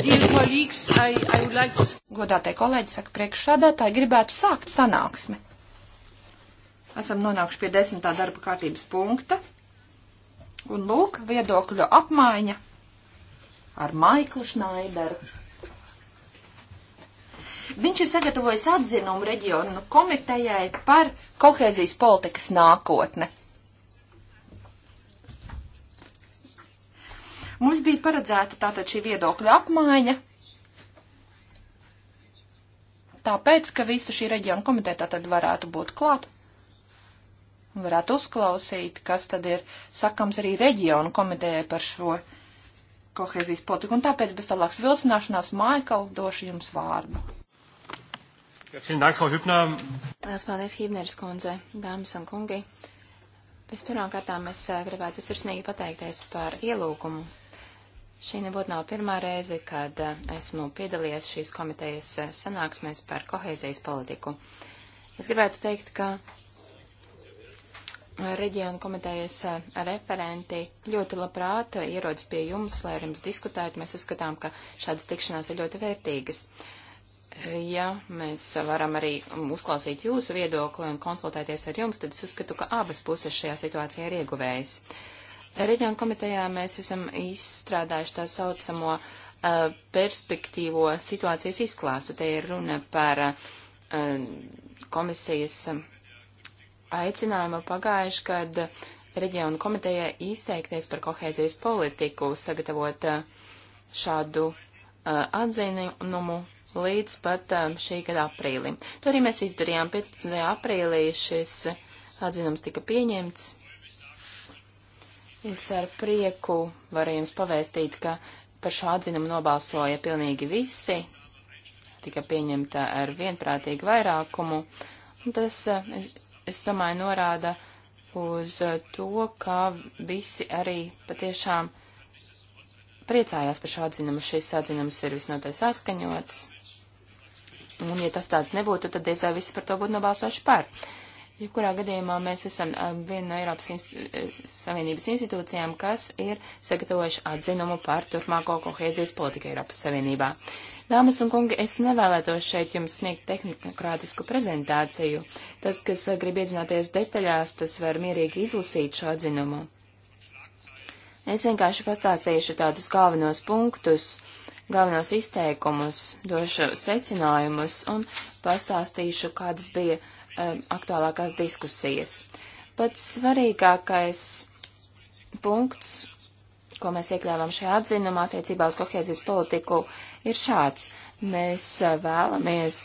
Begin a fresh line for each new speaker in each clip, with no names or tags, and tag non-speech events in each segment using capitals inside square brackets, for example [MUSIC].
Godātie kolēģi, saka priekšsādātāji, gribētu sākt sanāksmi. Esam nonākuši pie desmitā darba kārtības punkta. Un lūk, viedokļu apmaiņa ar Maiklu Šnaideru. Viņš ir sagatavojis atzinumu reģionu komitejai par kohēzijas politikas nākotne. Mums bija paredzēta tātad šī viedokļa apmaiņa. Tāpēc, ka visa šī reģiona komiteja tātad varētu būt klāt. Varētu uzklausīt, kas tad ir sakams arī reģionu komitejai par šo kohēzijas politiku. Un tāpēc bez tālākas vilcināšanās Maikal došu jums vārdu. Lielas paldies, Hībneris kundze, dāmas un kungi. Vispirmkārtām es eh, gribētu sirsnīgi pateikties par ielūgumu, Šī nebūtu nav pirmā reize, kad eh, esmu piedalījies šīs komitejas eh, sanāksmēs par kohēzijas politiku. Es gribētu teikt, ka reģionu komitejas eh, referenti ļoti labprāt ierodas pie jums, lai ar jums diskutētu. Mēs uzskatām, ka šādas tikšanās ir ļoti vērtīgas. Ja mēs varam arī um, uzklausīt jūsu viedokli un konsultēties ar jums, tad es uzskatu, ka abas puses šajā situācijā ir ieguvējis. Reģionu komitejā mēs esam izstrādājuši tā saucamo uh, perspektīvo situācijas izklāstu. Te ir runa par uh, komisijas aicinājumu pagājuši, kad reģionu komiteja izteikties par kohēzijas politiku, sagatavot šādu uh, atzinumu līdz pat uh, šī gada aprīlim. To arī mēs izdarījām. 15. aprīlī šis atzinums tika pieņemts. Es ar prieku varu jums pavēstīt, ka par šo atzinumu nobalsoja pilnīgi visi, tika pieņemta ar vienprātīgu vairākumu. Tas, eh, es, es domāju, norāda uz eh, to, ka visi arī patiešām priecājās par šo atzinumu. Šis atzinums ir visnotaļ saskaņots. Un, ja tas tāds nebūtu, tad diez vai visi par to būtu nobalsojuši par. Uh, Jebkurā gadījumā mēs esam eh, viena no Eiropas inst eh, Savienības institūcijām, kas ir sagatavojuši atzinumu par turpmāko kohēzijas politiku Eiropas Savienībā. Dāmas un kungi, es nevēlētos šeit jums sniegt tehnokrātisku prezentāciju. Tas, kas eh, grib iedzināties detaļās, tas var mierīgi izlasīt šo atzinumu. Es vienkārši pastāstīšu tādus galvenos punktus, galvenos izteikumus, došu secinājumus un pastāstīšu, kādas bija uh, Um, aktuālākās diskusijas. Pats svarīgākais punkts, ko mēs iekļāvām šajā atzinumā attiecībā uz kohēzijas politiku, ir šāds. Mēs uh, vēlamies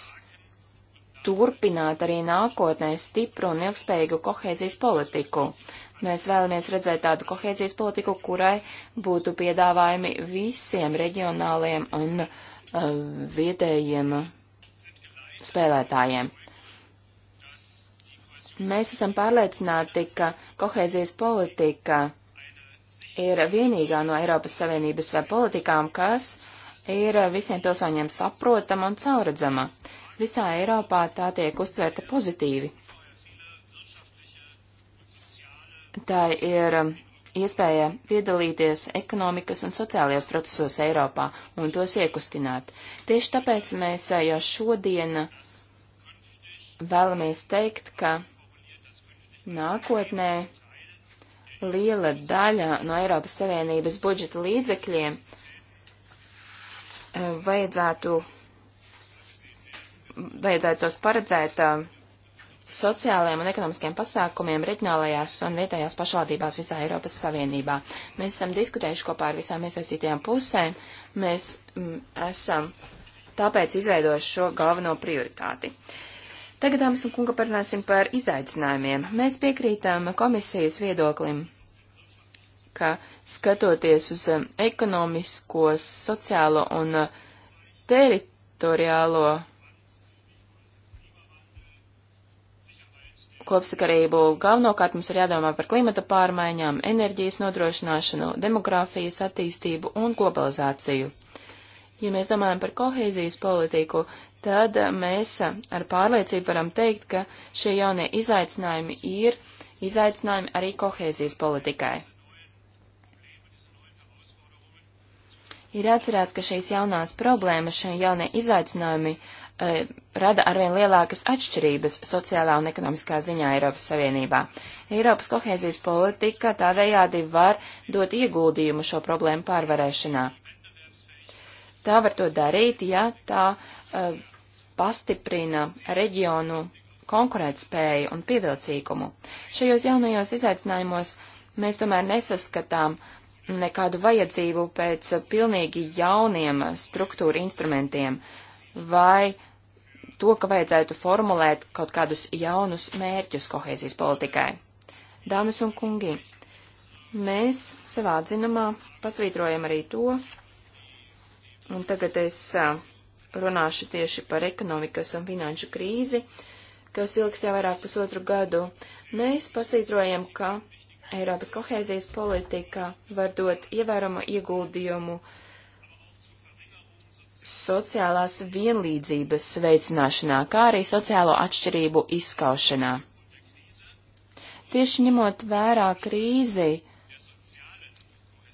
turpināt arī nākotnē stipru un ilgspējīgu kohēzijas politiku. Mēs vēlamies redzēt tādu kohēzijas politiku, kurai būtu piedāvājumi visiem reģionāliem un uh, vietējiem spēlētājiem. Mēs esam pārliecināti, ka kohēzijas politika ir vienīgā no Eiropas Savienības politikām, kas ir visiem pilsoņiem saprotama un cauredzama. Visā Eiropā tā tiek uztvērta pozitīvi. Tā ir iespēja piedalīties ekonomikas un sociālajos procesos Eiropā un tos iekustināt. Tieši tāpēc mēs jau šodien vēlamies teikt, ka nākotnē liela daļa no Eiropas Savienības budžeta līdzekļiem eh, vajadzētu, vajadzētu tos paredzēt eh, sociālajiem un ekonomiskiem pasākumiem reģionālajās un vietējās pašvaldībās visā Eiropas Savienībā. Mēs esam diskutējuši kopā ar visām iesaistītajām pusēm. Mēs m, mm, esam tāpēc izveidojuši šo galveno prioritāti. Uh, Tagad, dāmas un kunga, parunāsim par izaicinājumiem. Mēs piekrītām komisijas viedoklim, ka skatoties uz um, ekonomisko, sociālo un uh, teritoriālo kopsakarību, galvenokārt mums ir jādomā par klimata pārmaiņām, enerģijas nodrošināšanu, demogrāfijas attīstību un globalizāciju. Ja mēs domājam par kohēzijas politiku, tad mēs ar pārliecību varam teikt, ka šie jaunie izaicinājumi ir izaicinājumi arī kohēzijas politikai. Ir jāatcerās, ka šīs jaunās problēmas, šie jaunie izaicinājumi e, rada arvien lielākas atšķirības sociālā un ekonomiskā ziņā Eiropas Savienībā. Eiropas kohēzijas politika tādējādi var dot ieguldījumu šo problēmu pārvarēšanā. Tā var to darīt, ja tā uh, pastiprina reģionu konkurētspēju un pievilcīgumu. Šajos jaunajos izaicinājumos mēs tomēr nesaskatām nekādu vajadzību pēc pilnīgi jauniem struktūra instrumentiem vai to, ka vajadzētu formulēt kaut kādus jaunus mērķus kohēzijas politikai. Dāmas un kungi, mēs savā atzinumā pasvītrojam arī to, un tagad es runāšu tieši par ekonomikas un finanšu krīzi, kas ilgs jau vairāk pusotru gadu, mēs pasītrojam, ka Eiropas kohēzijas politika var dot ievērumu ieguldījumu sociālās vienlīdzības veicināšanā, kā arī sociālo atšķirību izskaušanā. Tieši ņemot vērā krīzi,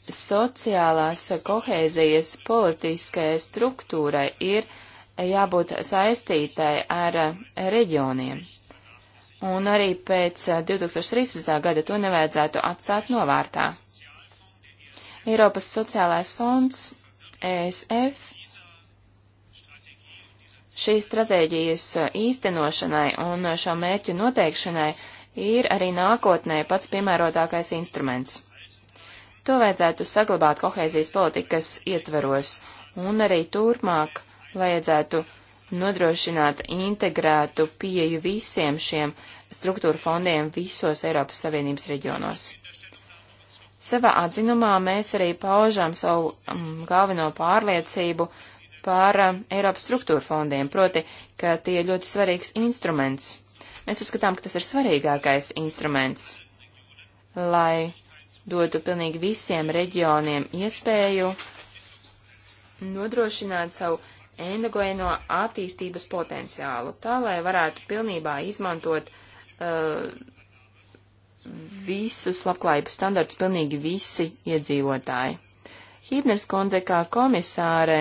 sociālās kohēzijas politiskajai struktūrai ir jābūt saistītai ar reģioniem. Un arī pēc 2013. gada to nevajadzētu atstāt novārtā. Eiropas sociālais fonds, ESF, šīs stratēģijas īstenošanai un šo mērķu noteikšanai ir arī nākotnē pats piemērotākais instruments. To vajadzētu saglabāt kohēzijas politikas ietveros, un arī turpmāk vajadzētu nodrošināt integrētu pieju visiem šiem struktūra fondiem visos Eiropas Savienības reģionos. Savā atzinumā mēs arī paužām savu um, galveno pārliecību par um, Eiropas struktūra fondiem, proti, ka tie ir ļoti svarīgs instruments. Mēs uzskatām, ka tas ir svarīgākais instruments, lai dotu pilnīgi visiem reģioniem iespēju nodrošināt savu endogoeno attīstības potenciālu, tā lai varētu pilnībā izmantot uh, visus labklājības standartus pilnīgi visi iedzīvotāji. Hībners kundze kā komisāre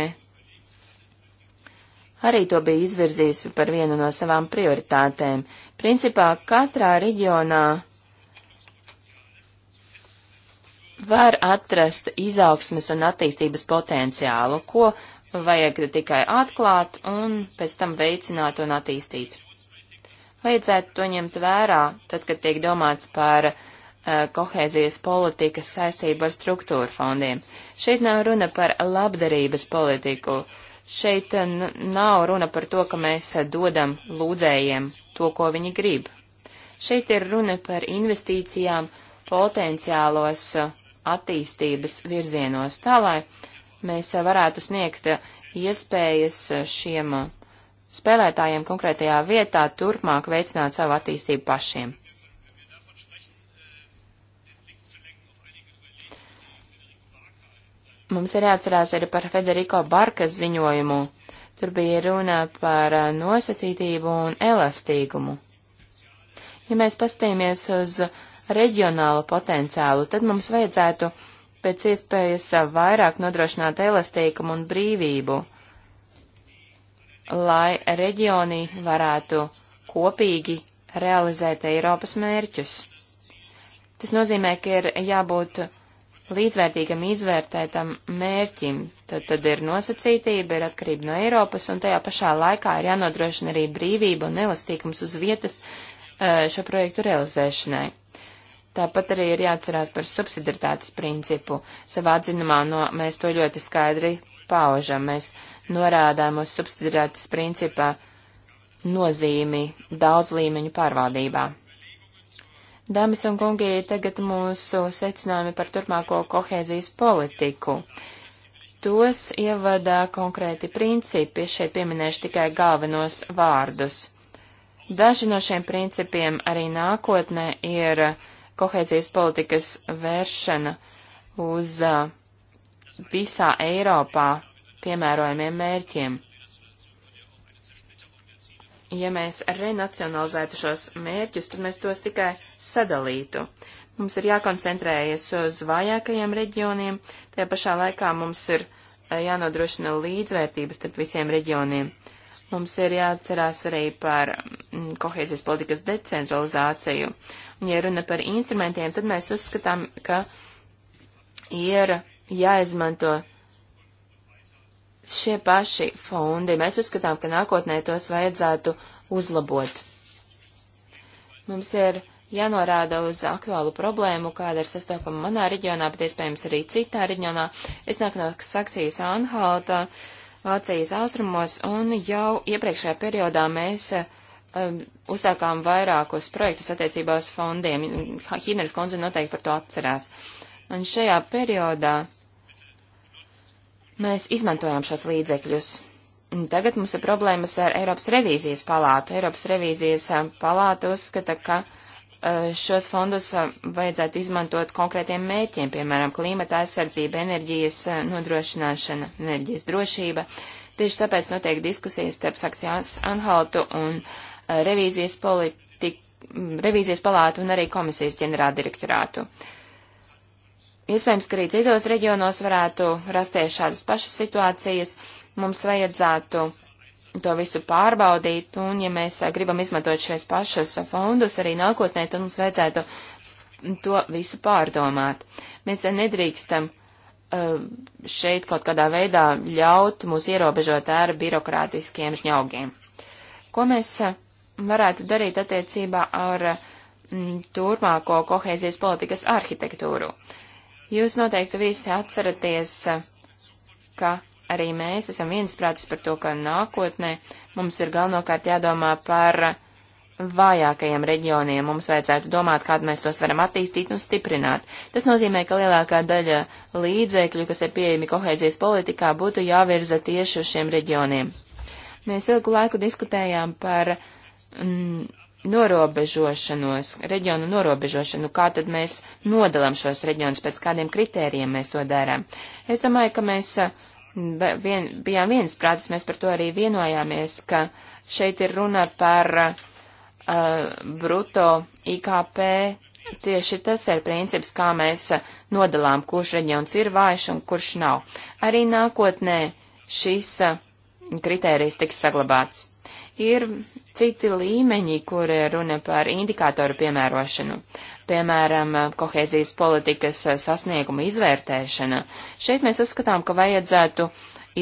arī to bija izvirzījusi par vienu no savām prioritātēm. Principā katrā reģionā var atrast izaugsmes un attīstības potenciālu, ko vajag tikai atklāt un pēc tam veicināt un attīstīt. Vajadzētu to ņemt vērā, tad, kad tiek domāts par uh, kohēzijas politikas saistību ar struktūru fondiem. Šeit nav runa par labdarības politiku. Šeit eh, nav runa par to, ka mēs eh, dodam lūdzējiem to, ko viņi grib. Šeit ir runa par investīcijām potenciālos uh, attīstības virzienos, tā lai mēs varētu sniegt iespējas šiem spēlētājiem konkrētajā vietā turpmāk veicināt savu attīstību pašiem. Mums ir jāatcerās arī par Federico Barkas ziņojumu. Tur bija runa par nosacītību un elastīgumu. Ja mēs pastāmies uz uh, reģionālu potenciālu, tad mums vajadzētu pēc iespējas vairāk nodrošināt elastīkumu un brīvību, lai reģioni varētu kopīgi realizēt Eiropas mērķus. Tas nozīmē, ka ir jābūt līdzvērtīgam izvērtētam mērķim. Tad, tad ir nosacītība, ir atkarība no Eiropas, un tajā pašā laikā ir jānodrošina arī brīvība un elastīgums uz vietas eh, šo projektu realizēšanai. Tāpat arī ir jāatcerās par subsidiritātes principu. Savā atzinumā no, mēs to ļoti skaidri paužam. Mēs norādām uz subsidiritātes principa nozīmi daudz līmeņu pārvaldībā. Dāmas un kungi, tagad mūsu secinājumi par turpmāko kohēzijas politiku. Tos ievadā konkrēti principi, šeit pieminēšu tikai galvenos vārdus. Daži no šiem principiem arī nākotnē ir uh, kohēzijas politikas vēršana uz uh, visā Eiropā piemērojumiem mērķiem. Ja mēs renacionalizētu šos mērķus, tad mēs tos tikai sadalītu. Mums ir jākoncentrējas uz vājākajiem reģioniem, tajā pašā laikā mums ir uh, jānodrošina līdzvērtības starp visiem reģioniem. Mums ir jāatcerās arī par mm, kohēzijas politikas decentralizāciju. Ja runa par instrumentiem, tad mēs uzskatām, ka ir jāizmanto šie paši fondi. Mēs uzskatām, ka nākotnē tos vajadzētu uzlabot. Mums ir jānorāda uz aktuālu problēmu, kāda ir sastopama manā reģionā, bet iespējams arī citā reģionā. Es nāku no Saksijas Anhalta, Vācijas austrumos, un jau iepriekšējā periodā mēs uh, um, uzsākām vairākus projektus attiecībā uz fondiem. Hīneris kundze noteikti par to atcerās. Un šajā periodā mēs izmantojām šos līdzekļus. Un tagad mums ir problēmas ar Eiropas revīzijas palātu. Eiropas revīzijas um, palāta uzskata, ka uh, šos fondus um, vajadzētu izmantot konkrētiem mērķiem, piemēram, klimata aizsardzība, enerģijas uh, nodrošināšana, enerģijas drošība. Tieši tāpēc notiek diskusijas starp Saksijās Anhaltu un uh, revīzijas, politik, revīzijas palātu un arī komisijas ģenerāldirektorātu. Iespējams, ka arī citos reģionos varētu rasties šādas pašas situācijas. Mums vajadzētu to visu pārbaudīt, un ja mēs gribam izmantot šies pašus fondus arī nākotnē, tad mums vajadzētu to visu pārdomāt. Mēs nedrīkstam uh, šeit kaut kādā veidā ļaut mūs ierobežot ar birokrātiskiem žņaugiem. Ko mēs uh, varētu darīt attiecībā ar m, mm, turpmāko kohēzijas politikas arhitektūru. Jūs noteikti visi atceraties, ka arī mēs esam viensprātis par to, ka nākotnē mums ir galvenokārt jādomā par vājākajiem reģioniem. Mums vajadzētu domāt, kādu mēs tos varam attīstīt un stiprināt. Tas nozīmē, ka lielākā daļa līdzekļu, kas ir pieejami kohēzijas politikā, būtu jāvirza tieši uz šiem reģioniem. Mēs ilgu laiku diskutējām par uh, norobežošanos, reģionu norobežošanu, kā tad mēs nodalam šos reģionus, pēc kādiem kritērijiem mēs to darām. Es domāju, ka mēs vien, bijām viens prātis, mēs par to arī vienojāmies, ka šeit ir runa par uh, bruto IKP. Tieši tas ir princips, kā mēs nodalām, kurš reģions ir vājš un kurš nav. Arī nākotnē šis uh, kritērijs tiks saglabāts. Ir citi līmeņi, kur runa par indikātoru piemērošanu. Piemēram, kohēzijas politikas sasnieguma izvērtēšana. Šeit mēs uzskatām, ka vajadzētu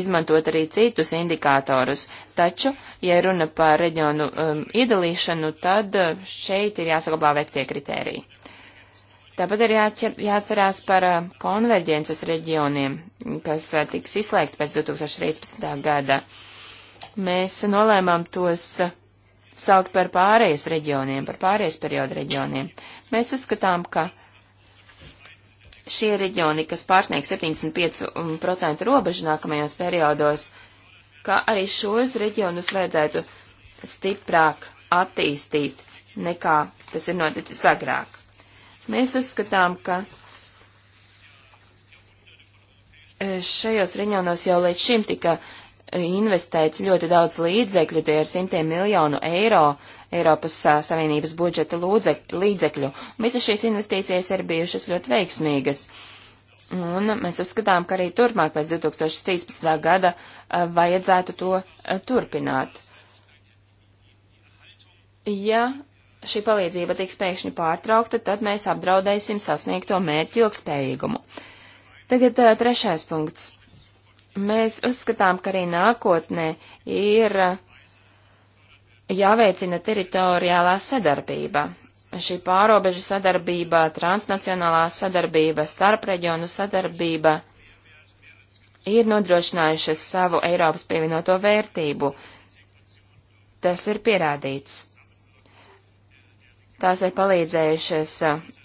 izmantot arī citus indikātorus, taču, ja runa par reģionu um, iedalīšanu, tad uh, šeit ir jāsaglabā vecie kritēriji. Tāpat ir jāķer, jāatcerās par uh, konverģences reģioniem, kas uh, tiks izslēgti pēc 2013. gada. Mēs nolēmām tos saukt par pārējais reģioniem, par pārējais periodu reģioniem. Mēs uzskatām, ka šie reģioni, kas pārsniegs 75% robežu nākamajos periodos, ka arī šos reģionus vajadzētu stiprāk attīstīt nekā tas ir noticis agrāk. Mēs uzskatām, ka e, šajos reģionos jau līdz šim tika investēts ļoti daudz līdzekļu, tie ir simtiem miljonu eiro Eiropas Savienības budžeta līdzekļu. Visas šīs investīcijas ir bijušas ļoti veiksmīgas. Un mēs uzskatām, ka arī turpmāk pēc 2013. gada vajadzētu to turpināt. Ja šī palīdzība tiks pēkšņi pārtraukta, tad mēs apdraudēsim sasniegto mērķu ilgspējīgumu. Tagad trešais punkts. Mēs uzskatām, ka arī nākotnē ir jāveicina teritoriālā sadarbība. Šī pārobežu sadarbība, transnacionālā sadarbība, starpreģionu sadarbība ir nodrošinājušas savu Eiropas pievienoto vērtību. Tas ir pierādīts. Tās ir palīdzējušas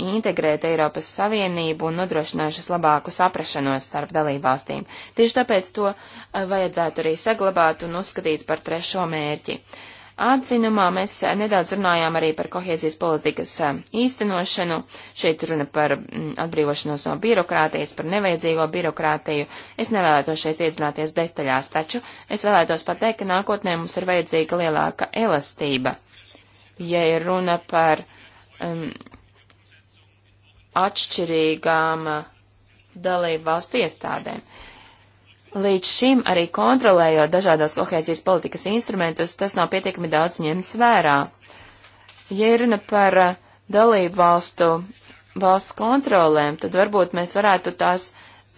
integrēt Eiropas Savienību un nodrošinājušas labāku saprašanos starp dalībvalstīm. Tieši tāpēc to vajadzētu arī saglabāt un uzskatīt par trešo mērķi. Atzinumā mēs nedaudz runājām arī par kohēzijas politikas īstenošanu. Šeit runa par mm, atbrīvošanos no birokrātijas, par nevajadzīgo birokrātiju. Es nevēlētos šeit iedzināties detaļās, taču es vēlētos pateikt, ka nākotnē mums ir vajadzīga lielāka elastība ja ir runa par um, atšķirīgām uh, dalību valstu iestādēm. Līdz šim arī kontrolējot dažādās kohēzijas politikas instrumentus, tas nav pietiekami daudz ņemts vērā. Ja runa par uh, dalību valstu valsts kontrolēm, tad varbūt mēs varētu tās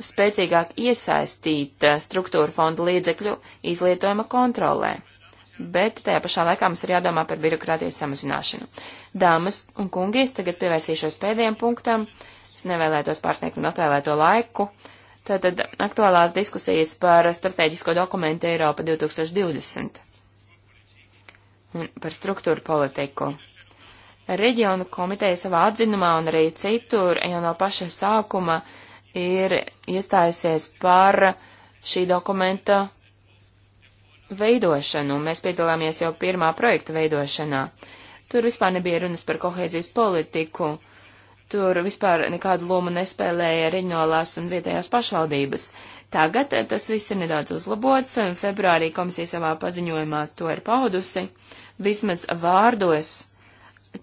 spēcīgāk iesaistīt uh, struktūra fonda līdzekļu izlietojuma kontrolē bet tajā pašā laikā mums ir jādomā par birokrātijas samazināšanu. Dāmas un kungi, es tagad pievērsīšos pēdējiem punktam. Es nevēlētos pārsniegt man atvēlēto laiku. Tātad aktuālās diskusijas par strateģisko dokumentu Eiropa 2020 un par struktūru politiku. Reģionu komiteja savā atzinumā un arī citur jau no paša sākuma ir iestājusies par šī dokumenta veidošanu. Mēs piedalāmies jau pirmā projekta veidošanā. Tur vispār nebija runas par kohēzijas politiku. Tur vispār nekādu lomu nespēlēja reģionālās un vietējās pašvaldības. Tagad eh, tas viss ir nedaudz uzlabots, un eh, februārī komisija savā paziņojumā to ir paudusi. Vismaz vārdos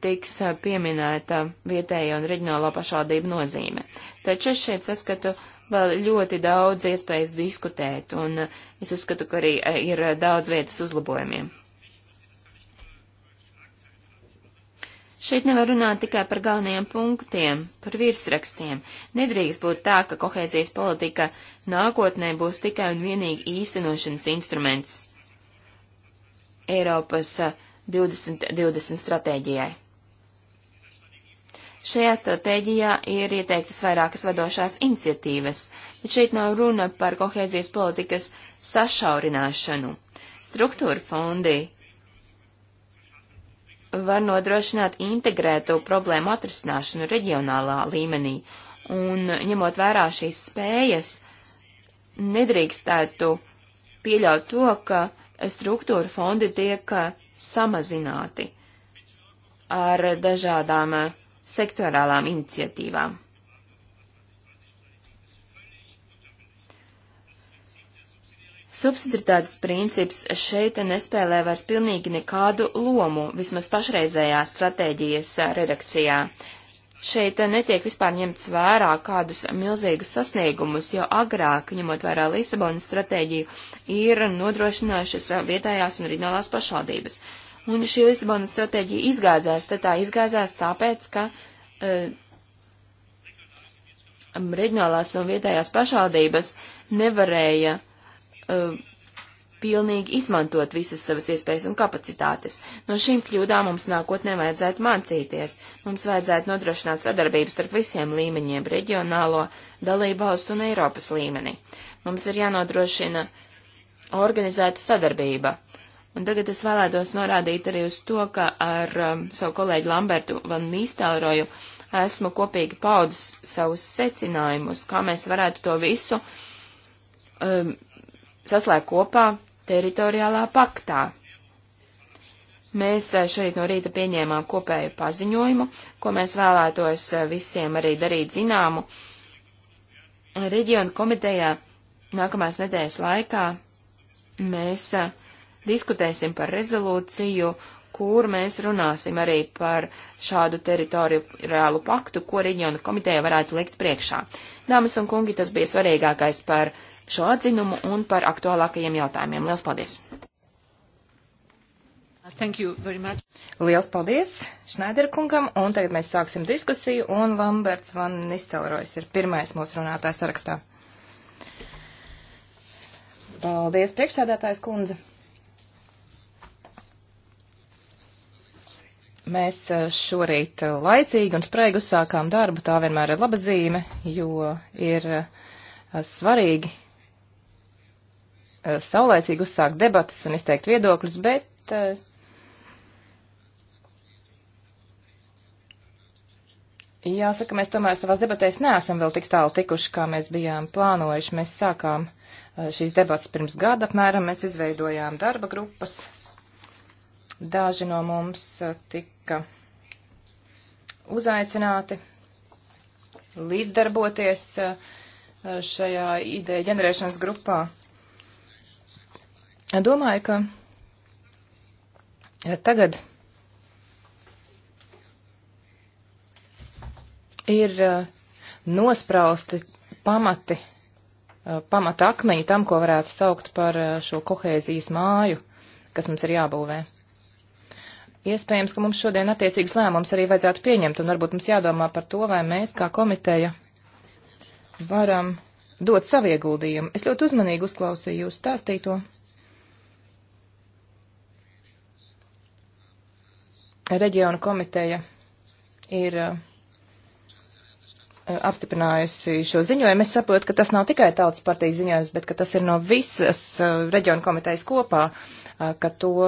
tiks eh, pieminēta vietēja un reģionālā pašvaldība nozīme. Taču es šeit saskatu vēl ļoti daudz iespējas diskutēt, un es uzskatu, ka arī eh, ir daudz vietas uzlabojumiem. Šeit nevar runāt tikai par galvenajiem punktiem, par virsrakstiem. Nedrīkst būt tā, ka kohēzijas politika nākotnē būs tikai un vienīgi īstenošanas instruments Eiropas 2020 eh, stratēģijai. Šajā stratēģijā ir ieteiktas vairākas vadošās iniciatīvas, bet šeit nav runa par kohēzijas politikas sašaurināšanu. Struktūra fondi var nodrošināt integrētu problēmu atrisināšanu reģionālā līmenī, un ņemot vērā šīs spējas, nedrīkstētu pieļaut to, ka struktūra fondi tiek samazināti ar dažādām sektorālām iniciatīvām. Subsidiritātes princips šeit nespēlē vairs pilnīgi nekādu lomu, vismaz pašreizējā stratēģijas redakcijā. Šeit netiek vispār ņemts vērā kādus milzīgus sasniegumus, jo agrāk, ņemot vērā Lisabonas stratēģiju, ir nodrošinājušas vietējās un reģionālās pašvaldības. Un šī Lisabonas stratēģija izgāzās, tad tā izgāzās tāpēc, ka uh, reģionālās un vietējās pašvaldības nevarēja uh, pilnīgi izmantot visas savas iespējas un kapacitātes. No šīm kļūdām mums nākotnē vajadzētu mācīties. Mums vajadzētu nodrošināt sadarbību starp visiem līmeņiem - reģionālo, dalībvalstu un Eiropas līmeni. Mums ir jānodrošina organizēta sadarbība. Un tagad es vēlētos norādīt arī uz to, ka ar um, savu kolēģi Lambertu Van Nīstelroju esmu kopīgi paudus savus secinājumus, kā mēs varētu to visu um, saslēgt kopā teritoriālā paktā. Mēs uh, šorīt no rīta pieņēmām kopēju paziņojumu, ko mēs vēlētos uh, visiem arī darīt zināmu. Reģionu komitejā nākamās nedēļas laikā mēs uh, diskutēsim par rezolūciju, kur mēs runāsim arī par šādu teritoriālu paktu, ko reģiona komiteja varētu likt priekšā. Dāmas un kungi, tas bija svarīgākais par šo atzinumu un par aktuālākajiem jautājumiem. Lielas paldies! Lielas paldies Šnaidera kungam, un tagad mēs sāksim diskusiju, un Lamberts van Nistelrojas ir pirmais mūsu runātājs sarakstā. Paldies, priekšsēdētājs kundze! Mēs šorīt laicīgi un spraigi uzsākām darbu, tā vienmēr ir laba zīme, jo ir svarīgi saulēcīgi uzsākt debatas un izteikt viedokļus, bet jāsaka, mēs tomēr savās debatēs neesam vēl tik tālu tikuši, kā mēs bijām plānojuši. Mēs sākām šīs debatas pirms gada apmēram, mēs izveidojām darba grupas, daži no mums tik tika uzaicināti līdzdarboties eh, šajā ideja ģenerēšanas grupā. Domāju, ka tagad ir eh, nosprausti pamati, eh, pamata akmeņi tam, ko varētu saukt par šo kohēzijas māju, kas mums ir jābūvē. Iespējams, ka mums šodien attiecīgs lēmums arī vajadzētu pieņemt, un varbūt mums jādomā par to, vai mēs kā komiteja varam dot savu ieguldījumu. Es ļoti uzmanīgi uzklausīju jūsu stāstīto. Reģiona komiteja ir uh, uh, apstiprinājusi šo ziņojumu. Es saprotu, ka tas nav tikai tautas partijas ziņojums, bet ka tas ir no visas uh, reģiona komitejas kopā, ka to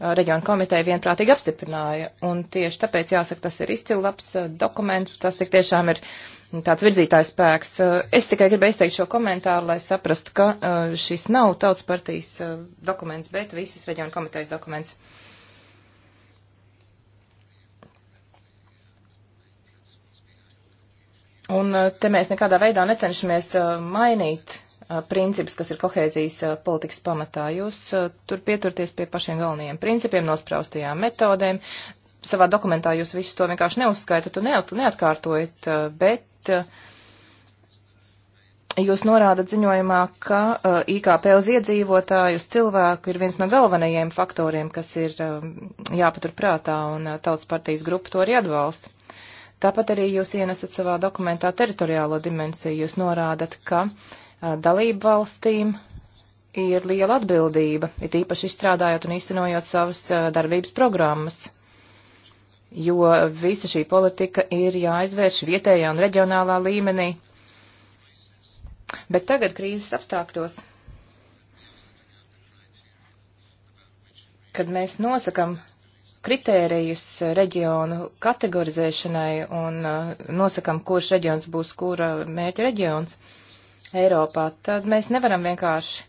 reģionu komiteja vienprātīgi apstiprināja. Un tieši tāpēc jāsaka, tas ir izcilabs dokuments, tas tik tiešām ir tāds virzītājs spēks. Es tikai gribēju izteikt šo komentāru, lai saprastu, ka šis nav tautas partijas dokuments, bet visas reģionu komitejas dokuments. Un te mēs nekādā veidā necenšamies mainīt Eh, princips, kas ir kohēzijas eh, politikas pamatā. Jūs eh, tur pieturties pie pašiem galvenajiem principiem, nospraustajām metodēm. Savā dokumentā jūs visu to vienkārši neuzskaitat un neat, neatkārtojat, bet jūs norādat ziņojumā, ka IKP uz iedzīvotāju, uz cilvēku ir viens no galvenajiem faktoriem, kas ir jāpatur prātā, un Tautas partijas grupa to arī atbalsta. Tāpat arī jūs ienesat savā dokumentā teritoriālo dimensiju, jūs norādat, ka uh, dalību valstīm ir liela atbildība, it īpaši izstrādājot un īstenojot savas darbības programmas, jo visa šī politika ir jāizvērš vietējā un reģionālā līmenī. Bet tagad krīzes apstākļos, kad mēs nosakam kritērijus reģionu kategorizēšanai un nosakam, kurš reģions būs kura mērķa reģions, Eiropā, tad mēs nevaram vienkārši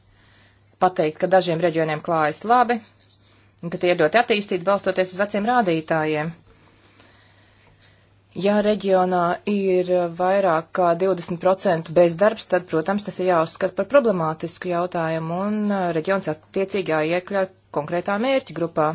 pateikt, ka dažiem reģioniem klājas labi un ka tie ir ļoti attīstīti balstoties uz veciem rādītājiem. Ja reģionā ir vairāk kā 20% bezdarbs, tad, protams, tas ir jāuzskata par problemātisku jautājumu un eh, reģions attiecīgā iekļaut konkrētā mērķa grupā.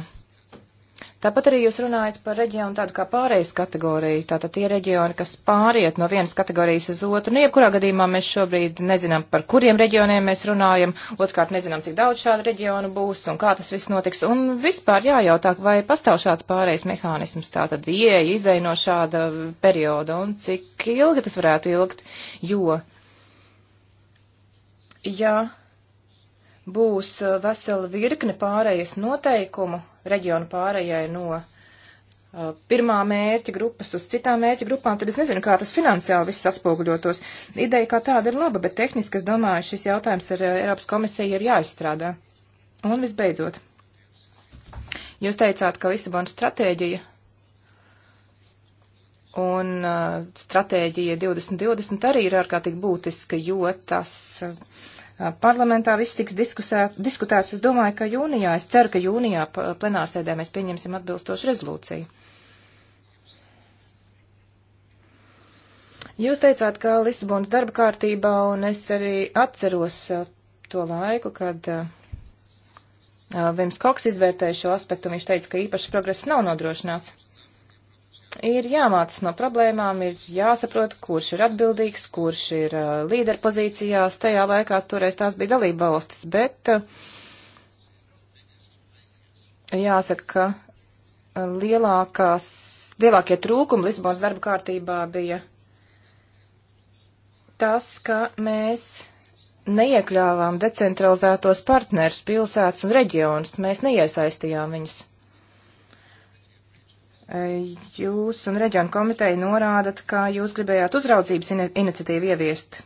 Tāpat arī jūs runājat par reģionu tādu kā pārējais kategoriju, tātad tie reģioni, kas pāriet no vienas kategorijas uz otru. Nu, jebkurā gadījumā mēs šobrīd nezinām, par kuriem reģioniem mēs runājam, otrkārt nezinām, cik daudz šādu reģionu būs un kā tas viss notiks. Un vispār jājautā, vai pastāv šāds pārējais mehānisms, tātad ieeja, izēja no šāda perioda un cik ilgi tas varētu ilgt, jo. Jā, būs uh, vesela virkne pārējas noteikumu reģionu pārējai no uh, pirmā mērķa grupas uz citām mērķa grupām, tad es nezinu, kā tas finansiāli viss atspoguļotos. Ideja kā tāda ir laba, bet tehniski es domāju, šis jautājums ar uh, Eiropas komisiju ir jāizstrādā. Un visbeidzot, jūs teicāt, ka Lisabonas stratēģija un uh, stratēģija 2020 arī ir ārkārtīgi būtiska, jo tas uh, parlamentā viss tiks diskutēts. Es domāju, ka jūnijā, es ceru, ka jūnijā plenārsēdē mēs pieņemsim atbilstošu rezolūciju. Jūs teicāt, ka Lisabonas darba kārtībā, un es arī atceros to laiku, kad Vims Koks izvērtēja šo aspektu, un viņš teica, ka īpaši progress nav nodrošināts ir jāmācas no problēmām, ir jāsaprot, kurš ir atbildīgs, kurš ir uh, līderpozīcijās. Tajā laikā toreiz tās bija dalība valstis, bet uh, jāsaka, ka uh, lielākās, lielākie trūkumi Lisbonas darba kārtībā bija tas, ka mēs neiekļāvām decentralizētos partnerus, pilsētas un reģionus, mēs neiesaistījām viņus. Jūs un reģionu komiteja norādat, ka jūs gribējāt uzraudzības in iniciatīvu ieviest.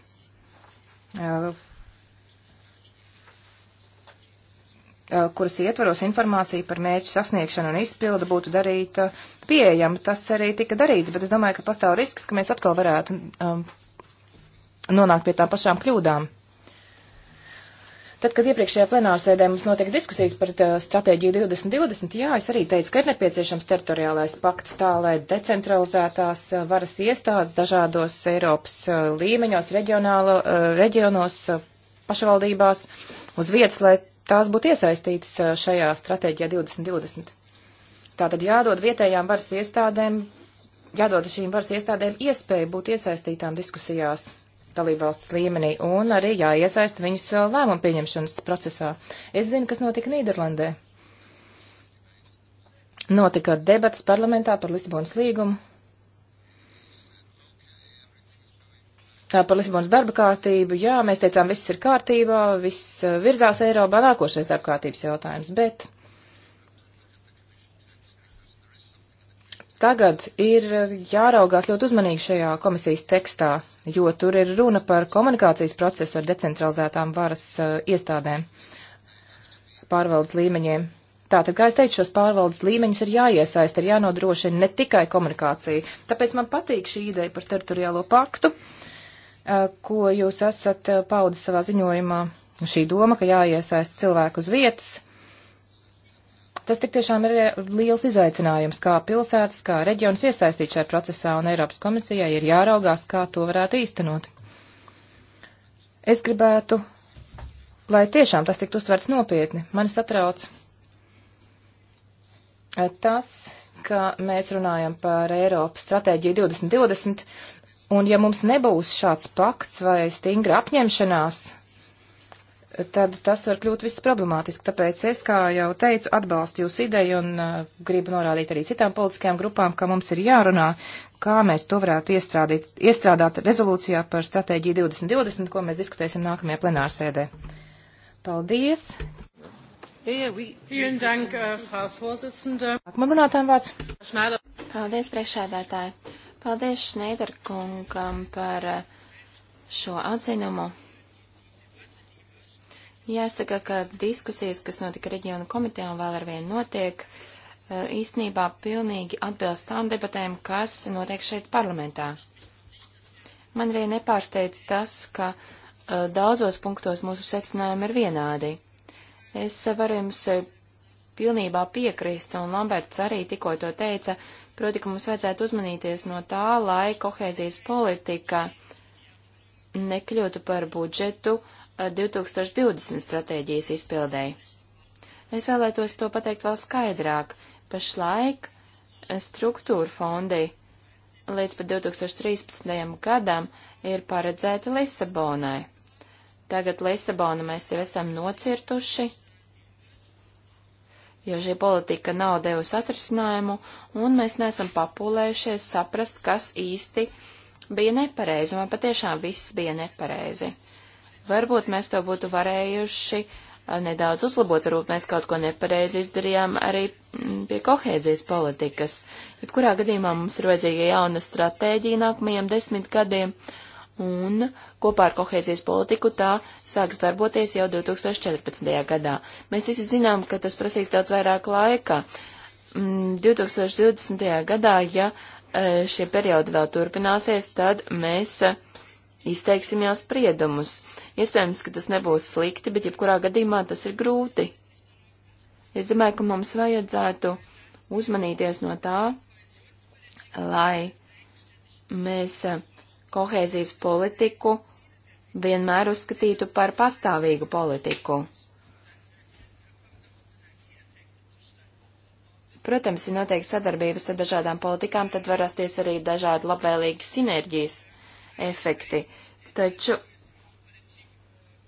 kuras ietvaros informācija par mērķu sasniegšanu un izpildu būtu darīta pieejama. Tas arī tika darīts, bet es domāju, ka pastāv risks, ka mēs atkal varētu um, nonākt pie tām pašām kļūdām. Tad, kad iepriekšējā plenārsēdē mums notika diskusijas par uh, stratēģiju 2020, jā, es arī teicu, ka ir nepieciešams teritoriālais pakts tā, lai decentralizētās uh, varas iestādes dažādos Eiropas uh, līmeņos, reģionos, pašvaldībās uz vietas, lai tās būtu iesaistītas šajā stratēģijā 2020. Tātad jādod vietējām varas iestādēm, jādod šīm varas iestādēm iespēju būt iesaistītām diskusijās dalībvalsts līmenī un arī jāiesaista viņus uh, lēmumu pieņemšanas procesā. Es zinu, kas notika Nīderlandē. Notika debatas parlamentā par Lisabonas līgumu. Tā par Lisabonas darba kārtību, jā, mēs teicām, viss ir kārtībā, viss uh, virzās Eiropā, nākošais darba kārtības jautājums, bet tagad ir eh, jāraugās ļoti uzmanīgi šajā komisijas tekstā, jo tur ir runa par komunikācijas procesu ar decentralizētām varas uh, iestādēm, pārvaldes līmeņiem. Tātad, kā es teicu, šos pārvaldes līmeņus ir jāiesaist, ir jānodrošina ne tikai komunikācija. Tāpēc man patīk šī ideja par teritoriālo paktu, uh, ko jūs esat paudis savā ziņojumā. Šī doma, ka jāiesaist cilvēku uz vietas, Tas tik tiešām ir eh, liels izaicinājums, kā pilsētas, kā reģions iesaistīt šajā procesā, un Eiropas komisijai ir jāraugās, kā to varētu īstenot. Es gribētu, lai tiešām tas tiktu uztverts nopietni. Mani satrauc eh, tas, ka mēs runājam par Eiropas stratēģiju 2020, un ja mums nebūs šāds pakts vai stingra apņemšanās tad tas var kļūt viss problemātiski. Tāpēc es, kā jau teicu, atbalstu jūsu ideju un uh, gribu norādīt arī citām politiskajām grupām, ka mums ir jārunā, kā mēs to varētu iestrādīt, iestrādāt rezolūcijā par stratēģiju 2020, ko mēs diskutēsim nākamajā plenārsēdē. Paldies! Äh, Nākamā runātājiem vārds. Paldies, priekšādātāji. Paldies Šneiderkungam par äh, šo atzinumu. Jāsaka, ka diskusijas, kas notika reģionu komitejā un vēl arvien notiek, eh, īstenībā pilnīgi atbilst tām debatēm, kas notiek šeit parlamentā. Man arī nepārsteidz tas, ka eh, daudzos punktos mūsu secinājumi ir vienādi. Es varu jums eh, pilnībā piekrist, un Lamberts arī tikko to teica, proti, ka mums vajadzētu uzmanīties no tā, lai kohēzijas politika nekļūtu par budžetu, uh, 2020 stratēģijas izpildēji. Es vēlētos to pateikt vēl skaidrāk. Pašlaik eh, struktūra fondi līdz pat 2013. gadam ir paredzēti Lisabonai. Tagad Lisabonu mēs jau esam nocirtuši, jo šī politika nav devusi atrisinājumu, un mēs neesam papulējušies saprast, kas īsti bija nepareizi, un patiešām viss bija nepareizi. Uh, Varbūt mēs to būtu varējuši eh, nedaudz uzlabot, varbūt mēs kaut ko nepareizi izdarījām arī mm, pie kohēzijas politikas. Jebkurā gadījumā mums ir vajadzīga jauna stratēģija nākamajiem desmit gadiem, un kopā ar kohēzijas politiku tā sāks darboties jau 2014. gadā. Mēs visi zinām, ka tas prasīs daudz vairāk laika. 2020. Mm, gadā, ja eh, šie periodi vēl turpināsies, tad mēs eh, izteiksim jau spriedumus. Iespējams, ka tas nebūs slikti, bet jebkurā gadījumā tas ir grūti. Es domāju, ka mums vajadzētu uzmanīties no tā, lai mēs eh, kohēzijas politiku vienmēr uzskatītu par pastāvīgu politiku. Protams, ir noteikti sadarbības ar dažādām politikām, tad var rasties arī dažādi labvēlīgi sinerģijas efekti. Taču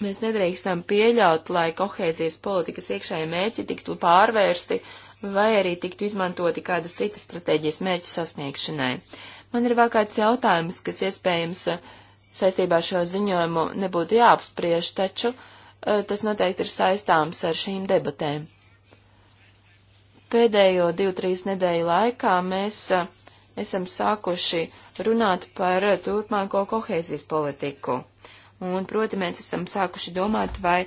mēs nedrīkstam pieļaut, lai kohēzijas politikas iekšējie mērķi tiktu pārvērsti vai arī tiktu izmantoti kādas citas stratēģijas mērķu sasniegšanai. Man ir vēl kāds jautājums, kas iespējams eh, saistībā ar šo ziņojumu nebūtu jāapspriež, taču eh, tas noteikti ir saistāms ar šīm debatēm. Pēdējo divu, trīs nedēļu laikā mēs eh, esam sākuši uh, runāt par turpmāko kohēzijas politiku. Un, proti, mēs esam sākuši domāt, vai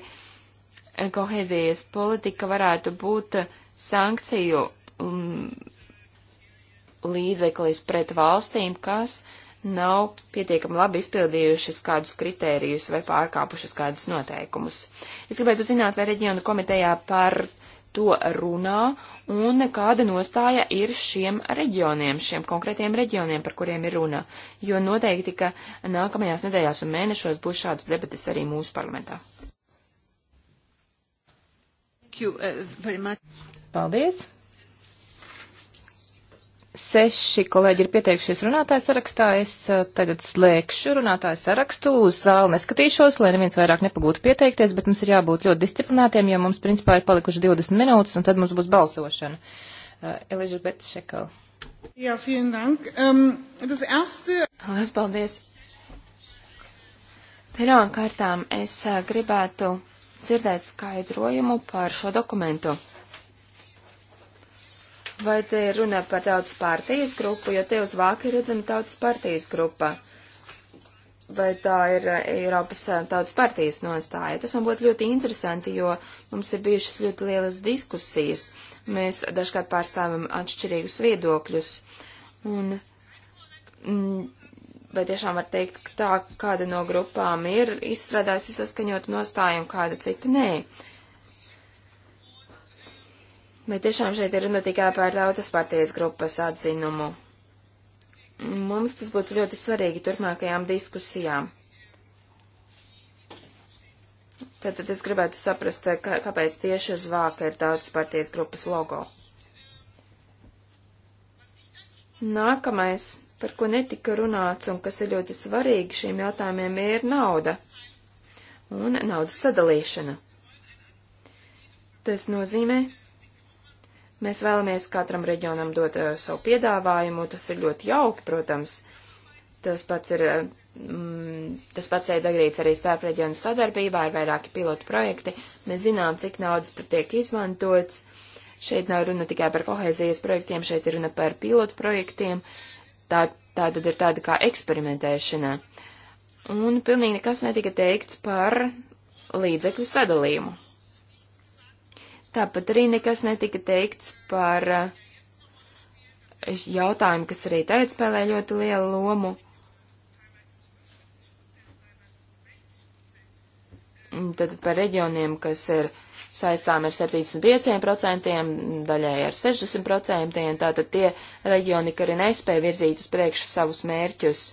kohēzijas politika varētu būt sankciju um, līdzeklis pret valstīm, kas nav pietiekami labi izpildījušas kādus kritērijus vai pārkāpušas kādus noteikumus. Es gribētu zināt, vai reģiona komitejā par to runā un kāda nostāja ir šiem reģioniem, šiem konkrētiem reģioniem, par kuriem ir runa, jo noteikti, ka nākamajās nedēļās un mēnešos būs šādas debates arī mūsu parlamentā. Uh, Paldies! Seši kolēģi ir pieteikušies runātāju sarakstā. Es eh, tagad slēgšu runātāju sarakstu, uz zāli neskatīšos, lai neviens vairāk nepagūtu pieteikties, bet mums ir jābūt ļoti disciplinētiem, jo mums principā ir palikuši 20 minūtes, un tad mums būs balsošana. Uh, Elizabete Šekala. Jā, vielen dank. Um, ehm, tas erste. Lielas paldies. Pirmām kārtām es eh, gribētu dzirdēt skaidrojumu par šo dokumentu. Vai te ir runa par tautas partijas grupu, jo te uz vāku ir redzama tautas partijas grupa? Vai tā ir eh, Eiropas eh, tautas partijas nostāja? Tas man būtu ļoti interesanti, jo mums ir bijušas ļoti lielas diskusijas. Mēs dažkārt pārstāvam atšķirīgus viedokļus. Un, mm, vai tiešām var teikt, ka tā kāda no grupām ir izstrādājusi saskaņotu nostāju un kāda cita nē. Uh, Bet tiešām šeit ir runa tikai par tautas partijas grupas atzinumu. Mums tas būtu ļoti svarīgi turpmākajām diskusijām. Tad, tad es gribētu saprast, kā, kāpēc tieši uz vāka ir tautas partijas grupas logo. Nākamais, par ko netika runāts un kas ir ļoti svarīgi šiem jautājumiem, ir nauda un naudas sadalīšana. Tas nozīmē, Mēs vēlamies katram reģionam dot uh, savu piedāvājumu, tas ir ļoti jauki, protams. Tas pats ir, eh, mm, tas pats ir darīts arī starp reģionu sadarbībā, ir vairāki pilotu projekti. Mēs zinām, cik naudas tur tiek izmantots. Šeit nav runa tikai par kohēzijas projektiem, šeit ir runa par pilotu projektiem. Tā, tā tad ir tāda kā eksperimentēšana. Un pilnīgi nekas netika teikts par līdzekļu sadalījumu. Tāpat arī nekas netika teikts par eh, jautājumu, kas arī tagad spēlē ļoti lielu lomu. Mm, Tad par reģioniem, kas ir saistām ar 75%, daļai ar 60%, tātad tie reģioni, kuri nespēja virzīt uz priekšu savus mērķus,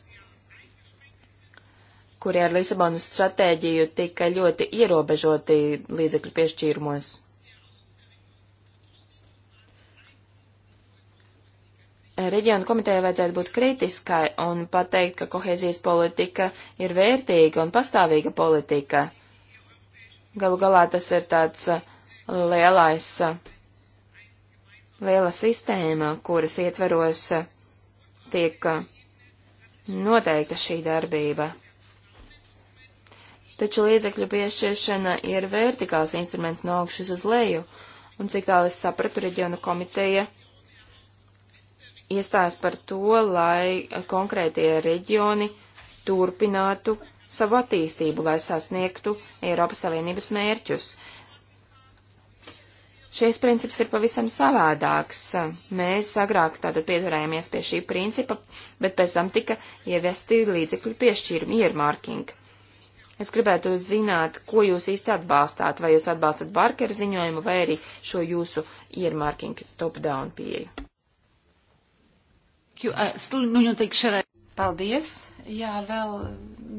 kuri ar Lisabonas stratēģiju tika ļoti ierobežoti līdzekļu piešķīrumos. reģionu komitejai vajadzētu būt kritiskai un pateikt, ka kohēzijas politika ir vērtīga un pastāvīga politika. Galu galā tas ir tāds uh, lielais, uh, liela sistēma, kuras ietveros uh, tiek noteikta šī darbība. Taču līdzekļu piešķiršana ir vertikāls instruments no augšas uz leju, un cik tālu es sapratu, reģionu komiteja iestājas par to, lai konkrētie reģioni turpinātu savu attīstību, lai sasniegtu Eiropas Savienības mērķus. Šis princips ir pavisam savādāks. Mēs agrāk tātad pieturējāmies pie šī principa, bet pēc tam tika ievesti līdzekļu piešķīrumi earmarking. Es gribētu zināt, ko jūs īsti atbalstāt, vai jūs atbalstat Barker ziņojumu vai arī šo jūsu earmarking top-down pieeju. Eh, Paldies. Jā, vēl,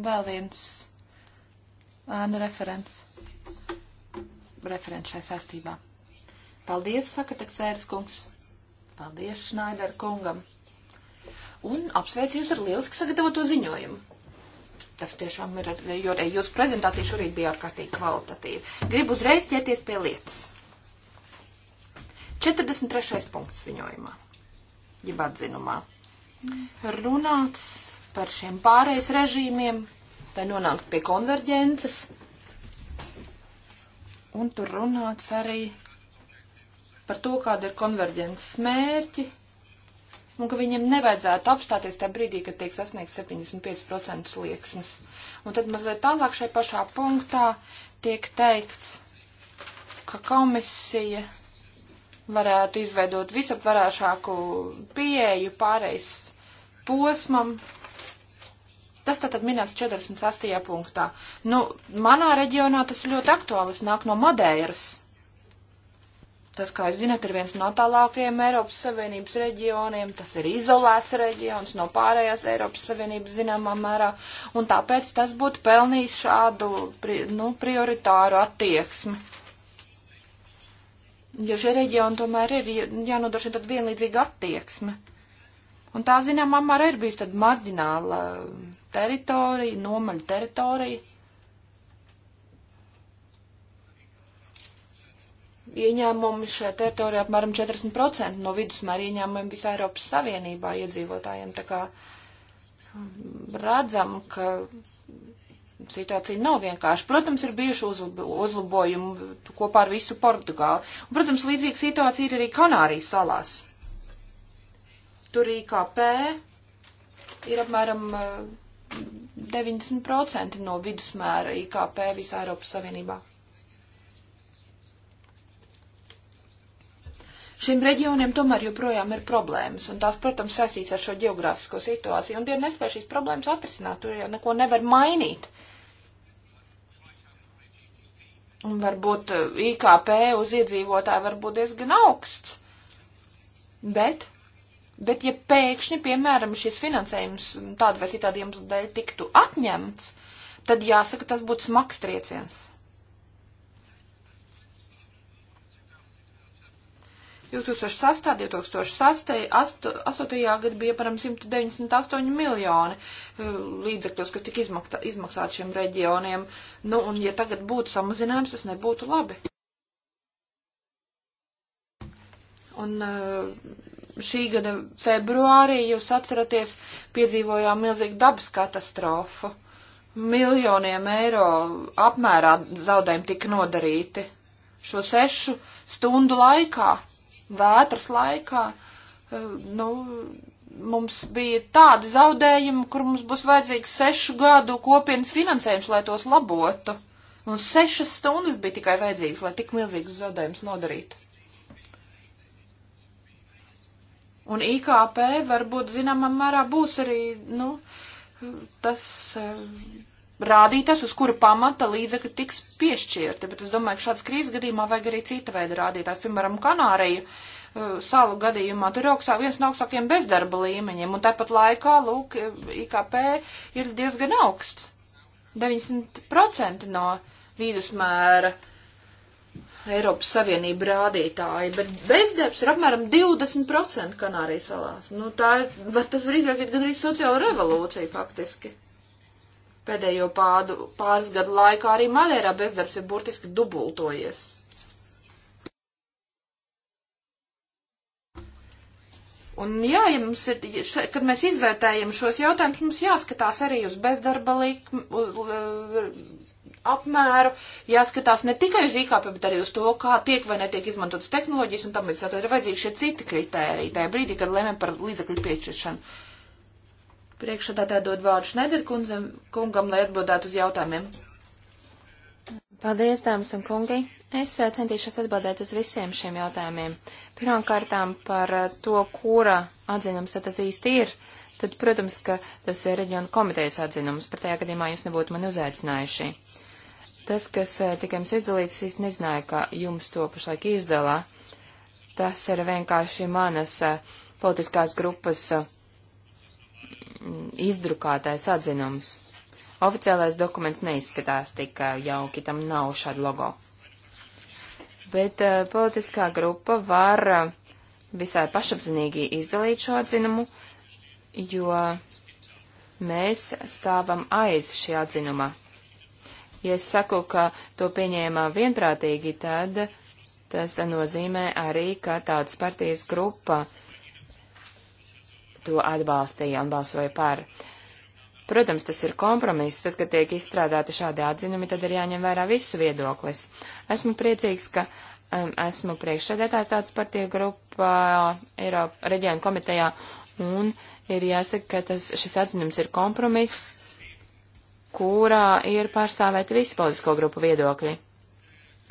vēl viens ēnu eh, referents. Referents šai saistībā. Paldies, saka Teksēras kungs. Paldies Šnaider kungam. Un apsveicu jūs ar lieliski sagatavoto ziņojumu. Tas tiešām ir, jo jūsu prezentācija šorīt bija ārkārtīgi kvalitatīva. Gribu uzreiz ķerties pie lietas. 43. punkts ziņojumā jeb atzinumā. Runāts par šiem pārejas režīmiem, lai nonāktu pie konverģences, un tur runāts arī par to, kāda ir konverģences mērķi, un ka viņiem nevajadzētu apstāties tajā brīdī, kad tiek sasniegts 75% liekas. Un tad mazliet tālāk šai pašā punktā tiek teikts, ka komisija varētu izveidot visapvarāšāku pieeju pārejas posmam. Tas tātad minēts 48. punktā. Nu, manā reģionā tas ļoti aktuāls nāk no Madeiras. Tas, kā jūs zināt, ir viens no tālākajiem Eiropas Savienības reģioniem, tas ir izolēts reģions no pārējās Eiropas Savienības zināmā mērā, un tāpēc tas būtu pelnījis šādu, nu, prioritāru attieksmi Jo šie reģioni tomēr ir jānodrošina tad vienlīdzīga attieksme. Un tā, zinām, amāra ir bijusi tad marģināla teritorija, nomaļa teritorija. Ieņēmumi šajā teritorijā apmēram 40% no vidusmēra ieņēmumiem visā Eiropas Savienībā iedzīvotājiem. Tā kā um, redzam, ka situācija nav vienkārša. Protams, ir bijuši uzlabojumi kopā ar visu Portugāli. Un, protams, līdzīga situācija ir arī Kanārijas salās. Tur IKP ir apmēram 90% eh, no vidusmēra IKP visā Eiropas Savienībā. šiem reģioniem tomēr joprojām ir problēmas, un tās, protams, saistīts ar šo geogrāfisko situāciju, un tie nespēj šīs problēmas atrisināt, tur jau neko nevar mainīt. Uh, Un varbūt eh, IKP uz iedzīvotāju var būt diezgan augsts. Bet, bet ja pēkšņi, piemēram, šis finansējums tādu vai citādu iemeslu dēļ tiktu atņemts, tad jāsaka, tas būtu smags trieciens. 2008. 2008. gadu bija apmēram 198 miljoni eh, līdzekļos, kas tika izmaktā, izmaksāt šiem reģioniem. Nu, un ja tagad būtu samazinājums, tas nebūtu labi. Un eh, šī gada februārī, jūs atceraties, piedzīvojām milzīgu dabas katastrofu. Miljoniem eiro apmērā zaudējumi tika nodarīti šo sešu stundu laikā vētras laikā, eh, nu, mums bija tādi zaudējumi, kur mums būs vajadzīgs sešu gadu kopienas finansējums, lai tos labotu. Un sešas stundas bija tikai vajadzīgas, lai tik milzīgs zaudējums nodarītu. Un IKP varbūt zināmā mērā būs arī, nu, tas eh, rādītājs, uz kura pamata līdzekļi tiks piešķirti, bet es domāju, ka šāds krīzes gadījumā vajag arī cita veida rādītājs, piemēram, Kanāriju uh, salu gadījumā tur ir augstā, viens no augstākiem bezdarba līmeņiem, un tāpat laikā, lūk, IKP ir diezgan augsts. 90% no vidusmēra Eiropas Savienība rādītāji, bet bezdarbs ir apmēram 20% Kanārijas salās. Nu, tā ir, var, tas var izraisīt gandrīz sociālu revolūciju faktiski. Pēdējo pādu, pāris gadu laikā arī Madeirā bezdarbs ir burtiski dubultojies. Un jā, ja mums ir, še, kad mēs izvērtējam šos jautājumus, mums jāskatās arī uz bezdarba likmu, apmēru, jāskatās ne tikai uz IKP, bet arī uz to, kā tiek vai netiek izmantotas tehnoloģijas un tam līdzīgi. Tad ir vajadzīgi šie citi kritēriji tajā brīdī, kad lēmēm par līdzekļu piešķiršanu. Priekšsādātāja dod vārdu Šneiderkundzam, kungam, lai atbildētu uz jautājumiem. Paldies, dāmas un kungi! Es eh, centīšos atbildēt uz visiem šiem jautājumiem. Pirmkārtām par eh, to, kura atzinums tad īsti ir, tad, protams, ka tas ir reģiona komitejas atzinums, bet tajā gadījumā jūs nebūtu mani uzaicinājuši. Tas, kas eh, tika jums izdalīts, es nezināju, ka jums to pašlaik izdalā. Tas ir vienkārši manas politiskās grupas izdrukātais atzinums. Oficiālais dokuments neizskatās tik eh, jauki, tam nav šāda logo. Bet uh, politiskā grupa var uh, visai pašapzinīgi izdalīt šo atzinumu, jo mēs stāvam aiz šī atzinuma. Ja es saku, ka to pieņēmā vienprātīgi, tad tas nozīmē arī, ka tautas partijas grupa uh, to atbalstīja un balsoja par. Protams, tas ir kompromiss, tad, kad tiek izstrādāti šādi atzinumi, tad ir jāņem vērā visu viedoklis. Esmu priecīgs, ka um, esmu priekšsēdētājs tautas partija grupā Eiropa reģionu komitejā, un ir jāsaka, ka tas, šis atzinums ir kompromiss, kurā ir pārstāvēti visi politisko grupu viedokļi.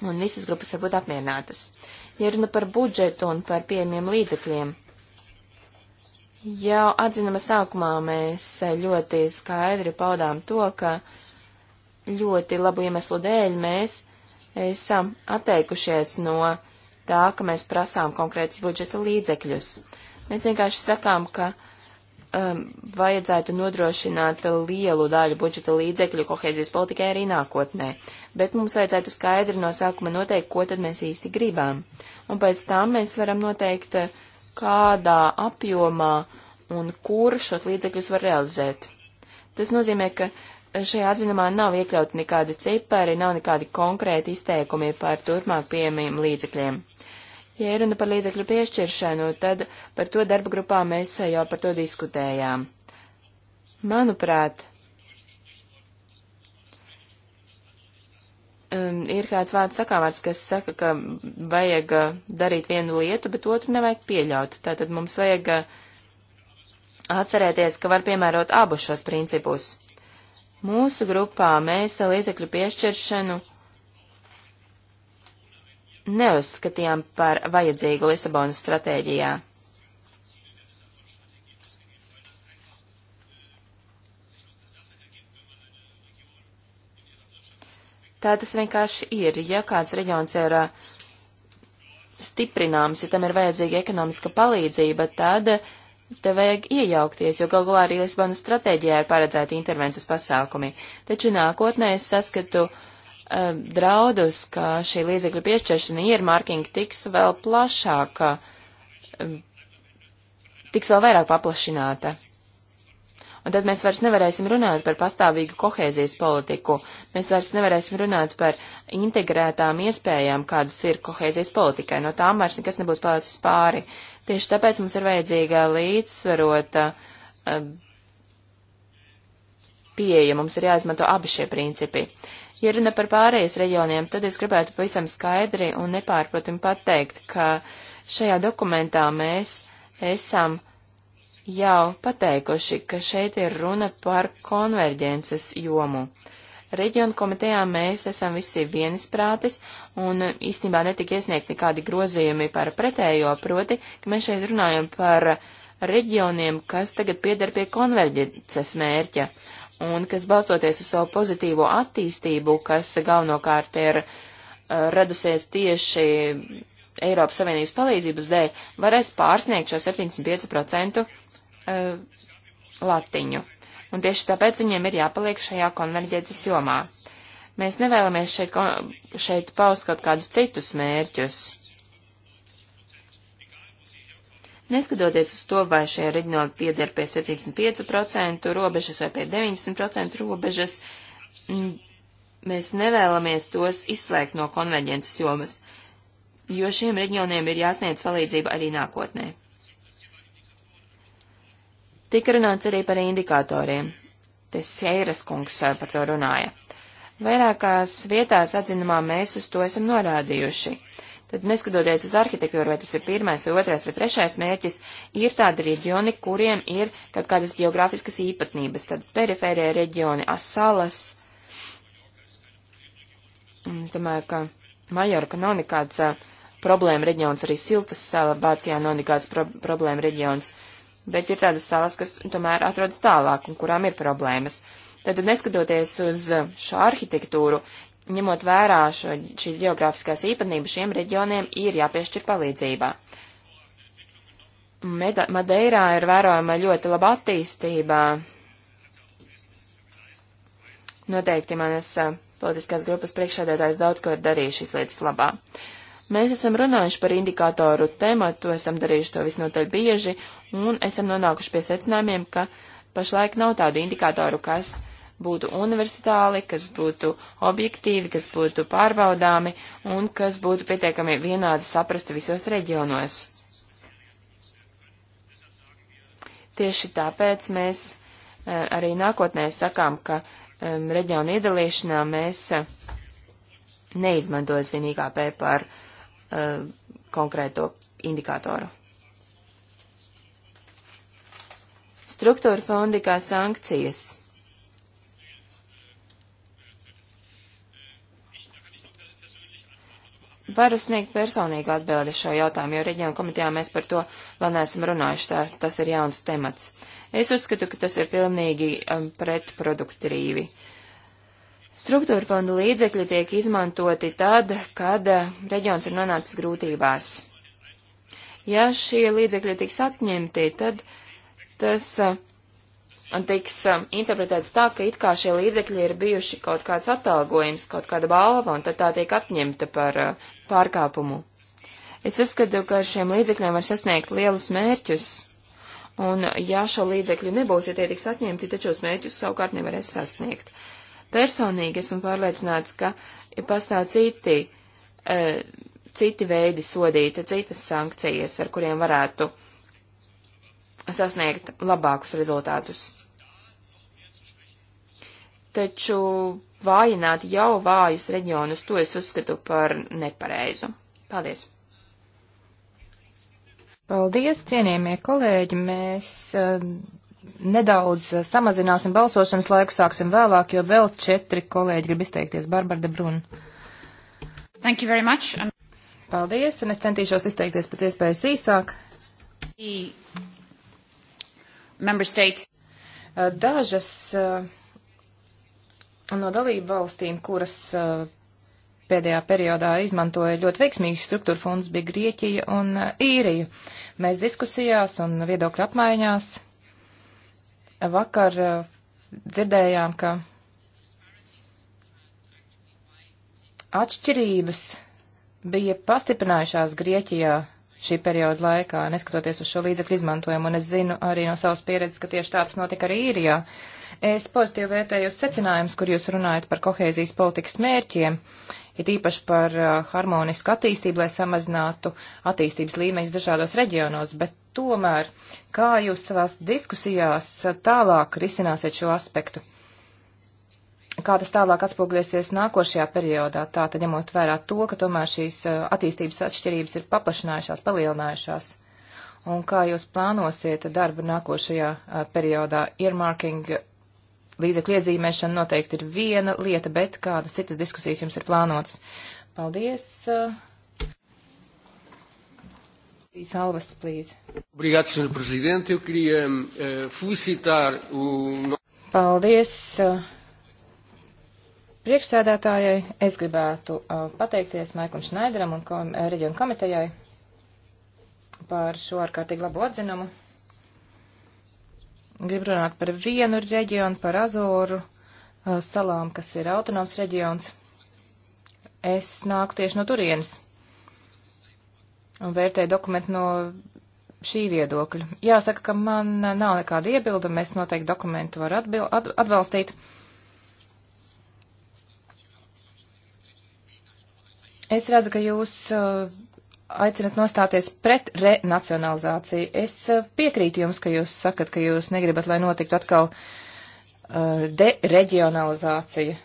Un visas grupas var būt apmierinātas. Ja runa par budžetu un par pieejamiem līdzekļiem, Jau atzinuma sākumā mēs ļoti skaidri paudām to, ka ļoti labu iemeslu dēļ mēs esam atteikušies no tā, ka mēs prasām konkrētus budžeta līdzekļus. Mēs vienkārši sakām, ka um, vajadzētu nodrošināt lielu daļu budžeta līdzekļu kohēzijas politikai arī nākotnē, bet mums vajadzētu skaidri no sākuma noteikt, ko tad mēs īsti gribam. Un pēc tam mēs varam noteikt uh, kādā apjomā un kur šos līdzekļus var realizēt. Tas nozīmē, ka šajā atzinumā nav iekļauti nekādi cipari, nav nekādi konkrēti izteikumi par turpmāk pieejamiem līdzekļiem. Ja ir runa par līdzekļu piešķiršanu, tad par to darba grupā mēs jau par to diskutējām. Manuprāt, um, ir kāds vārds sakāvārds, kas saka, ka vajag uh, darīt vienu lietu, bet otru nevajag pieļaut. Tātad mums vajag uh, atcerēties, ka var piemērot abus šos principus. Mūsu grupā mēs līdzekļu piešķiršanu neuzskatījām par vajadzīgu Lisabonas stratēģijā. Tā tas vienkārši ir. Ja kāds reģions ir stiprināms, ja tam ir vajadzīga ekonomiska palīdzība, tad te vajag iejaukties, jo gal galā arī Lisbonas stratēģijā ir paredzēti intervences pasākumi. Taču nākotnē es saskatu uh, draudus, ka šī līdzekļu piešķiršana iermarking tiks vēl plašāka, uh, tiks vēl vairāk paplašināta. Un tad mēs vairs nevarēsim runāt par pastāvīgu kohēzijas politiku, mēs vairs nevarēsim runāt par integrētām iespējām, kādas ir kohēzijas politikai, no tām vairs nekas nebūs palicis pāri. Tieši tāpēc mums ir vajadzīga līdzsvarota eh, pieeja, mums ir jāizmanto abi šie principi. Ja runa par pārējais reģioniem, tad es gribētu pavisam skaidri un nepārprotami pateikt, ka šajā dokumentā mēs esam jau pateikuši, ka šeit ir runa par konverģences jomu. Reģionu komitejā mēs esam visi vienisprātis un īstenībā netika iesniegt nekādi grozījumi par pretējo, proti, ka mēs šeit runājam par reģioniem, kas tagad piedar pie konverģences mērķa un kas balstoties uz savu pozitīvo attīstību, kas galvenokārt ir uh, radusies tieši Eiropas Savienības palīdzības dēļ varēs pārsniegt šo 75% eh, latiņu. Un tieši tāpēc viņiem ir jāpaliek šajā konverģētas jomā. Mēs nevēlamies šeit, šeit paust kaut kādus citus mērķus. Neskatoties uz to, vai šie reģionāli pieder pie 75% robežas vai pie 90% robežas, mēs nevēlamies tos izslēgt no konverģences jomas jo šiem reģioniem ir jāsniedz palīdzība arī nākotnē. Tika runāts arī par indikatoriem. Te Seiras kungs eh, par to runāja. Vairākās vietās atzinumā mēs uz to esam norādījuši. Tad, neskatoties uz arhitektūru, vai tas ir pirmais, vai otrais, vai trešais mērķis, ir tādi reģioni, kuriem ir kaut kādas geogrāfiskas īpatnības, tad perifērie reģioni, asalas. Un es domāju, ka Majorka nav nekāds uh, problēma reģions, arī Siltas sala Vācijā nav nekāds pro problēma reģions, bet ir tādas salas, kas tomēr atrodas tālāk un kurām ir problēmas. Tad, neskatoties uz šo arhitektūru, ņemot vērā šo, šī geogrāfiskās īpatnības, šiem reģioniem ir jāpiešķir palīdzībā. Meda, Madeirā ir vērojama ļoti laba attīstība. Noteikti manas politiskās grupas priekšādētājs daudz ko ir darījis šīs lietas labā. Uh, Mēs esam runājuši par indikātoru tēmatu, esam darījuši to visnotaļ bieži, un esam nonākuši pie secinājumiem, ka pašlaik nav tādu indikātoru, kas būtu universáli, kas būtu objektīvi, kas būtu pārbaudāmi un kas būtu pietiekami vienādi saprasti visos reģionos. Tieši tāpēc mēs eh, arī nākotnē sakām, ka reģionu iedalīšanā mēs eh, neizmantosim IKP par uh, Uh, konkrēto indikātoru. Struktūra fondi kā sankcijas. Varu sniegt personīgu atbildi šo jautājumu, jo reģionu komitejā mēs par to vēl neesam runājuši. Tā, tas ir jauns temats. Es uzskatu, ka tas ir pilnīgi um, pretproduktīvi. Uh, Struktūra fonda līdzekļi tiek izmantoti tad, kad eh, reģions ir nonācis grūtībās. Ja šie līdzekļi tiks atņemti, tad tas eh, tiks eh, interpretēts tā, ka it kā šie līdzekļi ir bijuši kaut kāds atalgojums, kaut kāda balva, un tad tā tiek atņemta par pārkāpumu. Es uzskatu, ka ar šiem līdzekļiem var sasniegt lielus mērķus, un ja šo līdzekļu nebūs, ja tie tiks atņemti, tad šos mērķus savukārt nevarēs sasniegt. Personīgi esmu pārliecināts, ka ja pastāv citi, e, citi veidi sodīt, citas sankcijas, ar kuriem varētu sasniegt labākus rezultātus. Taču vājināt jau vājus reģionus, to es uzskatu par nepareizu. Paldies! Paldies, cienījamie kolēģi! Mēs uh, nedaudz eh, samazināsim balsošanas laiku, sāksim vēlāk, jo vēl četri kolēģi grib izteikties. Barbara de Brun. Thank you very much. And... Paldies, un es centīšos izteikties pēc iespējas īsāk. Eh, dažas eh, no dalību valstīm, kuras pēdējā periodā izmantoja ļoti veiksmīgi struktūra fondus, bija Grieķija un Īrija. Mēs diskusijās un viedokļu apmaiņās Vakar uh, dzirdējām, ka atšķirības bija pastiprinājušās Grieķijā šī perioda laikā, neskatoties uz šo līdzekļu izmantojumu, un es zinu arī no savas pieredzes, ka tieši tāds notika arī īrijā. Es pozitīvi vērtēju secinājumus, kur jūs runājat par kohēzijas politikas mērķiem, it īpaši par uh, harmonisku attīstību, lai samazinātu attīstības līmeņus dažādos reģionos, bet tomēr, kā jūs savās diskusijās tālāk risināsiet šo aspektu? Kā tas tālāk atspoguļiesies nākošajā periodā, tā tad ņemot vērā to, ka tomēr šīs attīstības atšķirības ir paplašinājušās, palielinājušās? Un kā jūs plānosiet darbu nākošajā periodā? Earmarking līdzekļu iezīmēšana noteikti ir viena lieta, bet kādas citas diskusijas jums ir plānotas? Paldies! Uh, Salvas, please. Obrigado, Sr. Presidente. Eu queria uh, felicitar o. Paldies. Eh, priekšsēdētājai es gribētu uh, pateikties Maikam Šnaideram un kom, reģionu komitejai par šo ārkārtīgi labu atzinumu. Gribu runāt par vienu reģionu, par Azoru uh, salām, kas ir autonoms reģions. Es nāku tieši no turienes un vērtēju dokumentu no šī viedokļa. Jāsaka, ka man nav nekāda iebilduma, es noteikti dokumentu varu atbil, at, atbalstīt. Es redzu, ka jūs uh, aicinat nostāties pret renacionalizāciju. Es uh, piekrītu jums, ka jūs sakat, ka jūs negribat, lai notiktu atkal uh, dereģionalizācija.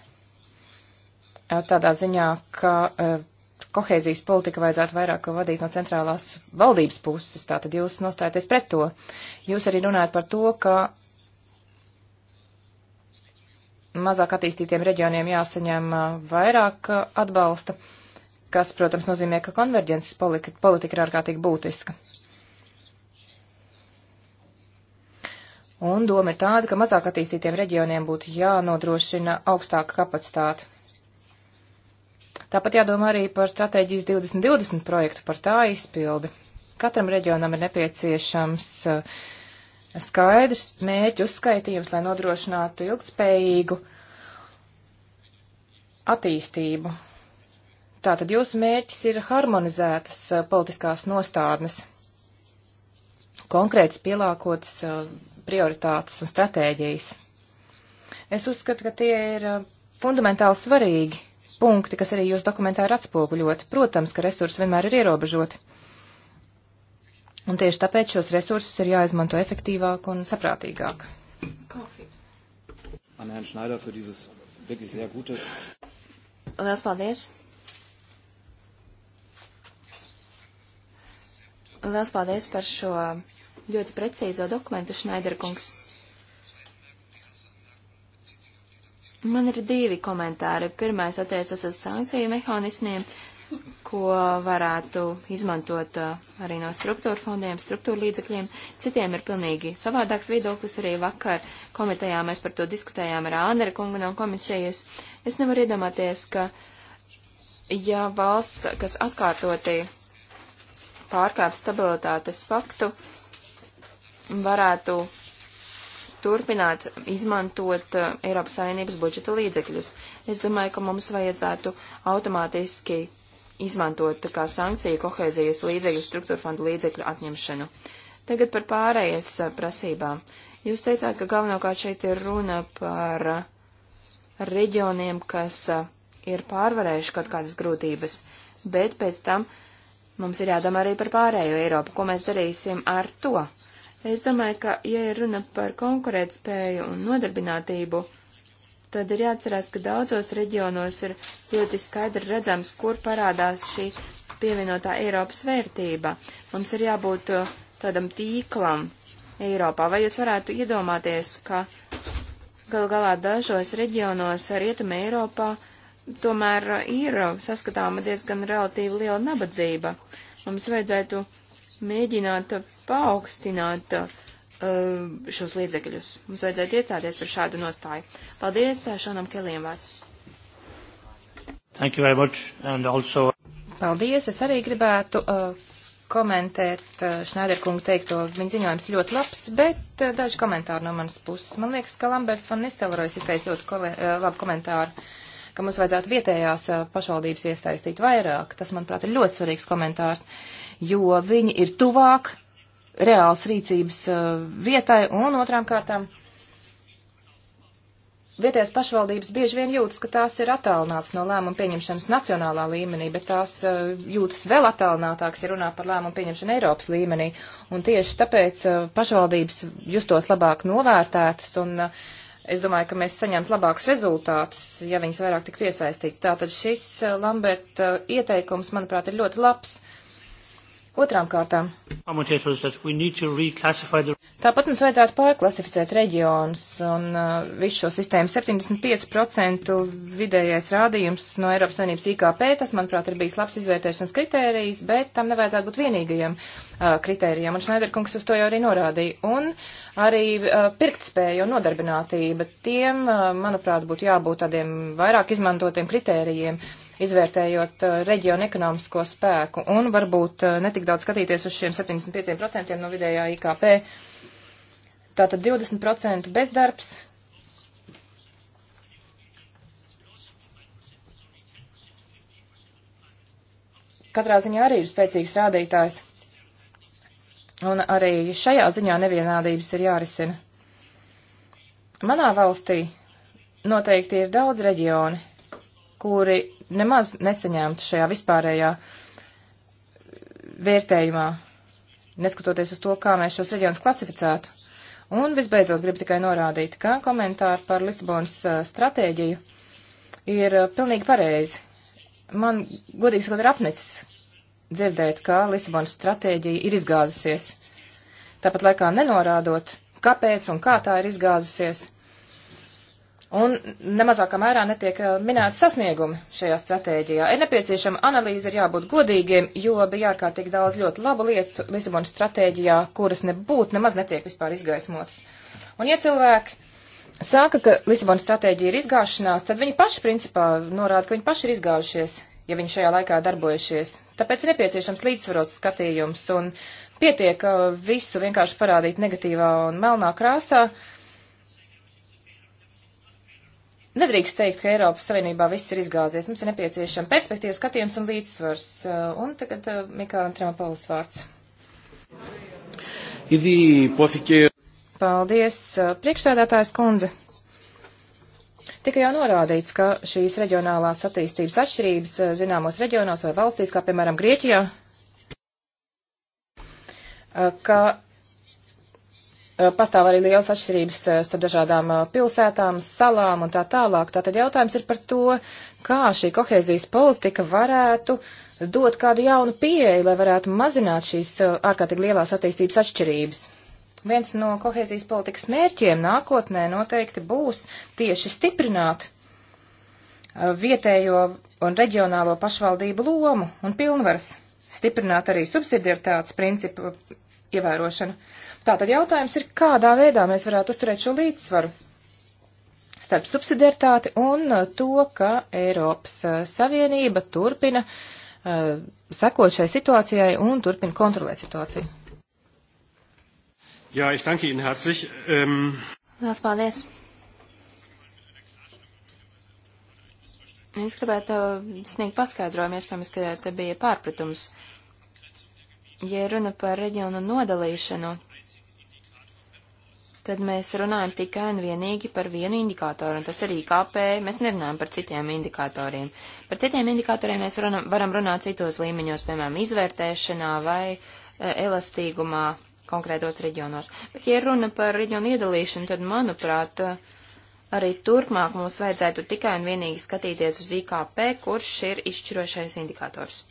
Tādā ziņā, ka uh, kohēzijas politika vajadzētu vairāk vadīt no centrālās valdības puses, tātad jūs nostājaties pret to. Jūs arī runājat par to, ka mazāk attīstītiem reģioniem jāsaņem vairāk atbalsta, kas, protams, nozīmē, ka konverģences politika, politika ir ārkārtīgi būtiska. Un doma ir tāda, ka mazāk attīstītiem reģioniem būtu jānodrošina augstāka kapacitāte. Tāpat jādomā arī par stratēģijas 2020 projektu, par tā izpildi. Katram reģionam ir nepieciešams eh, skaidrs mēķu uzskaitījums, lai nodrošinātu ilgspējīgu attīstību. Tātad jūsu mērķis ir harmonizētas eh, politiskās nostādnes, konkrētas pielāgotas eh, prioritātes un stratēģijas. Es uzskatu, ka tie ir fundamentāli svarīgi punkti, kas arī jūs dokumentā ir atspoguļoti. Protams, ka resursi vienmēr ir ierobežoti. Un tieši tāpēc šos resursus ir jāizmanto efektīvāk un saprātīgāk. Lielas paldies! Lielas paldies par šo ļoti precīzo dokumentu, Šnaiderkungs. Man ir divi komentāri. Pirmais attiecas uz sankciju mehānismiem, ko varētu izmantot uh, arī no struktūra fondiem, struktūra līdzekļiem. Citiem ir pilnīgi savādāks viedoklis. Arī vakar komitejā mēs par to diskutējām ar Ānera kungu no komisijas. Es nevaru iedomāties, ka ja valsts, kas atkārtotī pārkāp stabilitātes faktu, varētu turpināt izmantot uh, Eiropas Savienības budžeta līdzekļus. Es domāju, ka mums vajadzētu automātiski izmantot kā sankciju kohēzijas līdzekļu, struktūra fondu līdzekļu atņemšanu. Tagad par pārējas uh, prasībām. Jūs teicāt, ka galvenokārt šeit ir runa par uh, reģioniem, kas uh, ir pārvarējuši kaut kādas grūtības, bet pēc tam mums ir jādomā arī par pārējo Eiropu. Ko mēs darīsim ar to? Uh, Es domāju, ka, ja ir runa par konkurētspēju un nodarbinātību, tad ir jāatcerās, ka daudzos reģionos ir ļoti skaidri redzams, kur parādās šī pievienotā Eiropas vērtība. Mums ir jābūt uh, tādam tīklam Eiropā. Vai jūs varētu iedomāties, ka gal galā dažos reģionos rietuma Eiropā tomēr uh, ir saskatāma diezgan relatīvi liela nabadzība? Mums vajadzētu mēģināt paaugstināt uh, šos līdzekļus. Mums vajadzētu iestāties par šādu nostāju. Paldies uh, Šonam Keliem vārds. Thank you very much and also. Paldies, es arī gribētu uh, komentēt uh, Šneiderkungu teikto. Viņa ziņojums ļoti labs, bet uh, daži komentāri no manas puses. Man liekas, ka Lamberts van Nistelrojas izteica ļoti kole, uh, labu komentāru ka mums vajadzētu vietējās uh, pašvaldības iesaistīt vairāk. Tas, manuprāt, ir ļoti svarīgs komentārs, jo viņi ir tuvāk reāls rīcības uh, vietai, un otrām kārtām vietējās pašvaldības bieži vien jūtas, ka tās ir attālināts no lēmumu pieņemšanas nacionālā līmenī, bet tās uh, jūtas vēl attālinātāks, ja runā par lēmumu pieņemšanu Eiropas līmenī, un tieši tāpēc uh, pašvaldības justos labāk novērtētas un Es domāju, ka mēs saņemtu labākus rezultātus, ja viņas vairāk tiktu iesaistīts. Tātad šis Lamberta ieteikums, manuprāt, ir ļoti labs. Uh, Otrām kārtām. Tāpat mums vajadzētu pārklasificēt reģionus, un uh, visu šo sistēmu 75% vidējais rādījums no Eiropas Savienības IKP, tas, manuprāt, ir bijis labs izvērtēšanas kritērijs, bet tam nevajadzētu būt vienīgajam. Uh, kritērijiem, un Šneiderkungs uz to jau arī norādīja. Un arī uh, pirktspēja un nodarbinātība, tiem, uh, manuprāt, būtu jābūt tādiem vairāk izmantotiem kritērijiem, izvērtējot uh, reģionu ekonomisko spēku, un varbūt uh, netik daudz skatīties uz šiem 75% no vidējā IKP. Tātad 20% bezdarbs, katrā ziņā arī ir spēcīgs rādītājs. Un arī šajā ziņā nevienādības ir jārisina. Manā valstī noteikti ir daudz reģioni, kuri nemaz nesaņemtu šajā vispārējā vērtējumā, neskatoties uz to, kā mēs šos reģionus klasificētu. Un visbeidzot gribu tikai norādīt, ka komentāri par Lisabonas stratēģiju ir pilnīgi pareizi. Man godīgi sakot ir apnicis, dzirdēt, kā Lisabonas stratēģija ir izgāzusies. Tāpat laikā nenorādot, kāpēc un kā tā ir izgāzusies. Un nemazākā mērā netiek eh, minēti sasniegumi šajā stratēģijā. Ir nepieciešama analīze, ir jābūt godīgiem, jo bija ārkārtīgi daudz ļoti labu lietu Lisabonas stratēģijā, kuras nebūtu nemaz netiek vispār izgaismotas. Un ja cilvēki saka, ka Lisabonas stratēģija ir izgāšanās, tad viņi paši principā norāda, ka viņi paši ir izgājušies, ja viņi šajā laikā darbojušies. Tāpēc ir nepieciešams līdzsvarots skatījums un pietiek visu vienkārši parādīt negatīvā un melnā krāsā. Nedrīkst teikt, ka Eiropas Savienībā viss ir izgāzies. Mums ir nepieciešama perspektīva, skatījums un līdzsvars. Uh, un tagad uh, Mikālam Tramapaulis vārds. Paldies, uh, priekšsēdētājs kundze. Tika jau norādīts, ka šīs reģionālās attīstības atšķirības eh, zināmos reģionos vai valstīs, kā piemēram Grieķijā, eh, ka eh, pastāv arī liels atšķirības starp dažādām pilsētām, salām un tā tālāk. Tātad jautājums ir par to, kā šī kohēzijas politika varētu dot kādu jaunu pieeju, lai varētu mazināt šīs ārkārtīgi lielās attīstības atšķirības. Viens no kohēzijas politikas mērķiem nākotnē noteikti būs tieši stiprināt uh, vietējo un reģionālo pašvaldību lomu un pilnvaras, stiprināt arī subsidiaritātes principu ievērošanu. Tātad jautājums ir, kādā veidā mēs varētu uzturēt šo līdzsvaru starp subsidiaritāti un uh, to, ka Eiropas uh, Savienība turpina uh, sekot šai situācijai un turpina kontrolēt situāciju. Jā, es danke Ihnen herzlich. Um... Ähm, Lās paldies. Es gribētu sniegt paskaidrojumu, iespējams, ka te bija pārpratums. Ja runa par reģionu nodalīšanu, tad mēs runājam tikai un vienīgi par vienu indikātoru, un tas ir IKP, mēs nerunājam par citiem indikatoriem. Par citiem indikatoriem mēs runam, varam runāt citos līmeņos, piemēram, izvērtēšanā vai eh, elastīgumā konkrētos reģionos. Bet, ja runa par reģionu iedalīšanu, tad, manuprāt, arī turpmāk mums vajadzētu tikai un vienīgi skatīties uz IKP, kurš ir izšķirošais indikators.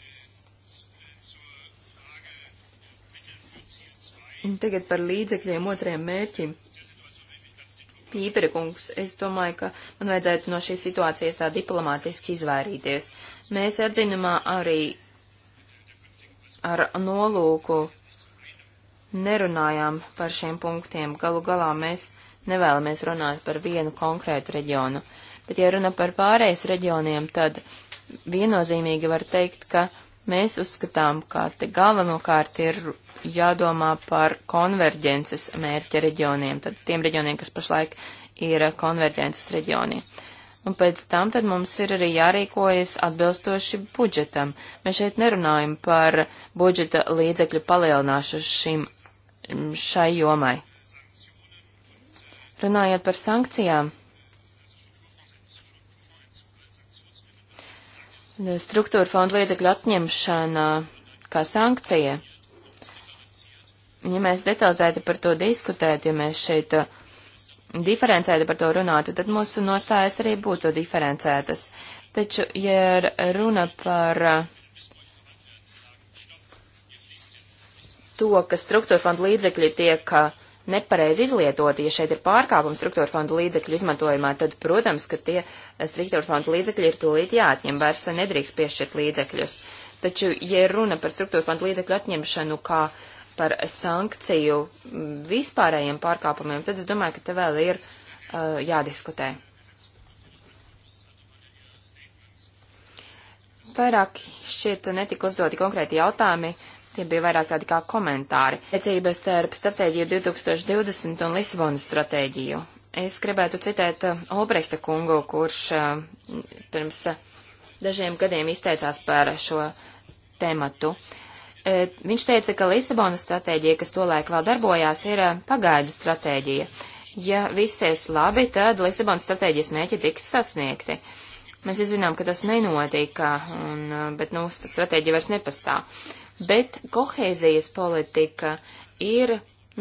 Un tagad par līdzekļiem otriem mērķim. Pīperikungs, es domāju, ka man vajadzētu no šīs situācijas tā diplomātiski izvairīties. Mēs atzinumā arī ar nolūku nerunājām par šiem punktiem. Galu galā mēs nevēlamies runāt par vienu konkrētu reģionu. Bet, ja runa par pārējais reģioniem, tad viennozīmīgi var teikt, ka mēs uzskatām, ka te galvenokārt ir jādomā par konverģences mērķa reģioniem, tad tiem reģioniem, kas pašlaik ir konverģences reģioni. Un pēc tam tad mums ir arī jārīkojas atbilstoši budžetam. Mēs šeit nerunājam par budžeta līdzekļu palielināšanu šim šai jomai. Runājot par sankcijām, struktūra fonda līdzekļu atņemšana kā sankcija. Ja mēs detalizēti par to diskutētu, ja mēs šeit uh, diferencēti par to runātu, tad mūsu nostājas arī būtu diferencētas. Taču, ja runa par uh, to, ka struktūra fonda līdzekļi tiek uh, nepareizi izlietoti, ja šeit ir pārkāpums struktūra fonda līdzekļu izmantojumā, tad, protams, ka tie uh, struktūra fonda līdzekļi ir tūlīt jāatņem, vairs nedrīkst piešķirt līdzekļus. Taču, ja runa par struktūra fonda līdzekļu atņemšanu kā par sankciju mm, vispārējiem pārkāpumiem, tad es domāju, ka te vēl ir uh, jādiskutē. Vairāk šķiet netika uzdoti konkrēti jautājumi, uh, Tie bija vairāk tādi kā komentāri. Tiecības starp stratēģiju 2020 un Lisbonas stratēģiju. Es gribētu citēt eh, Olbrehta kungu, kurš eh, pirms eh, dažiem gadiem izteicās par šo tematu. Viņš teica, ka Lisabonas stratēģija, kas tolaik vēl darbojās, ir pagaidu stratēģija. Ja viss ies labi, tad Lisabonas stratēģijas mēķi tiks sasniegti. Mēs zinām, ka tas nenotika, un, bet nu, stratēģija vairs nepastāv bet kohēzijas politika ir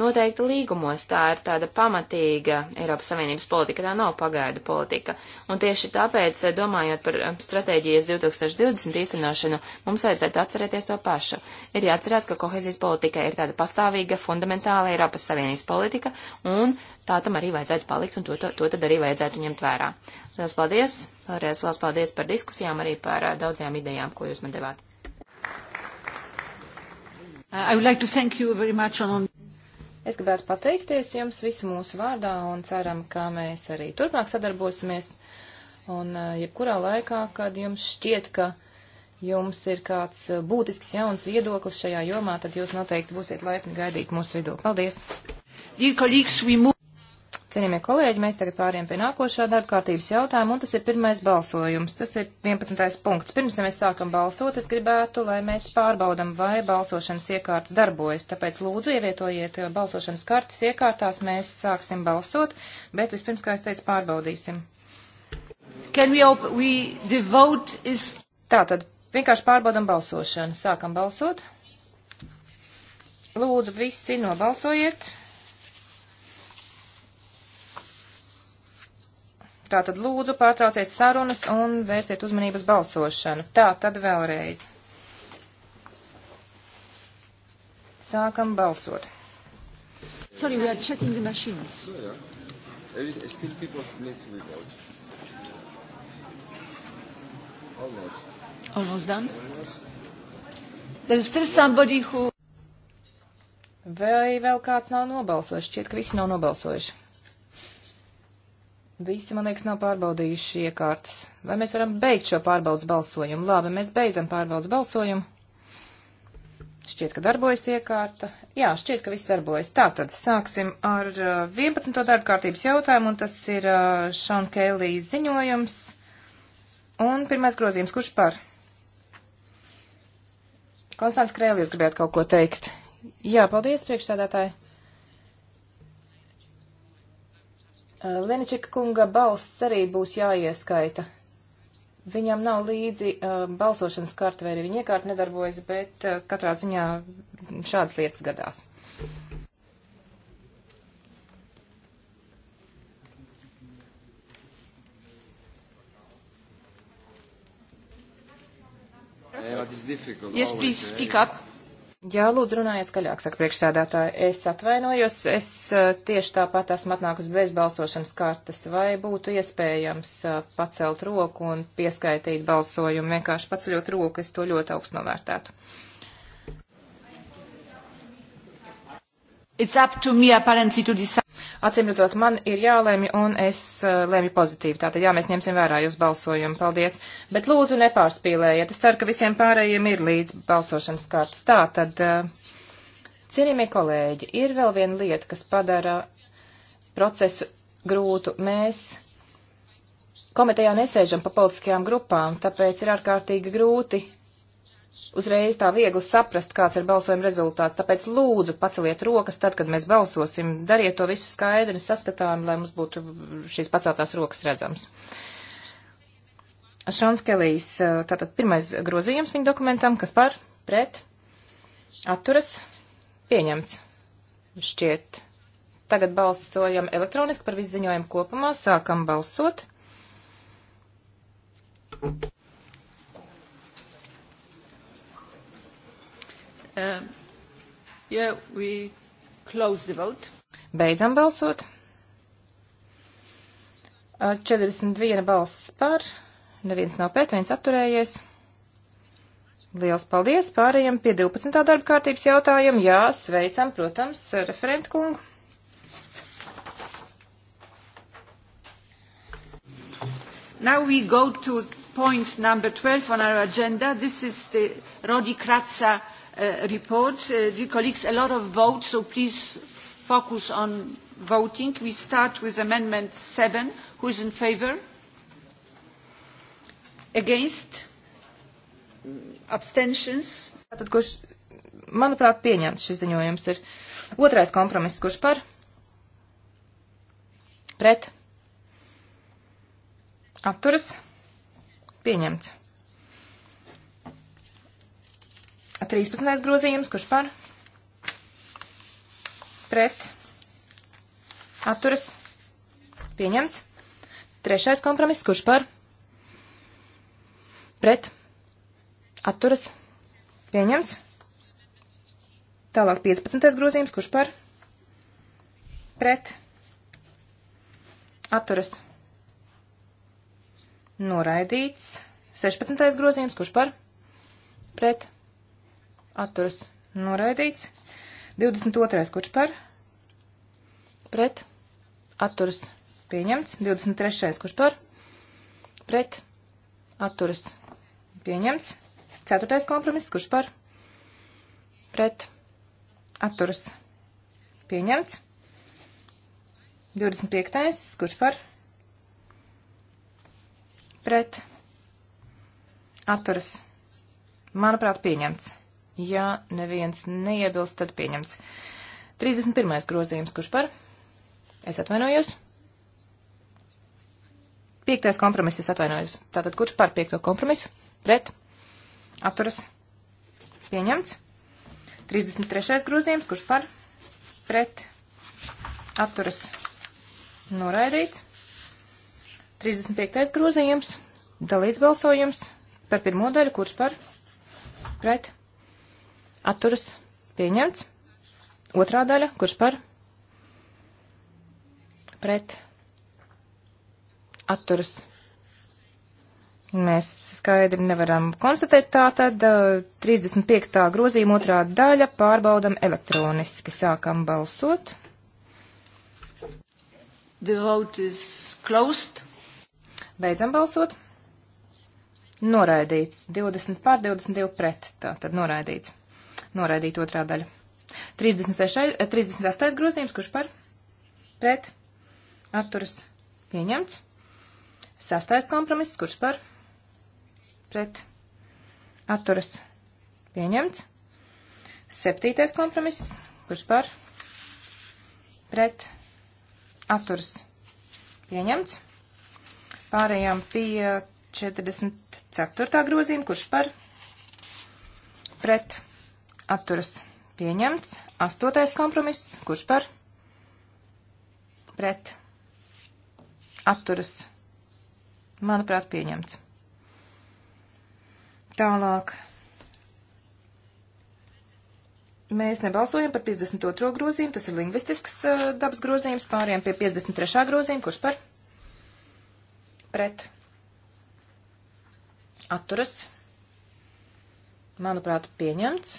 noteikti līgumos, tā ir tāda pamatīga Eiropas Savienības politika, tā nav pagaidu politika. Un tieši tāpēc, domājot par um, stratēģijas 2020 īstenošanu, mums vajadzētu atcerēties to pašu. Ir jāatcerās, ka kohezijas politika ir tāda pastāvīga, fundamentāla Eiropas Savienības politika, un tā tam arī vajadzētu palikt, un to, to, to tad arī vajadzētu ņemt vērā. Lielas paldies, vēlreiz liels paldies par diskusijām, arī par uh, daudzajām idejām, ko jūs man devāt. Uh, like on... Es gribētu pateikties jums visu mūsu vārdā un ceram, ka mēs arī turpmāk sadarbosimies. Un uh, jebkurā laikā, kad jums šķiet, ka jums ir kāds uh, būtisks jauns viedoklis šajā jomā, tad jūs noteikti būsiet laipni gaidīt mūsu vidū. Paldies! Cienījamie kolēģi, mēs tagad pāriem pie nākošā darba kārtības jautājuma, un tas ir pirmais balsojums. Tas ir 11. punkts. Pirms ja mēs sākam balsot, es gribētu, lai mēs pārbaudam, vai balsošanas iekārtas darbojas. Tāpēc lūdzu ievietojiet uh, balsošanas kartas iekārtās, mēs sāksim balsot, bet vispirms, kā es teicu, pārbaudīsim. We we, is... Tātad vienkārši pārbaudam balsošanu. Sākam balsot. Lūdzu, visi nobalsojiet. Tātad lūdzu pārtrauciet sarunas un vērsiet uzmanības balsošanu. Tā, tad vēlreiz. Sākam balsot. Sorry, we are checking the machines. Oh, yeah, yeah. Still people need to be voted. Almost. Almost done. Almost. There is still somebody who. Vai vēl kāds nav nobalsojis? Šķiet, ka visi nav nobalsojuši. Visi, man liekas, nav pārbaudījuši iekārtas. Vai mēs varam beigt šo pārbaudas balsojumu? Labi, mēs beidzam pārbaudas balsojumu. Šķiet, ka darbojas iekārta. Jā, šķiet, ka viss darbojas. Tā tad sāksim ar 11. Uh, darba kārtības jautājumu, un tas ir Šona uh, Kēlīs ziņojums. Un pirmais grozījums, kurš par? Konstants Krēlīs gribētu kaut ko teikt. Jā, paldies, priekšsēdētāji. Eh, Leničika kunga balss arī būs jāieskaita. Viņam nav līdzi uh, balsošanas karta vai arī viņa iekārta nedarbojas, bet uh, katrā ziņā šādas lietas gadās. Yeah, but it's difficult. Yes, please speak up. Jā, lūdzu, runājiet skaļāk, saka priekšsēdētāji. Es atvainojos, es eh, tieši tāpat esmu atnākusi bez balsošanas kartes. Vai būtu iespējams eh, pacelt roku un pieskaitīt balsojumu? Vienkārši paceļot roku, es to ļoti augstu novērtētu. It's up to me apparently to decide. Acīmredzot, man ir jālēmi, un es uh, eh, lēmu pozitīvi. Tātad, jā, mēs ņemsim vērā jūs balsojumu. Paldies. Bet lūdzu, nepārspīlējiet. Es ceru, ka visiem pārējiem ir līdz balsošanas kārtas. Tātad, uh, cienījamie kolēģi, ir vēl viena lieta, kas padara procesu grūtu. Mēs komitejā nesēžam pa politiskajām grupām, tāpēc ir ārkārtīgi grūti uzreiz tā viegli saprast, kāds ir balsojuma rezultāts. Tāpēc lūdzu paceliet rokas tad, kad mēs balsosim. Dariet to visu skaidri un saskatām, lai mums būtu šīs paceltās rokas redzams. Šāns Kelijs, tātad pirmais grozījums viņa dokumentam, kas par, pret, atturas, pieņemts. Šķiet. Tagad balsojam elektroniski par visu ziņojumu kopumā, sākam balsot. Thank you. Um, yeah, we close the vote. Beidzam balsot. 41 balss par, neviens nav pret, viens atturējies. Liels paldies! Pārējiem pie 12. darba kārtības jautājuma. Jā, sveicam, protams, referentu kungu. Now we go to point number 12 on our agenda. This is the Rodi Kratsa uh, report. Uh, dear colleagues, a lot of votes, so please focus on voting. We start with Amendment 7. Who is in favour? Against? Abstentions? Tātad, kurš, manuprāt, pieņemts šis ziņojums ir. Otrais kompromiss, kurš par? Pret? Atturas? Pieņemts. 13. grozījums, kurš par pret atturas pieņemts. Trešais kompromiss, kurš par pret atturas pieņemts. Tālāk 15. grozījums, kurš par pret atturas noraidīts. 16. grozījums, kurš par pret atturas atturas noraidīts. 22. kurš par pret atturas pieņemts. 23. kurš par pret atturas pieņemts. 4. kompromiss kurš par pret atturas pieņemts. 25. kurš par pret atturas, manuprāt, pieņemts. Ja neviens neiebilst, tad pieņemts. 31. grozījums, kurš par? Es atvainojos. Piektais kompromiss, es atvainojos. Tātad, kurš par piekto kompromisu? Pret? Atturas? Pieņemts. 33. grozījums, kurš par? Pret? Atturas? Noraidīts. 35. grozījums, dalīts balsojums par pirmo daļu, kurš par? Pret? atturas pieņemts. Otrā daļa, kurš par pret atturas. Mēs skaidri nevaram konstatēt tā, tad 35. Uh, grozījuma otrā daļa pārbaudam elektroniski. Sākam balsot. The vote is closed. Beidzam balsot. Noraidīts. 20 pār 22 pret. Tā tad noraidīts noraidīt otrā daļa. 36, 38. Eh, grozījums, kurš par pret atturas pieņemts. Sastais kompromiss, kurš par pret atturas pieņemts. Septītais kompromiss, kurš par pret atturas pieņemts. Pārējām pie 44. grozījuma, kurš par pret atturas pieņemts. Astotais kompromiss, kurš par pret atturas, manuprāt, pieņemts. Tālāk. Mēs nebalsojam par 52. grozījumu, tas ir lingvistisks uh, dabas grozījums, pāriem pie 53. grozījuma, kurš par pret atturas, manuprāt, pieņemts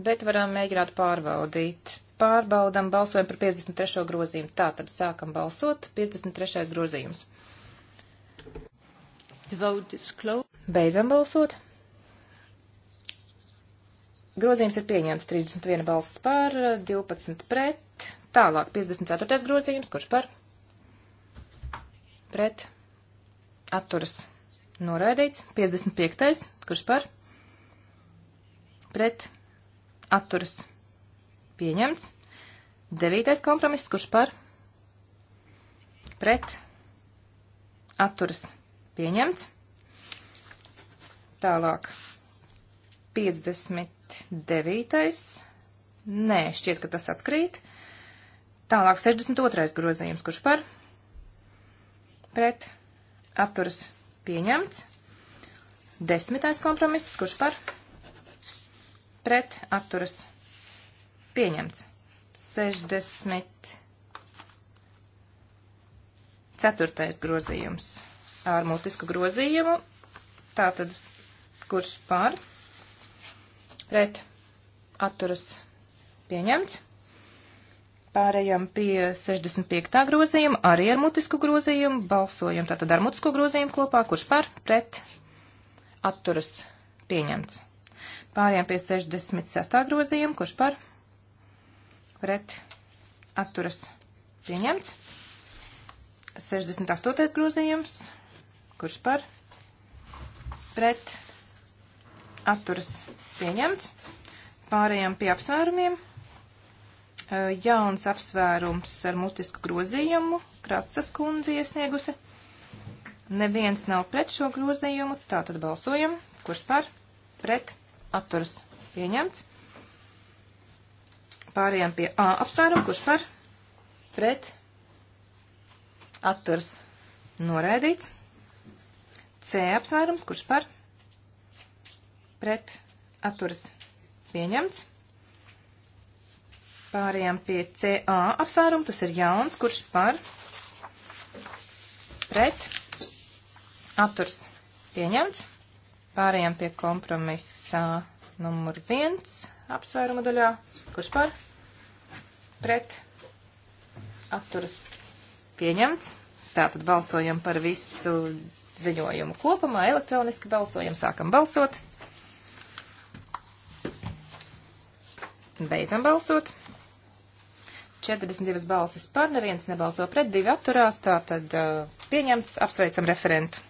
bet varam mēģināt pārbaudīt. Pārbaudam, balsojam par 53. grozījumu. Tātad sākam balsot 53. grozījums. Beidzam balsot. Grozījums ir pieņemts 31 balss par, 12 pret. Tālāk 54. grozījums, kurš par? Pret. Atturas. Noraidīts. 55. kurš par? Pret atturas pieņemts. Devītais kompromiss, kurš par pret atturas pieņemts. Tālāk 59. Nē, šķiet, ka tas atkrīt. Tālāk 62. grozījums, kurš par pret atturas pieņemts. Desmitais kompromiss, kurš par pret pret atturas pieņemts. 64. grozījums ar mutisku grozījumu. Tātad, kurš pār pret atturas pieņemts. Pārējām pie 65. grozījuma, arī ar mutisku grozījumu, balsojam tātad ar mutisko grozījumu kopā, kurš par pret atturas pieņemts. Pārējām pie 66. grozījuma, kurš par pret atturas pieņemts. 68. grozījums, kurš par pret atturas pieņemts. Pārējām pie apsvērumiem. Jauns apsvērums ar mutisku grozījumu, Kratsas kundze iesniegusi. Neviens nav pret šo grozījumu, tātad balsojam, kurš par pret atturas pieņemts atturas pieņemts. Pārējām pie A apsvērumu, kurš par pret atturas noraidīts. C apsvērums, kurš par pret atturas pieņemts. Pārējām pie CA apsvērumu, tas ir jauns, kurš par pret atturas pieņemts. Pārējām pie kompromisa numur viens apsvēruma daļā. Kurš par? Pret. Atturas pieņemts. Tātad balsojam par visu ziņojumu kopumā. Elektroniski balsojam. Sākam balsot. Beidzam balsot. 42 balsis par, neviens nebalso pret, divi atturās, tātad uh, pieņemts, apsveicam referentu.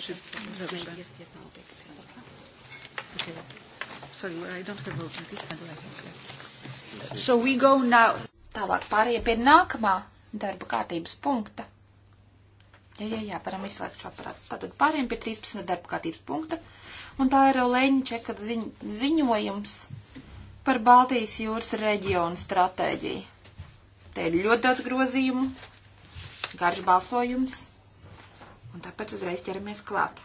So we go now. Tālāk pārējiem pie nākamā darba kārtības punkta. Jā, jā, jā, varam izslēgt šo aparātu. Tātad pārējiem pie 13. darba kārtības punkta. Un tā ir Leņķeka ziņ, ziņojums par Baltijas jūras reģionu stratēģiju. Te ir ļoti daudz grozījumu, garš balsojums. Un tāpēc uzreiz ķeramies klāt.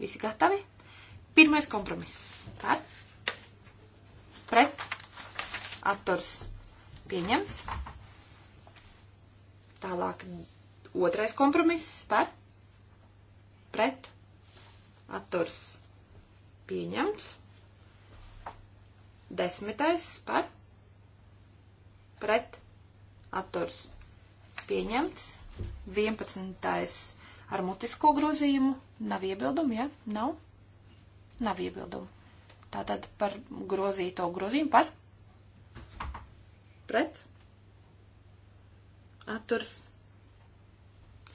Visi gatavi? Pirmais kompromiss. Par. Pret. Atturs. Pieņems. Tālāk otrais kompromiss. Par. Pret. Atturs. Pieņemts. Desmitais. Par. Pret. Atturs. Pieņemts. Vienpadsmitais ar mutisko grozījumu. Nav iebildumu, ja? Nav? Nav iebildumu. Tātad par grozīto grozījumu par? Pret? Atturs.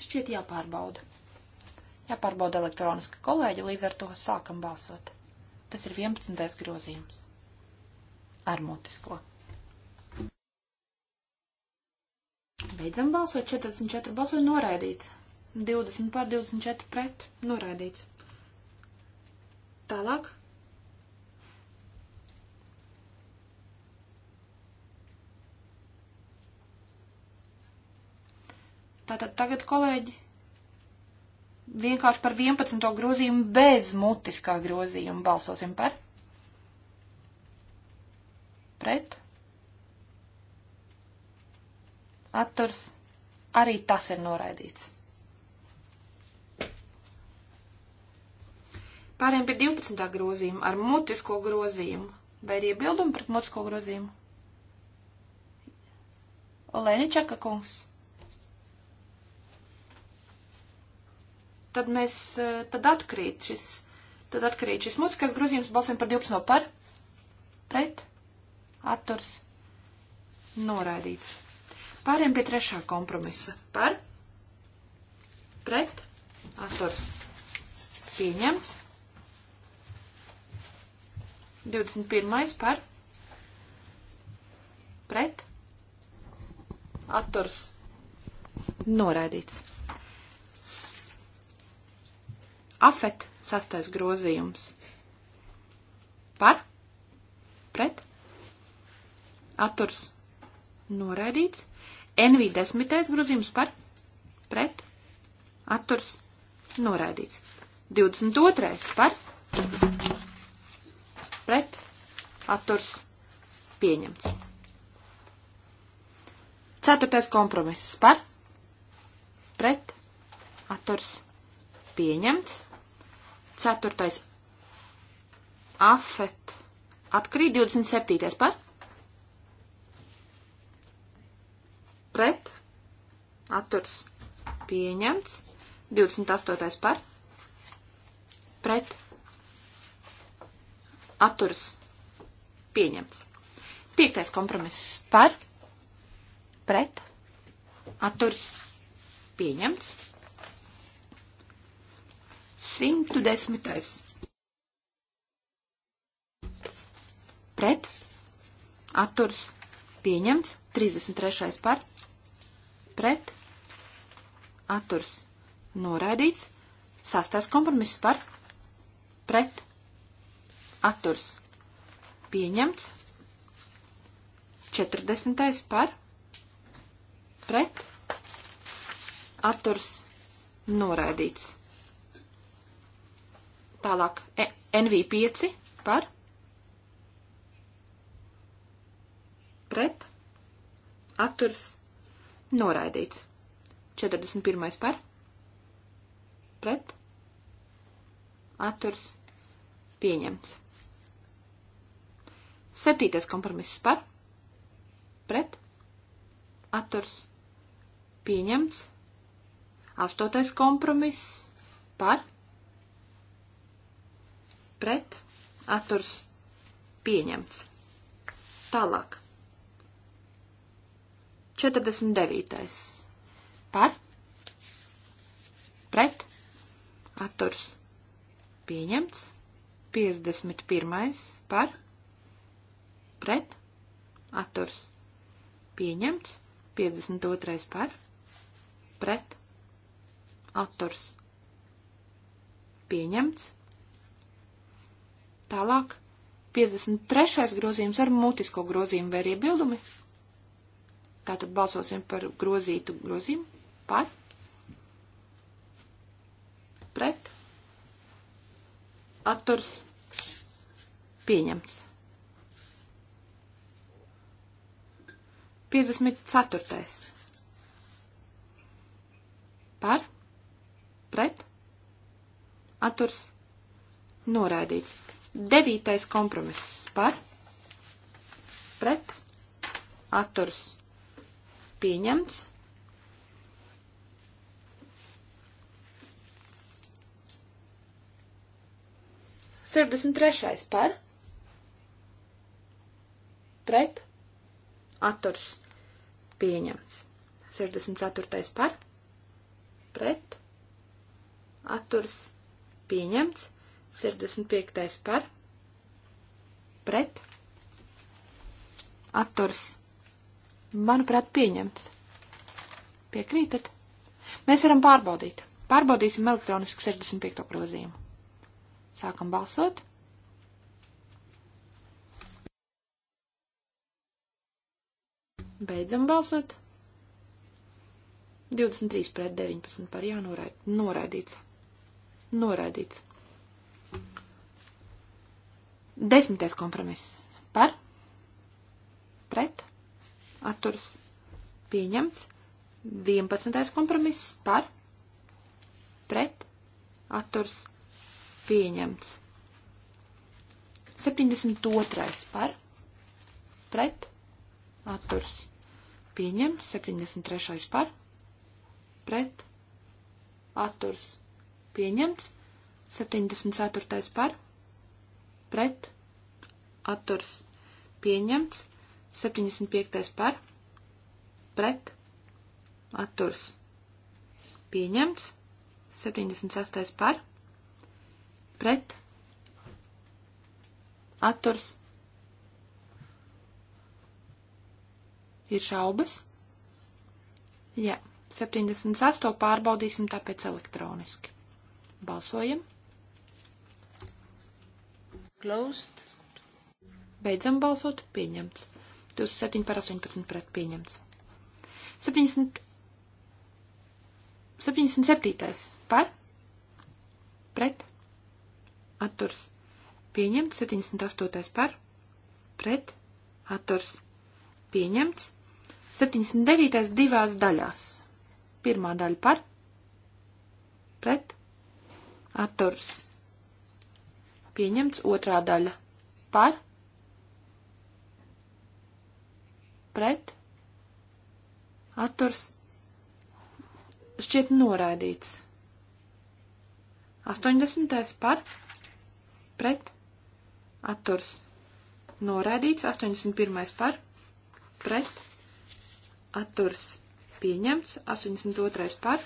Šķiet jāpārbauda. Jāpārbauda elektroniski kolēģi, līdz ar to sākam balsot. Tas ir 11. grozījums. Ar mutisko. Beidzam balsot 44 balsoju noraidīts. 20 pār 24 pret noraidīts. Tālāk. Tātad tagad, kolēģi, vienkārši par 11. grozījumu bez mutiskā grozījuma balsosim par. Pret. Atturs. Arī tas ir noraidīts. Pāriem pie 12. grozījuma ar mutisko grozījumu. Vai ir iebildumi pret mutisko grozījumu? Olēničaka kungs. Tad mēs, eh, tad atkrīt šis, tad atkrīt šis mutiskais grozījums, balsojam par 12 no par, pret, atturs, noraidīts. Pāriem pie trešā kompromisa. Par, pret, atturs, pieņemts. 21. par pret atturs noraidīts. Afet sastais grozījums par pret atturs noraidīts. NV desmitais grozījums par pret atturs noraidīts. 22. par pret atturs pieņemts. Ceturtais kompromiss par pret atturs pieņemts. Ceturtais afet atkrīt 27. par pret atturs pieņemts. 28. par pret atturas pieņemts. Piektais kompromiss par, pret, atturas pieņemts. 110. Pret, atturas pieņemts. 33. par, pret, atturas noraidīts. Sastais kompromiss par, pret, atturs pieņemts. 40. par pret atturs noraidīts. Tālāk e NV5 par pret atturs noraidīts. 41. par pret atturs pieņemts. Septītais kompromiss par, pret, atturs, pieņemts. Astotais kompromiss par, pret, atturs, pieņemts. Tālāk. 49. par, pret, atturs, pieņemts. 51. par, pret, atturs, pieņemts, 52. par, pret, atturs, pieņemts. Tālāk, 53. grozījums ar mutisko grozījumu vai ir iebildumi. Tātad balsosim par grozītu grozījumu, par, pret, atturs, pieņemts. 54. Par, pret, atturs, noraidīts. 9. kompromiss par, pret, atturs, pieņemts. Sirdsdesmit trešais par, pret, atturs, pieņemts. 64. par, pret, atturas, pieņemts. 65. par, pret, atturas, manuprāt, pieņemts. Piekrītat? Mēs varam pārbaudīt. Pārbaudīsim elektroniski 65. grozījumu. Sākam balsot. Beidzam balsot. 23 pret 19 par jā, noraid, noraidīts. Noraidīts. Desmitais kompromiss par, pret, atturs, pieņemts. Vienpadsmitais kompromiss par, pret, atturs, pieņemts. 72. par, pret, atturs, pieņemts pieņemts, 73. par, pret, atturs, pieņemts, 74. par, pret, atturs, pieņemts, 75. par, pret, atturs, pieņemts, 76. par, pret, atturs, pieņemts Ir šaubas? Jā, 78 pārbaudīsim tāpēc elektroniski. Balsojam. Closed. Beidzam balsot. Pieņemts. 27 par 18 pret pieņemts. 70. 77. par pret atturs. Pieņemts 78. par pret atturs. Pieņemts. 79. divās daļās. Pirmā daļa par. Pret. Atturs. Pieņemts. Otrā daļa par. Pret. Atturs. Šķiet noraidīts. 80. par. Pret. Atturs. Noraidīts. 81. par pret atturs pieņemts, 82. par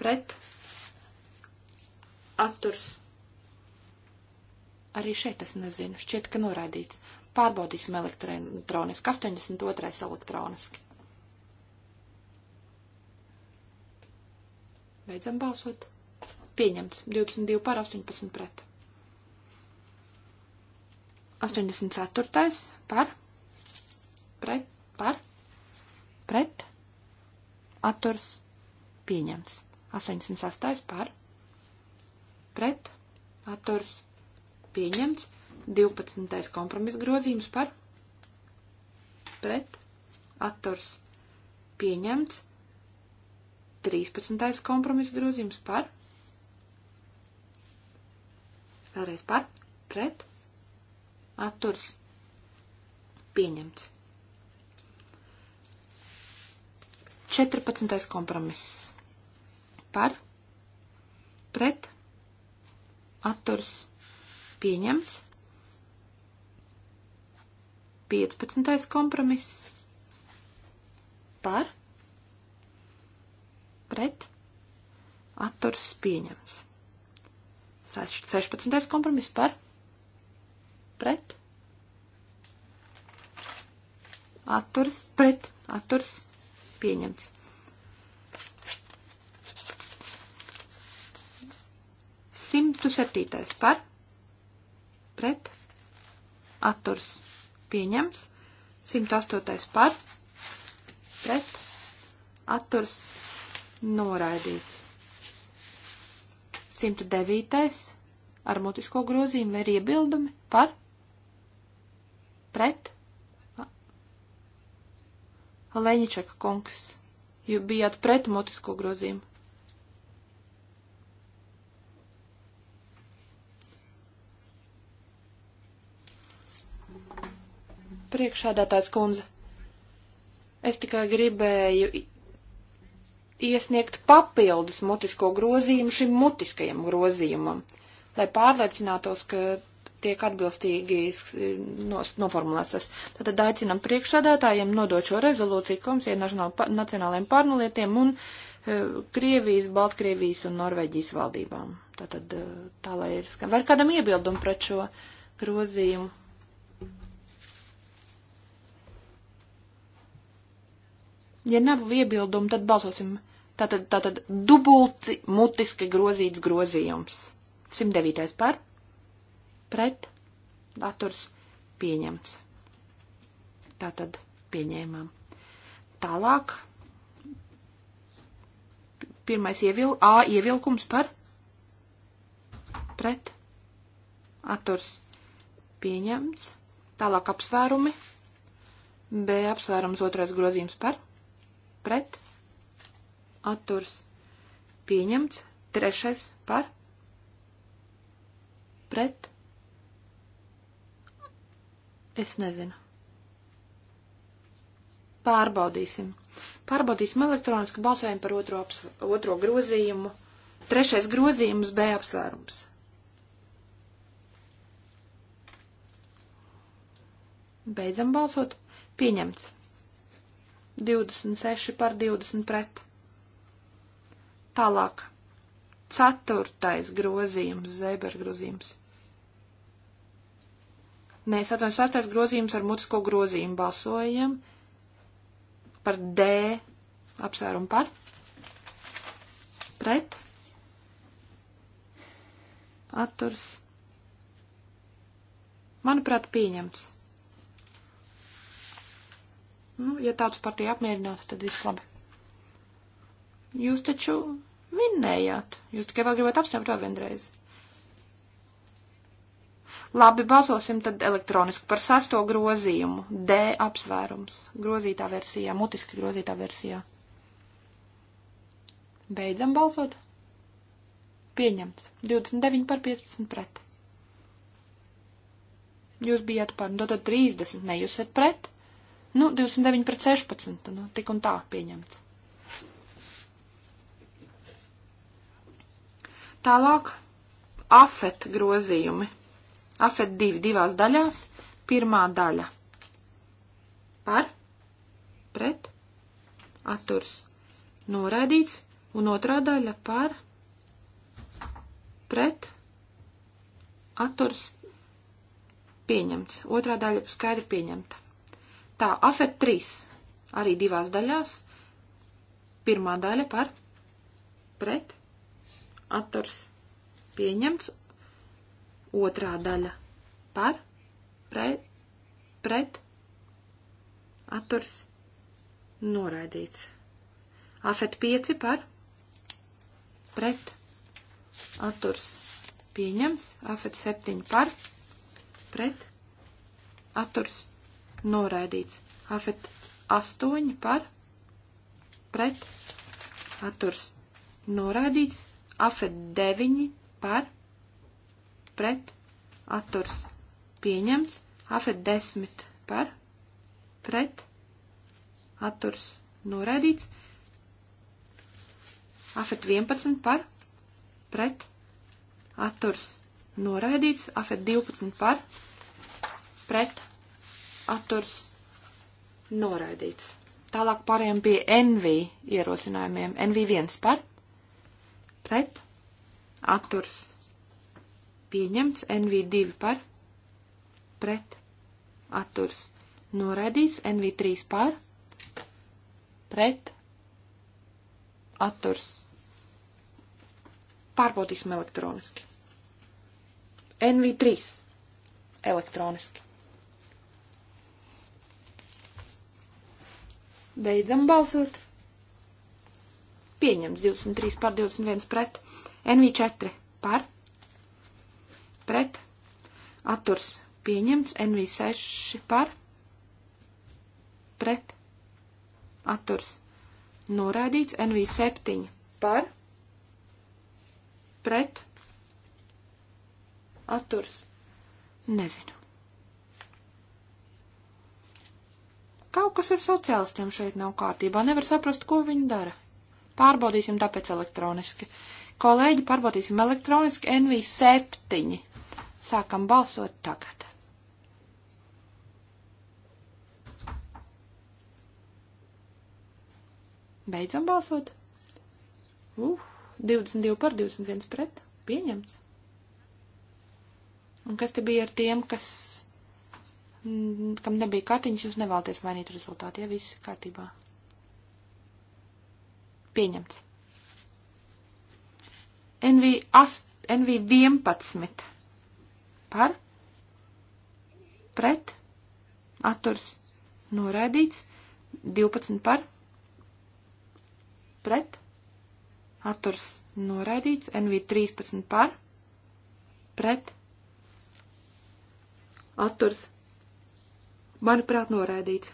pret atturs. Arī šeit es nezinu, šķiet, ka noraidīts. Pārbaudīsim elektroniski, 82. elektroniski. Beidzam balsot. Pieņemts. 22 par 18 pret. 84. par pret, par, pret, atturs, pieņemts. 86. par, pret, atturs, pieņemts. 12. kompromis grozījums par, pret, atturs, pieņemts. 13. kompromis grozījums par, vēlreiz par, pret, atturs, pieņemts. 14. kompromiss. Par, pret, atturs, pieņemts. 15. kompromiss. Par, pret, atturs, pieņemts. 16. kompromiss par, pret, atturs, pret, atturs, pieņemts pieņemts. 107. par pret atturs pieņems. 108. par pret atturs noraidīts. 109. ar mutisko grozījumu ir iebildumi par pret Leņķeka kungs, jūs bijāt pret mutisko grozījumu. Priekšādātājs kundze, es tikai gribēju iesniegt papildus mutisko grozījumu šim mutiskajam grozījumam, lai pārliecinātos, ka tiek atbilstīgi noformulēts tas. Tātad aicinam priekšsādātājiem nodot šo rezolūciju komisijai nacionālajiem pārnulietiem un e, Krievijas, Baltkrievijas un Norvēģijas valdībām. Tātad e, tā, lai ir skan. Var kādam iebildumu pret šo grozījumu? Ja nav iebildumu, tad balsosim. Tātad, tātad dubulti mutiski grozīts grozījums. 109. par pret dators pieņemts. Tātad pieņēmām. Tālāk. Pirmais ievil, A ievilkums par pret atturs pieņemts. Tālāk apsvērumi. B apsvērums otrais grozījums par pret atturs pieņemts. Trešais par pret atturs Es nezinu. Pārbaudīsim. Pārbaudīsim elektroniski balsojumu par otro, otro grozījumu. Trešais grozījums B apsvērums. Beidzam balsot. Pieņemts. 26 par 20 pret. Tālāk. Ceturtais grozījums, Zēber grozījums. Nē, 78. grozījums ar mutisko grozījumu balsojam par D apsvērumu par, pret, atturs, manuprāt, pieņemts. Nu, ja tāds partija apmierināta, tad viss labi. Jūs taču minējāt, jūs tikai vēl gribat apstāvēt vēl vienreiz. Labi, balsosim tad elektroniski par sesto grozījumu. D apsvērums. Grozītā versijā, mutiski grozītā versijā. Beidzam balsot. Pieņemts. 29 par 15 pret. Jūs bijāt par, nu tad 30, ne, jūs esat pret. Nu, 29 pret 16, nu, tik un tā pieņemts. Tālāk afet grozījumi. Afet 2 divās daļās. Pirmā daļa par, pret, atturs noraidīts, un otrā daļa par, pret, atturs pieņemts. Otrā daļa skaidri pieņemta. Tā, afet 3 arī divās daļās. Pirmā daļa par, pret, atturs pieņemts, Otrā daļa par, pret, pret, atturs, noraidīts. Afet 5 par, pret, atturs, pieņems. Afet 7 par, pret, atturs, noraidīts. Afet 8 par, pret, atturs, noraidīts. Afet 9 par, pret pret atturs pieņemts. Afet 10 par pret atturs noraidīts. Afet 11 par pret atturs noraidīts. Afet 12 par pret atturs noraidīts. Tālāk pārējām pie NV ierosinājumiem. NV 1 par pret atturs noraidīts pieņemts, NV2 par, pret, atturs, noraidīts, NV3 par, pret, atturs. Pārbaudīsim elektroniski. NV3 elektroniski. Beidzam balsot. Pieņems 23 par 21 pret. NV4 par pret, atturs pieņemts, NV6 par, pret, atturs noraidīts, NV7 par, pret, atturs nezinu. Kaut kas ar sociālistiem šeit nav kārtībā, nevar saprast, ko viņi dara. Pārbaudīsim tāpēc elektroniski. Kolēģi, pārbaudīsim elektroniski NV7. Sākam balsot tagad. Beidzam balsot. Uh, 22 par 21 pret. Pieņemts. Un kas te bija ar tiem, kas, m, mm, kam nebija kartiņas, jūs nevēlaties mainīt rezultātu, ja viss kārtībā? Pieņemts. NV, 8, NV 11 par, pret, atturs, noraidīts, 12 par, pret, atturs, noraidīts, NV 13 par, pret, atturs, manuprāt, noraidīts.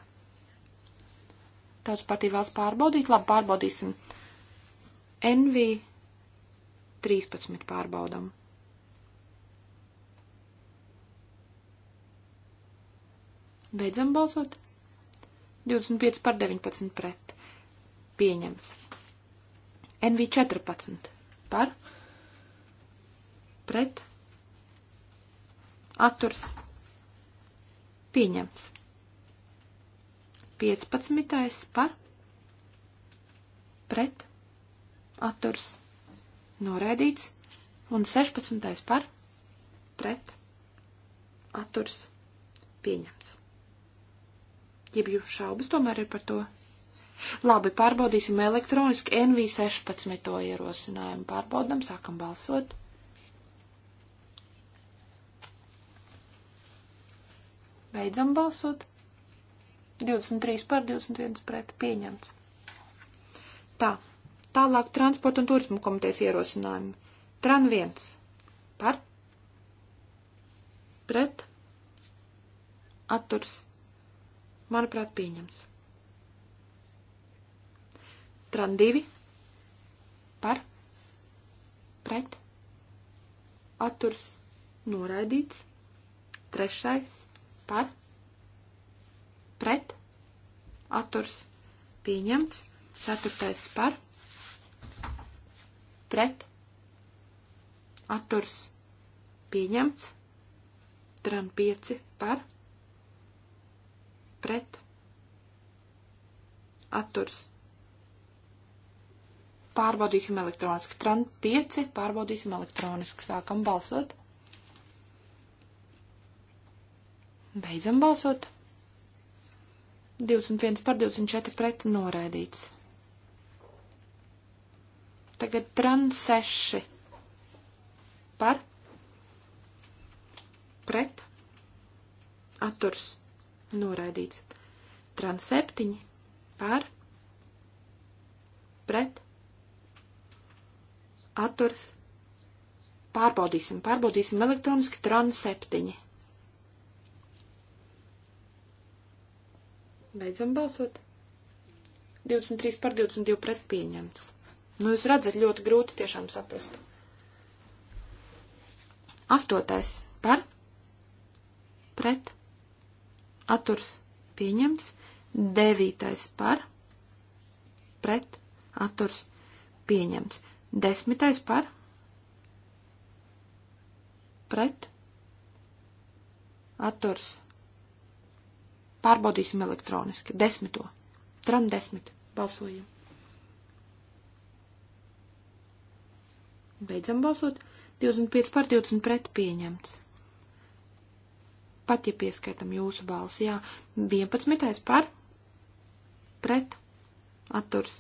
Tāds partija vēlas pārbaudīt, labi, pārbaudīsim. NV 13 pārbaudam. Beidzam balsot. 25 par 19 pret. Pieņems. NV 14 par. Pret. Atturs. Pieņemts. 15. par. Pret. Atturs. Noraidīts. Un 16. par. Pret. Atturs. Pieņemts jebju šaubas tomēr ir par to. Labi, pārbaudīsim elektroniski NV16 ierosinājumu. Pārbaudam, sākam balsot. Beidzam balsot. 23 par 21 pret pieņemts. Tā, tālāk transporta un turismu komitejas ierosinājumi. Tran 1 par pret atturs Manuprāt, pieņems. Tran 2 par pret atturs noraidīts. Trešais par pret atturs pieņemts. Ceturtais par pret atturs pieņemts. Tran 5 par pret pret, atturs. Pārbaudīsim elektroniski. Tran 5, pārbaudīsim elektroniski. Sākam balsot. Beidzam balsot. 21 par 24 pret noraidīts. Tagad tran 6 par pret atturs noraidīts. Tran 7 par, pret, atturs, pārbaudīsim, pārbaudīsim elektroniski tran 7. Beidzam balsot. 23 par 22 pret pieņemts. Nu, jūs redzat, ļoti grūti tiešām saprast. Astotais par, pret, atturs atturs pieņemts, devītais par, pret, atturs pieņemts, desmitais par, pret, atturs. Pārbaudīsim elektroniski. Desmito. Tran desmit. Balsojam. Beidzam balsot. 25 par 20 pret pieņemts pat ja pieskaitam jūsu balsi, jā, 11. par, pret, atturs,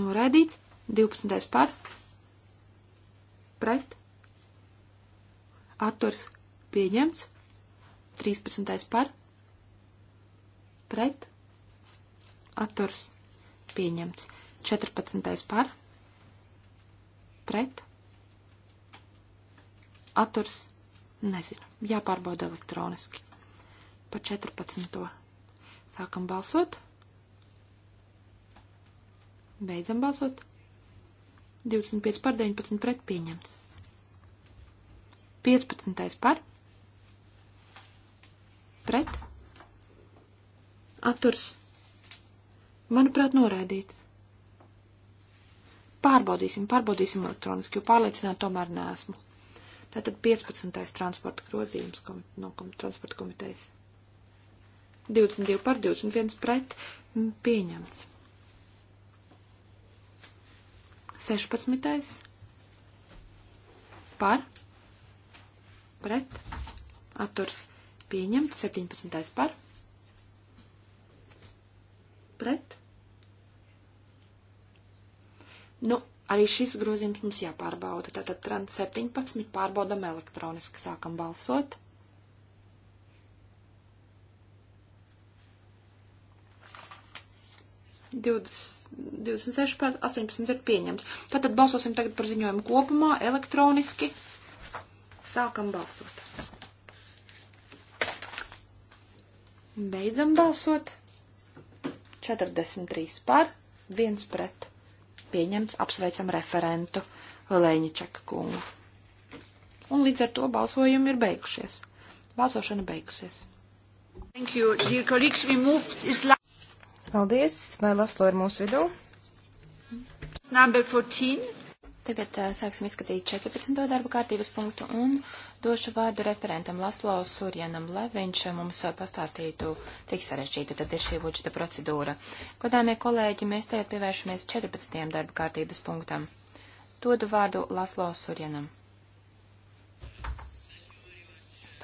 noraidīts, 12. par, pret, atturs, pieņemts, 13. par, pret, atturs, pieņemts, 14. par, pret, atturs, Nezinu. Jāpārbauda elektroniski. Pa 14. Sākam balsot. Beidzam balsot. 25 par 19 pret pieņemts. 15. par. Pret. Atturs. Manuprāt, noraidīts. Pārbaudīsim, pārbaudīsim elektroniski, jo pārliecināt tomēr neesmu. Tātad 15. transporta grozījums kom, no kom, transporta komitejas. 22 par 21 pret pieņemts. 16. par pret atturs pieņemts. 17. par pret. Nu, Arī šis grozījums mums jāpārbauda. Tātad trans 17 pārbaudam elektroniski, sākam balsot. Divdesmit 26 par 18 ir pieņemts. Tātad balsosim tagad par ziņojumu kopumā, elektroniski. Sākam balsot. Beidzam balsot. 43 par, 1 pret pieņemts, apsveicam referentu Lēņičaka kungu. Un līdz ar to balsojumi ir beigušies. Balsošana beigusies. Thank you, dear colleagues. We moved Islam. Paldies, vai Laslo ir mūsu vidū? Number 14. Tagad uh, sāksim izskatīt 14. darba kārtības punktu un Došu vārdu referentam Laslo Surjanam, lai viņš mums pastāstītu, cik sarežģīta tad ir šī budžeta procedūra. Godāmie kolēģi, mēs tagad pievēršamies 14. darba kārtības punktam. Dodu vārdu Laslo Surjanam.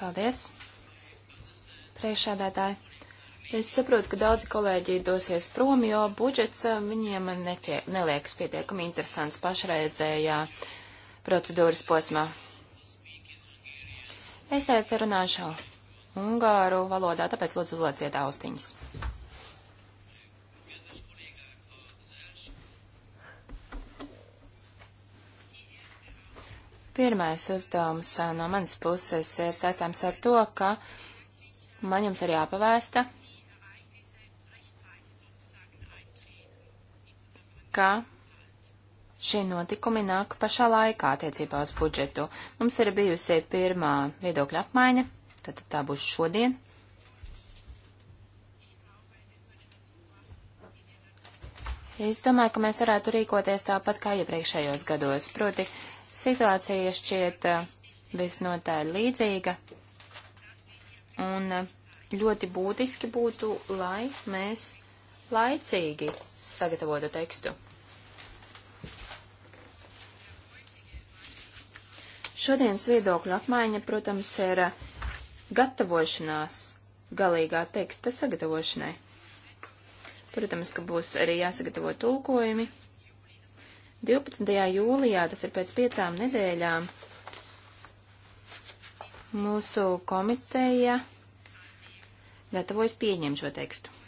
Paldies. Priekšādātāji. Es saprotu, ka daudzi kolēģi dosies prom, jo budžets eh, viņiem netiek, neliekas pietiekami interesants pašreizējā procedūras posmā. Es tagad runāšu ungāru valodā, tāpēc lūdzu uzlieciet austiņas. Pirmais uzdevums eh, no manas puses ir saistāms ar to, ka man jums ir jāpavēsta, ka Šie notikumi nāk pašā laikā attiecībā uz budžetu. Mums ir bijusi pirmā viedokļa apmaiņa, tad tā būs šodien. Es domāju, ka mēs varētu rīkoties tāpat kā iepriekšējos gados, proti situācija šķiet uh, visnotaļ līdzīga, un uh, ļoti būtiski būtu, lai mēs laicīgi sagatavotu tekstu. Šodienas viedokļu apmaiņa, protams, ir eh, gatavošanās galīgā teksta sagatavošanai. Protams, ka būs arī jāsagatavo tulkojumi. 12. jūlijā, tas ir pēc piecām nedēļām, mūsu komiteja gatavojas pieņemt šo tekstu.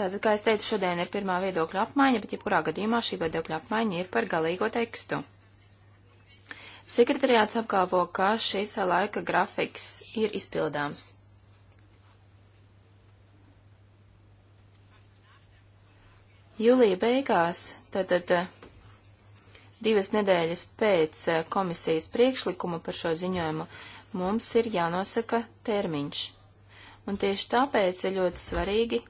Tātad, kā es teicu, šodien ir pirmā viedokļa apmaiņa, bet jebkurā gadījumā šī viedokļa apmaiņa ir par galīgo tekstu. Sekretariāts apgalvo, ka šis laika grafiks ir izpildāms. Jūlija beigās, tātad divas nedēļas pēc komisijas priekšlikuma par šo ziņojumu, mums ir jānosaka termiņš. Un tieši tāpēc ir ļoti svarīgi,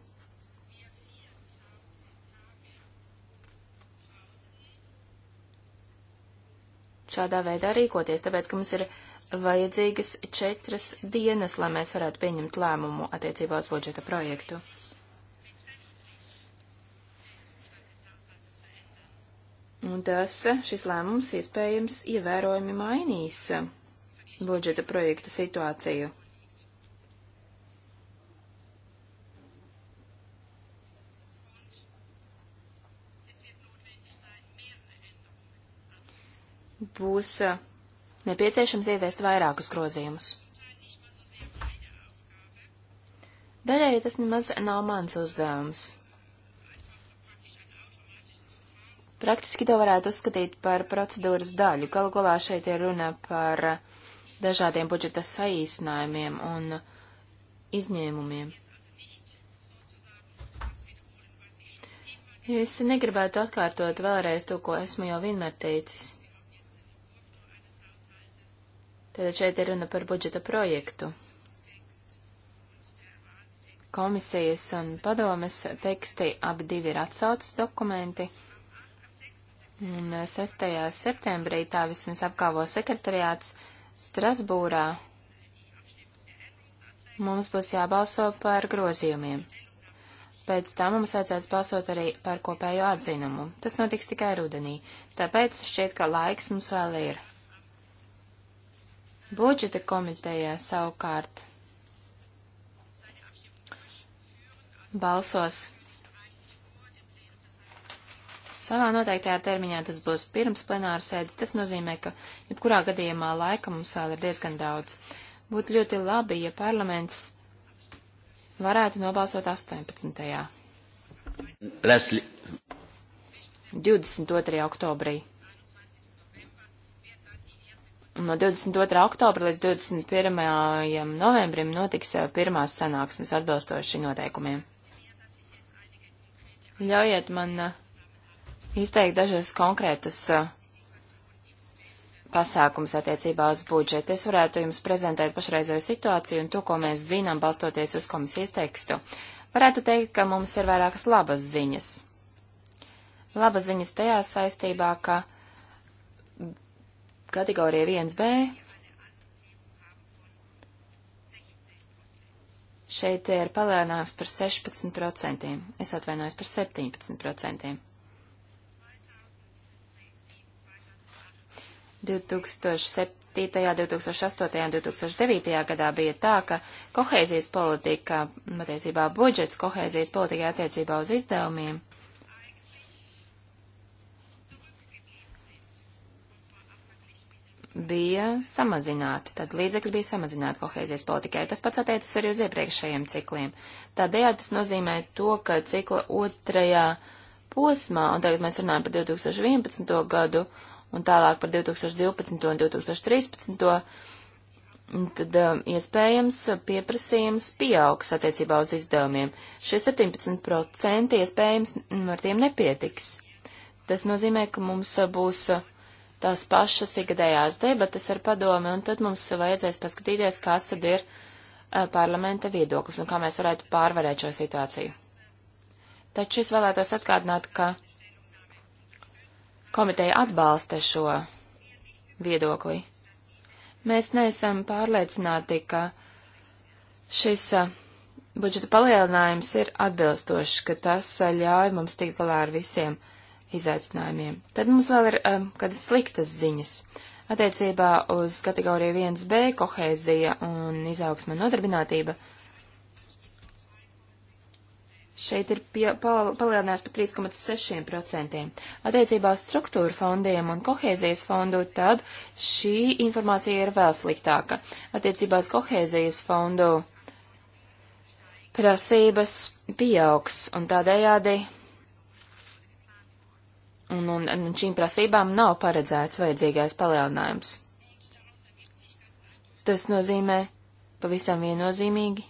šādā veidā rīkoties, tāpēc, ka mums ir vajadzīgas četras dienas, lai mēs varētu pieņemt lēmumu attiecībā uz budžeta projektu. Un tas, šis lēmums iespējams ievērojami mainīs budžeta projekta situāciju. būs eh, nepieciešams ieviest vairākus grozījumus. Daļai tas nemaz nav mans uzdevums. Praktiski to varētu uzskatīt par procedūras daļu. Galu galā šeit ir runa par dažādiem budžeta saīsinājumiem un izņēmumiem. Es negribētu atkārtot vēlreiz to, ko esmu jau vienmēr teicis. Tātad šeit ir runa par budžeta projektu. Komisijas un padomes teksti abi divi ir atsaucas dokumenti. Un 6. Eh, septembrī tā vismaz apkāvo sekretariāts Strasbūrā. Mums būs jābalso par grozījumiem. Pēc tam mums vajadzēs balsot arī par kopējo atzinumu. Tas notiks tikai rudenī, tāpēc šķiet, ka laiks mums vēl ir. Budžeta komitejā savukārt balsos savā noteiktajā termiņā, tas būs pirms plenāra sēdes. Tas nozīmē, ka jebkurā gadījumā laika mums vēl ir diezgan daudz. Būtu ļoti labi, ja parlaments varētu nobalsot 18. Leslie. 22. oktobrī. No 22. oktobra līdz 21. novembrim notiks eh, pirmās sanāksmes atbilstoši noteikumiem. Ļaujiet man eh, izteikt dažas konkrētas eh, pasākums attiecībā uz budžetu. Es varētu jums prezentēt pašreizēju situāciju un to, ko mēs zinām, balstoties uz komisijas tekstu. Varētu teikt, ka mums ir vairākas labas ziņas. Labas ziņas tajā saistībā, ka kategorija 1B. Šeit ir palēnājums par 16%, es atvainojos par 17%. 2007. 2008. un 2009. gadā bija tā, ka kohēzijas politika, patiesībā budžets kohēzijas politikai attiecībā uz izdevumiem bija samazināti, tad līdzekļi bija samazināti kohēzijas politikai. Tas pats attiecas arī uz iepriekšējiem cikliem. Tādējādi tas nozīmē to, ka cikla otrajā posmā, un tagad mēs runājam par 2011. gadu, un tālāk par 2012. un 2013. Tad um, iespējams pieprasījums pieaugs attiecībā uz izdevumiem. Šie 17% iespējams mm, ar tiem nepietiks. Tas nozīmē, ka mums uh, būs uh, tās pašas ikgadējās debatas ar padomi, un tad mums vajadzēs paskatīties, kāds tad ir uh, parlamenta viedoklis un kā mēs varētu pārvarēt šo situāciju. Taču es vēlētos atkārtināt, ka komiteja atbalsta šo viedokli. Mēs neesam pārliecināti, ka šis uh, budžeta palielinājums ir atbilstošs, ka tas uh, ļauj mums tikt galā ar visiem izaicinājumiem. Tad mums vēl ir um, kādas sliktas ziņas. Attiecībā uz kategoriju 1B - kohēzija un izaugsme un nodarbinātība. Šeit ir pie, pal, palielinājums par 3,6%. Attiecībā uz struktūru fondiem un kohēzijas fondu, tad šī informācija ir vēl sliktāka. Attiecībā uz kohēzijas fondu prasības pieaugs un tādējādi un, un, un šīm prasībām nav paredzēts vajadzīgais palielinājums. Tas nozīmē pavisam viennozīmīgi,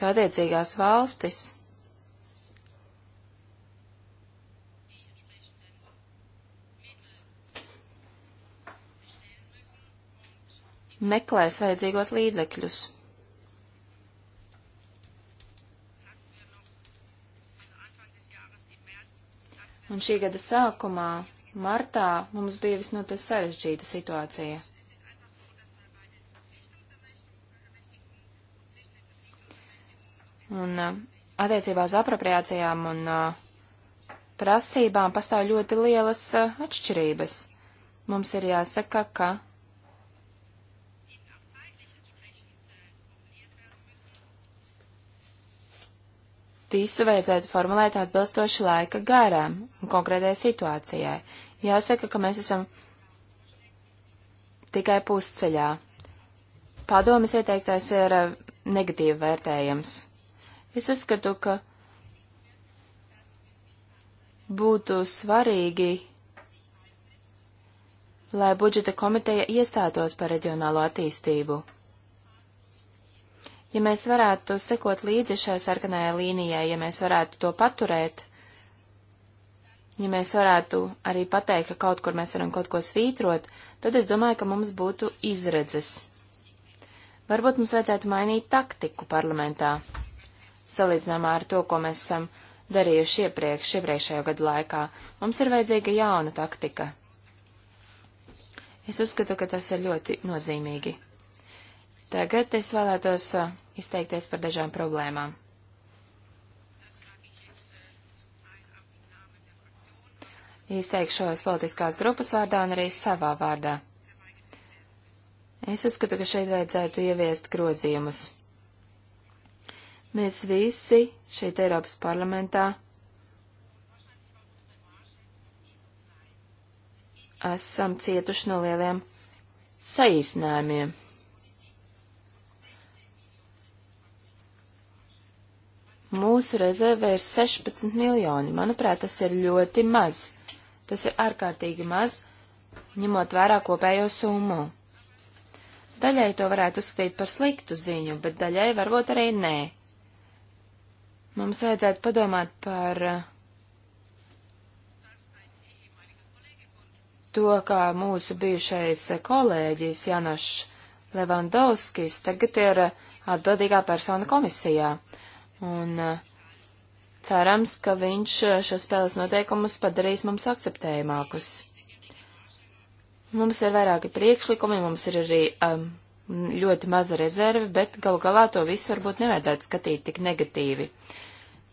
ka attiecīgās valstis meklēs vajadzīgos līdzekļus. Un šī gada sākumā, martā, mums bija visnotaļ sarežģīta situācija. Un uh, attiecībā uz apropriācijām un uh, prasībām pastāv ļoti lielas uh, atšķirības. Mums ir jāsaka, ka Visu vajadzētu formulēt atbilstoši laika garām un konkrētai situācijai. Jāsaka, ka mēs esam tikai pusceļā. Padomis ieteiktais ir eh, negatīvi vērtējams. Es uzskatu, ka būtu svarīgi, lai budžeta komiteja iestātos par reģionālo attīstību. Ja mēs varētu sekot līdzi šai sarkanajai līnijai, ja mēs varētu to paturēt, ja mēs varētu arī pateikt, ka kaut kur mēs varam kaut ko svītrot, tad es domāju, ka mums būtu izredzes. Varbūt mums vajadzētu mainīt taktiku parlamentā, salīdzināmā ar to, ko mēs esam darījuši iepriekš, iepriekšējo gadu laikā. Mums ir vajadzīga jauna taktika. Es uzskatu, ka tas ir ļoti nozīmīgi. Tagad es vēlētos uh, izteikties par dažām problēmām. Izteikšos politiskās grupas vārdā un arī savā vārdā. Es uzskatu, ka šeit vajadzētu ieviest grozījumus. Mēs visi šeit Eiropas parlamentā esam cietuši no lieliem saīsinājumiem. Mūsu rezervē ir 16 miljoni. Manuprāt, tas ir ļoti maz. Tas ir ārkārtīgi maz, ņemot vērā kopējo summu. Daļai to varētu uzskatīt par sliktu ziņu, bet daļai varbūt arī nē. Mums vajadzētu padomāt par uh, to, kā mūsu bijušais kolēģis Janošs Levandovskis tagad ir uh, atbildīgā persona komisijā. Un eh, cerams, ka viņš eh, šo spēles noteikumus padarīs mums akceptējamākus. Mums ir vairāki priekšlikumi, mums ir arī um, ļoti maza rezerve, bet galu galā to visu varbūt nevajadzētu skatīt tik negatīvi.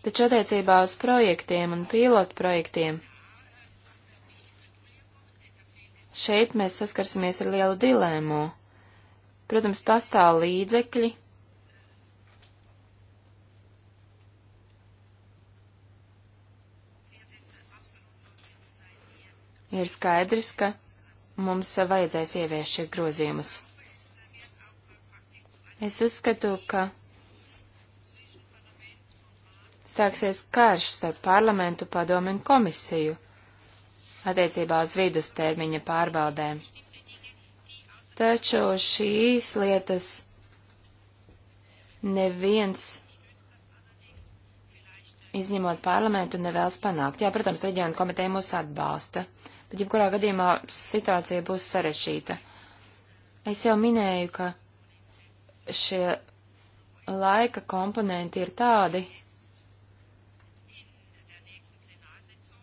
Taču attiecībā uz projektiem un pilotu projektiem šeit mēs saskarsimies ar lielu dilēmu. Protams, pastāv līdzekļi, ir skaidrs, ka mums vajadzēs ieviest šeit grozījumus. Es uzskatu, ka sāksies karš starp parlamentu padomu un komisiju attiecībā uz vidustermiņa pārbaudēm. Taču šīs lietas neviens izņemot parlamentu, nevēlas panākt. Jā, protams, reģiona komiteja mūs atbalsta bet jebkurā gadījumā situācija būs sarešķīta. Es jau minēju, ka šie laika komponenti ir tādi,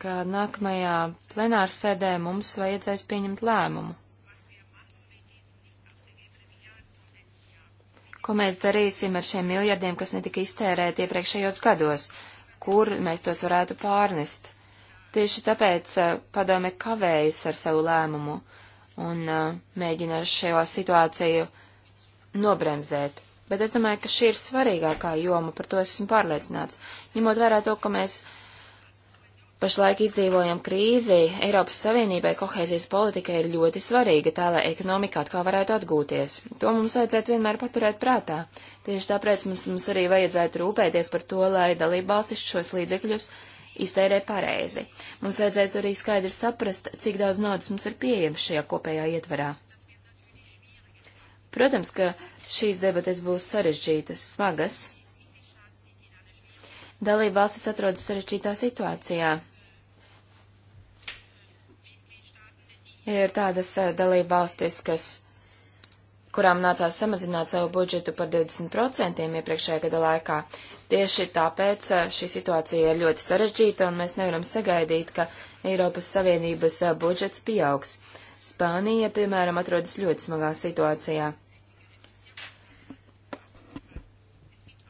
ka nākamajā plenārsēdē mums vajadzēs pieņemt lēmumu. Ko mēs darīsim ar šiem miljardiem, kas netika iztērēti iepriekšējos gados? Kur mēs tos varētu pārnest? Tieši tāpēc eh, padome kavējas ar savu lēmumu un eh, mēģina šo situāciju nobremzēt. Bet es domāju, ka šī ir svarīgākā joma, par to esmu pārliecināts. Ņemot vērā to, ka mēs pašlaik izdzīvojam krīzi, Eiropas Savienībai kohēzijas politika ir ļoti svarīga, tā lai ekonomika atkal varētu atgūties. To mums vajadzētu vienmēr paturēt prātā. Tieši tāpēc mums, mums arī vajadzētu rūpēties par to, lai dalībvalstis šos līdzekļus iztērē pareizi. Mums vajadzētu arī skaidri saprast, cik daudz naudas mums ir pieejams šajā kopējā ietverā. Protams, ka šīs debates būs sarežģītas, smagas. Dalība valstis atrodas sarežģītā situācijā. Ir tādas eh, dalība valstis, kas kurām nācās samazināt savu budžetu par 20% iepriekšējā gada laikā. Tieši tāpēc eh, šī situācija ir ļoti sarežģīta, un mēs nevaram sagaidīt, ka Eiropas Savienības eh, budžets pieaugs. Spānija, piemēram, atrodas ļoti smagā situācijā.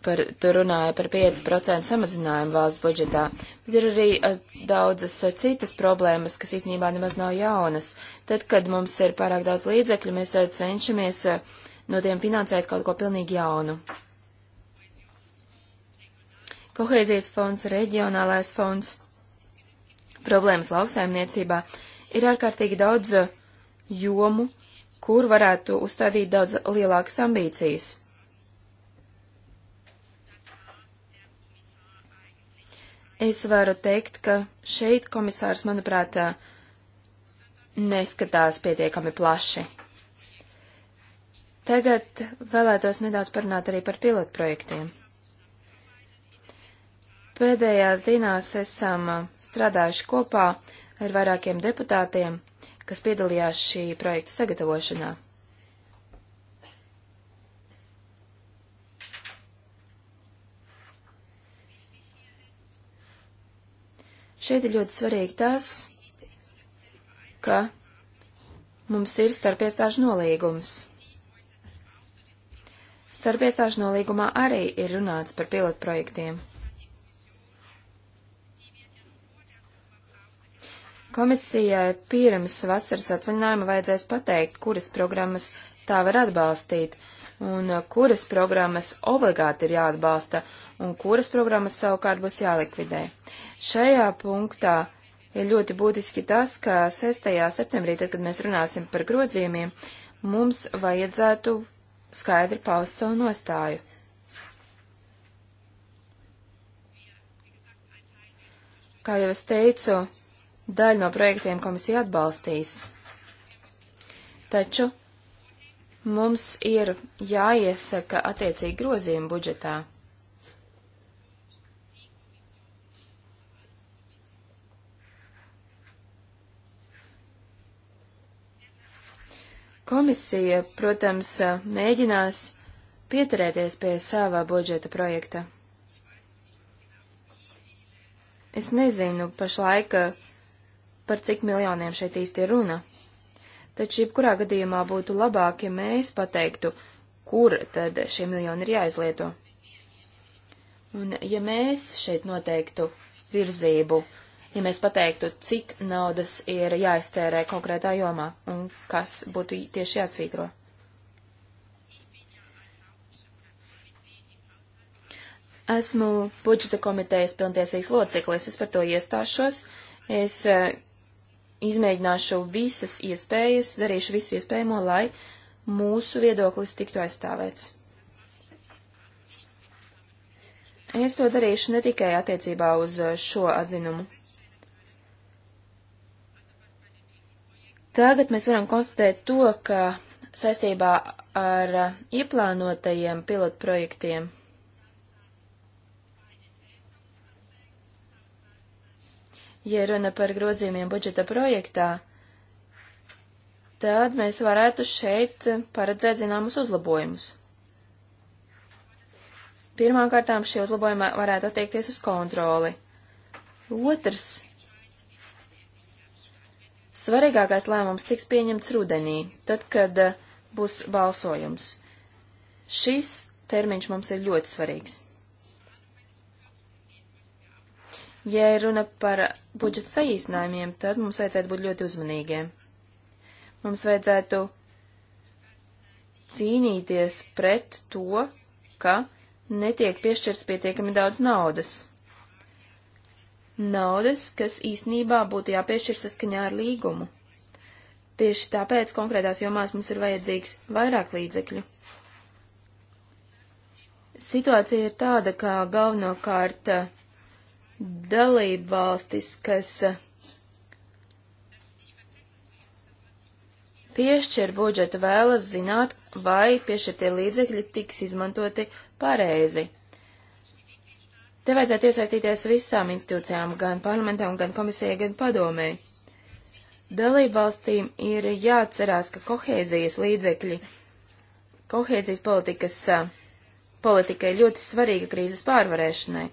par, tur runāja par 5% samazinājumu valsts budžetā, bet ir arī eh, daudzas eh, citas problēmas, kas īstenībā nemaz nav jaunas. Tad, kad mums ir pārāk daudz līdzekļu, mēs eh, cenšamies no tiem finansēt kaut ko pilnīgi jaunu. Kohēzijas fonds, reģionālais fonds, problēmas lauksaimniecībā ir ārkārtīgi daudz jomu, kur varētu uzstādīt daudz lielākas ambīcijas. Es varu teikt, ka šeit komisārs, manuprāt, neskatās pietiekami plaši. Tagad vēlētos nedaudz parunāt arī par pilotprojektiem. Pēdējās dienās esam strādājuši kopā ar vairākiem deputātiem, kas piedalījās šī projekta sagatavošanā. Šeit ir ļoti svarīgi tas, ka mums ir starpiestāžu nolīgums. Starpiestāžu nolīgumā arī ir runāts par pilotprojektiem. Komisijai pirms vasaras atvaļinājuma vajadzēs pateikt, kuras programmas tā var atbalstīt un kuras programmas obligāti ir jāatbalsta un kuras programmas savukārt būs jālikvidē. Šajā punktā ir ļoti būtiski tas, ka 6. septembrī, tad, kad mēs runāsim par grozījumiem, mums vajadzētu skaidri paust savu nostāju. Kā jau es teicu, daļu no projektiem komisija atbalstīs. Taču mums ir jāiesaka attiecīgi grozījumi budžetā. Komisija, protams, mēģinās pieturēties pie savā budžeta projekta. Es nezinu pašlaik, eh, par cik miljoniem šeit īsti ir runa, taču jebkurā gadījumā būtu labāk, ja mēs pateiktu, kur tad šie miljoni ir jāizlieto. Un ja mēs šeit noteiktu virzību ja mēs pateiktu, cik naudas ir jāiztērē konkrētā jomā un kas būtu tieši jāsvītro. Esmu budžeta komitejas pilntiesīgs loceklis, es par to iestāšos. Es eh, izmēģināšu visas iespējas, darīšu visu iespējamo, lai mūsu viedoklis tiktu aizstāvēts. Es to darīšu ne tikai attiecībā uz eh, šo atzinumu. Tagad mēs varam konstatēt to, ka saistībā ar ieplānotajiem pilotprojektiem ja runa par grozījumiem budžeta projektā, tad mēs varētu šeit paredzēt zināmus uzlabojumus. Pirmkārtām šie uzlabojumi varētu attiekties uz kontroli. Otrs Svarīgākais lēmums tiks pieņemts rudenī, tad, kad eh, būs balsojums. Šis termiņš mums ir ļoti svarīgs. Ja runa par budžeta saīsinājumiem, tad mums vajadzētu būt ļoti uzmanīgiem. Mums vajadzētu cīnīties pret to, ka netiek piešķirts pietiekami daudz naudas naudas, kas īsnībā būtu jāpiešķir saskaņā ar līgumu. Tieši tāpēc konkrētās jomās mums ir vajadzīgs vairāk līdzekļu. Situācija ir tāda, ka galvenokārt eh, dalība valstis, kas eh, piešķir budžeta vēlas zināt, vai piešķirtie līdzekļi tiks izmantoti pareizi. Te vajadzētu iesaistīties visām institūcijām, gan parlamentam, gan komisijai, gan padomē. Dalībvalstīm ir jāatcerās, ka kohēzijas līdzekļi, kohēzijas politikas politika ir ļoti svarīga krīzes pārvarēšanai.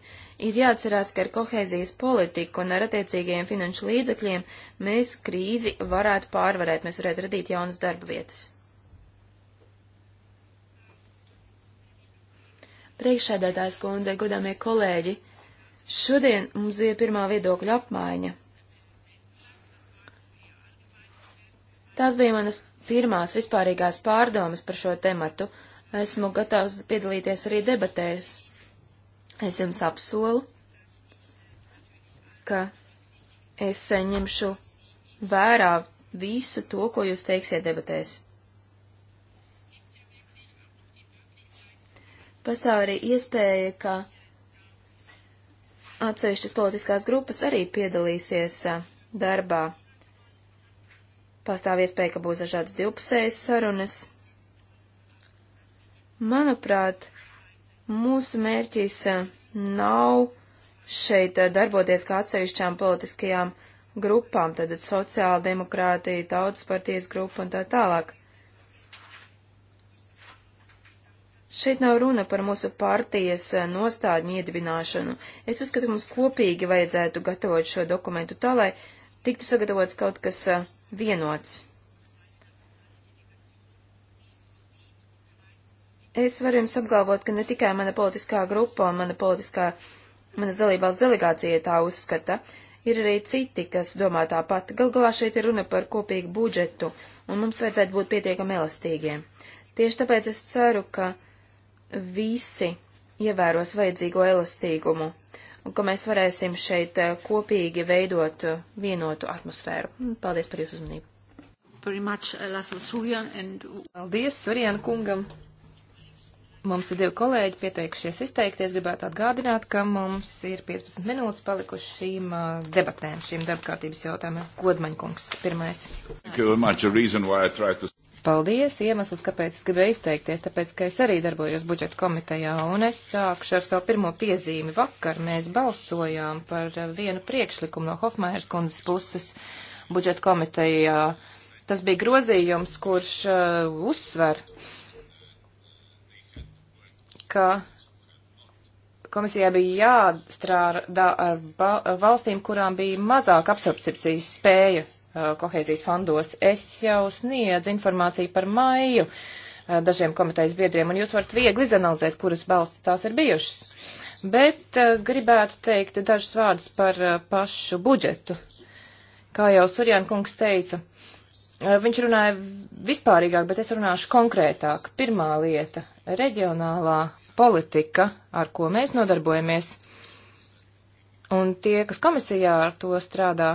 Ir jāatcerās, ka ar kohēzijas politiku un ar attiecīgajiem finanšu līdzekļiem mēs krīzi varētu pārvarēt, mēs varētu radīt jaunas darba vietas. Priekšsēdētājs kundze, godāmie kolēģi, šodien mums bija pirmā viedokļa apmaiņa. Tās bija manas pirmās vispārīgās pārdomas par šo tematu. Esmu gatavs piedalīties arī debatēs. Es jums apsolu, ka es ņemšu vērā visu to, ko jūs teiksiet debatēs. Pastāv arī iespēja, ka atsevišķas politiskās grupas arī piedalīsies darbā. Pastāv iespēja, ka būs dažādas divpusējas sarunas. Manuprāt, mūsu mērķis nav šeit darboties kā atsevišķām politiskajām grupām, tad sociāla demokrātija, tautas partijas grupa un tā tālāk. Šeit nav runa par mūsu partijas eh, nostādņu iedibināšanu. Es uzskatu, mums kopīgi vajadzētu gatavot šo dokumentu tā, lai tiktu sagatavots kaut kas eh, vienots. Es varu jums apgalvot, ka ne tikai mana politiskā grupa un mana politiskā, manas dalībās delegācija tā uzskata, ir arī citi, kas domā tāpat. Gal galā šeit ir runa par kopīgu budžetu, un mums vajadzētu būt pietiekami elastīgiem. Tieši tāpēc es ceru, ka visi ievēros vajadzīgo elastīgumu un ka mēs varēsim šeit eh, kopīgi veidot eh, vienotu atmosfēru. Mm, paldies par jūsu uzmanību. Much, uh, Surjan and... Paldies Surjan kungam. Mums ir divi kolēģi pieteikušies izteikties. Gribētu atgādināt, ka mums ir 15 minūtes palikuši šīm uh, debatēm, šīm debatkārtības jautājumiem. Godmaņkungs pirmais. To... Paldies! Iemesls, kāpēc es gribēju izteikties, tāpēc, ka es arī darbojos budžeta komitejā, un es sākšu ar savu pirmo piezīmi. Vakar mēs balsojām par eh, vienu priekšlikumu no Hofmēras kundzes puses budžeta komitejā. Tas bija grozījums, kurš uh, uzsver, ka komisijā bija jāstrādā ar valstīm, kurām bija mazāk absorpcijas spēja Uh, kohēzijas fondos. Es jau sniedzu informāciju par maiju uh, dažiem komitejas biedriem, un jūs varat viegli izanalizēt, kuras balsts tās ir bijušas. Bet uh, gribētu teikt dažus vārdus par pašu budžetu. Kā jau Surjāna kungs teica, viņš runāja vispārīgāk, bet es runāšu konkrētāk. Pirmā lieta - reģionālā politika, ar ko mēs nodarbojamies, un tie, kas komisijā ar to strādā,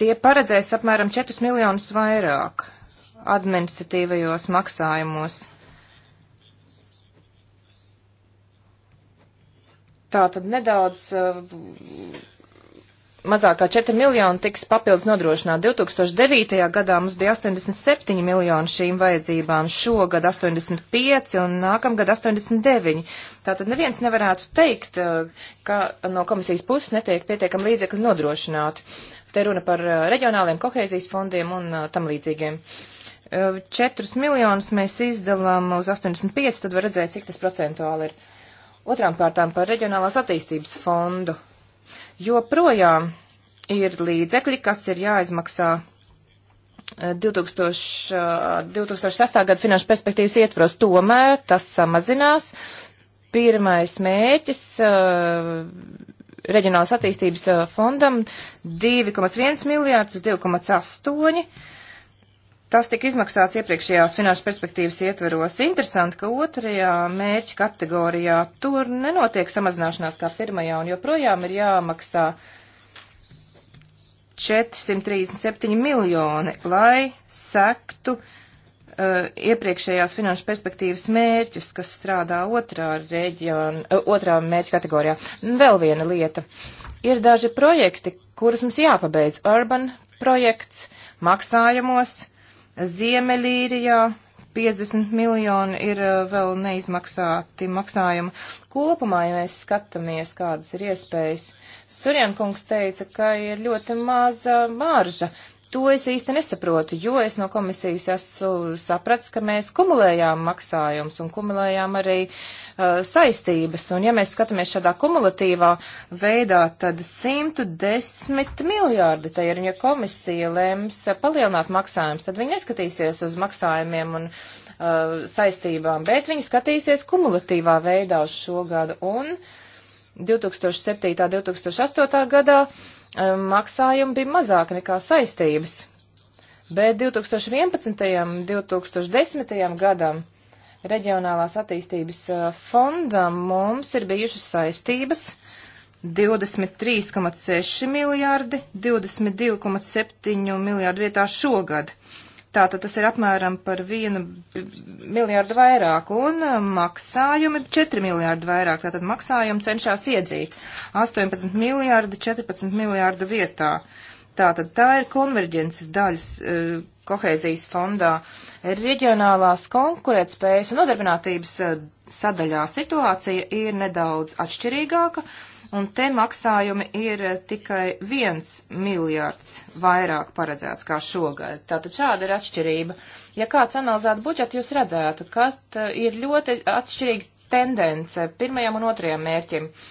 Tie paredzēs apmēram 4 miljonus vairāk administratīvajos maksājumos. Tā tad nedaudz uh, mazāk kā 4 miljoni tiks papildus nodrošināt. 2009. gadā mums bija 87 miljoni šīm vajadzībām, šogad 85 un nākamgad 89. Tātad neviens nevarētu teikt, eh, ka no komisijas puses netiek pietiekam līdzekļi nodrošināti. Te runa par eh, reģionāliem kohēzijas fondiem un eh, tam līdzīgiem. 4 miljonus mēs izdalām uz 85, tad var redzēt, cik tas procentuāli ir. Otrām kārtām par reģionālās attīstības fondu jo projām ir līdzekļi, kas ir jāizmaksā 2000, eh, 2006. Eh, gada finanšu perspektīvas ietvaros. Tomēr tas samazinās. Pirmais mēķis eh, reģionālas attīstības fondam 2,1 miljārdus uz 2,8 miljārdus Tas tika izmaksāts iepriekšējās finanšu perspektīvas ietveros. Interesanti, ka otrajā mērķa kategorijā tur nenotiek samazināšanās kā pirmajā un joprojām ir jāmaksā 437 miljoni, lai sektu uh, iepriekšējās finanšu perspektīvas mērķus, kas strādā otrā, reģiona, uh, eh, otrā mērķa kategorijā. Vēl viena lieta. Ir daži projekti, kurus mums jāpabeidz. Urban projekts maksājumos Ziemeļīrijā 50 miljoni ir eh, vēl neizmaksāti maksājumi. Kopumā, ja mēs skatāmies, kādas ir iespējas, Surjankungs teica, ka ir ļoti maza marža. To es īsti nesaprotu, jo es no komisijas esmu sapratis, ka mēs kumulējām maksājumus un kumulējām arī uh, Uh, saistības. Un ja mēs skatāmies šādā kumulatīvā veidā, tad 110 miljārdi, tā ir, ja komisija lems palielināt maksājumus, tad viņi neskatīsies uz maksājumiem un uh, saistībām, bet viņi skatīsies kumulatīvā veidā uz šo gadu. Un 2007. 2008. gadā uh, maksājumi bija mazāki nekā saistības. Bet 2011. un 2010. gadam reģionālās attīstības uh, fondam mums ir bijušas saistības 23,6 miljārdi, 22,7 miljārdu vietā šogad. Tātad tas ir apmēram par 1 miljārdu vairāk un uh, maksājumi ir 4 miljārdi vairāk. Tātad maksājumi cenšas iedzīt 18 miljārdi 14 miljārdu vietā. Uh, Tātad tā ir konverģences daļas e, kohēzijas fondā. Reģionālās konkurētspējas un nodarbinātības e, sadaļā situācija ir nedaudz atšķirīgāka, un te maksājumi ir e, tikai viens miljards vairāk paredzēts kā šogad. Tātad šāda ir atšķirība. Ja kāds analizētu budžetu, jūs redzētu, ka ir ļoti atšķirīga tendence pirmajam un otrajam mērķim. Uh,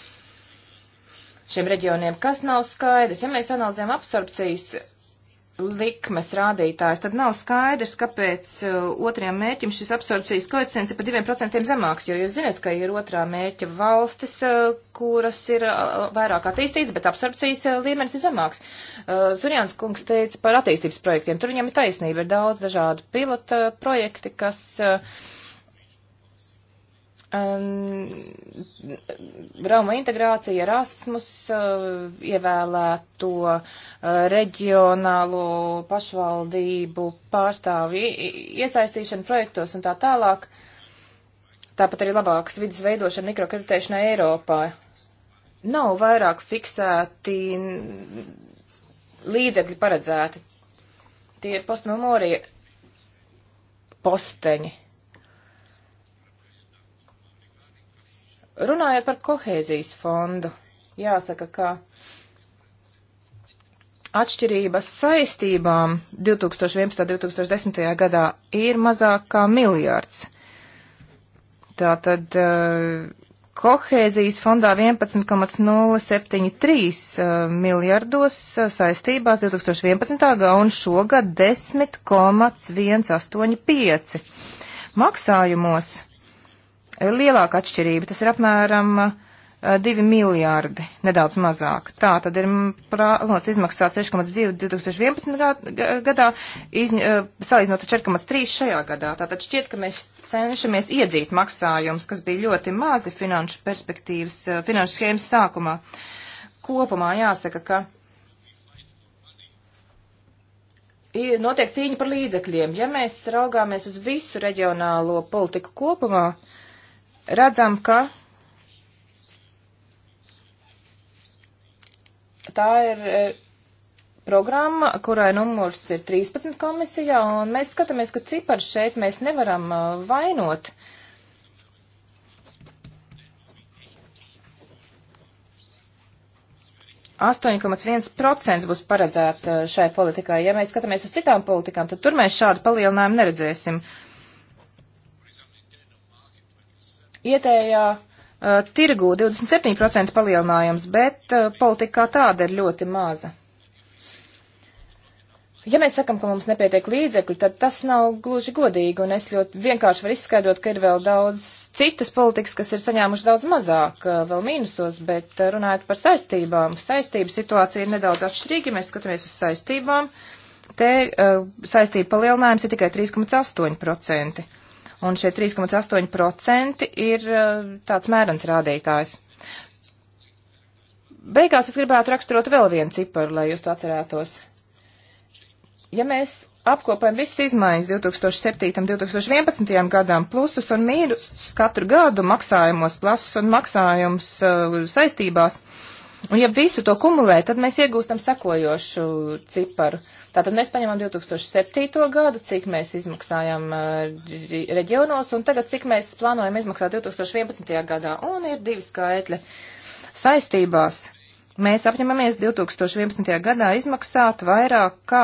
šiem reģioniem, kas nav skaidrs. Ja mēs analizējam absorpcijas likmes rādītājs, tad nav skaidrs, kāpēc uh, otrajam mērķim šis absorpcijas koeficients ir par 2% zemāks, jo jūs zināt, ka ir otrā mērķa valstis, uh, kuras ir uh, vairāk attīstītas, bet absorpcijas uh, līmenis ir zemāks. Uh, Zurjāns kungs teica par attīstības projektiem, tur viņam ir taisnība, ir daudz dažādu pilota uh, projekti, kas uh, um, Roma integrācija, Erasmus, uh, ievēlēto uh, reģionālo pašvaldību pārstāvju iesaistīšanu projektos un tā tālāk. Tāpat arī labākas vidas veidošana mikrokreditēšanai Eiropā. Nav vairāk fiksēti līdzekļi paredzēti. Tie ir postnumorija posteņi. Runājot par kohēzijas fondu, jāsaka, ka atšķirības saistībām 2011. un 2010. gadā ir mazāk kā miljārds. Tātad eh, kohēzijas fondā 11,073 eh, miljardos eh, saistībās 2011. gadā un šogad 10,185. Maksājumos lielāka atšķirība. Tas ir apmēram 2 uh, miljārdi, nedaudz mazāk. Tā tad ir mm, plānots izmaksāt 6,2 2011. gadā, izņ, uh, salīdzinot ar 4,3 šajā gadā. Tātad šķiet, ka mēs cenšamies iedzīt maksājumus, kas bija ļoti mazi finanšu perspektīvas, uh, finanšu schēmas sākumā. Kopumā jāsaka, ka notiek cīņa par līdzekļiem. Ja mēs raugāmies uz visu reģionālo politiku kopumā, uh, redzam, ka tā ir e, programma, kurai numurs ir 13 komisijā, un mēs skatāmies, ka cipars šeit mēs nevaram a, e, vainot. procents būs paredzēts a, e, šai politikai. Ja mēs skatāmies uz citām politikām, tad tur mēs šādu palielinājumu neredzēsim. Uh, Vietējā uh, tirgū 27% palielinājums, bet uh, politika kā tāda ir ļoti maza. Ja mēs sakam, ka mums nepietiek līdzekļu, tad tas nav gluži godīgi, un es ļoti vienkārši varu izskaidrot, ka ir vēl daudz citas politikas, kas ir saņēmuši daudz mazāk, vēl mīnusos, bet runājot par saistībām, saistību situācija ir nedaudz atšķirīga, mēs skatāmies uz saistībām, te uh, saistība palielinājums ir tikai 3,8% un šie 3,8% ir eh, tāds mērens rādītājs. Beigās es gribētu raksturot vēl vienu ciparu, lai jūs to atcerētos. Ja mēs apkopējam visas izmaiņas 2007. un 2011. gadām plusus un mīnusus katru gadu maksājumos, plasus un maksājums uh, saistībās, Un ja visu to kumulē, tad mēs iegūstam sekojošu ciparu. Tātad mēs paņemam 2007. gadu, cik mēs izmaksājam eh, reģionos, un tagad cik mēs plānojam izmaksāt 2011. gadā. Un ir divi skaitļi. Saistībās mēs apņemamies 2011. gadā izmaksāt vairāk kā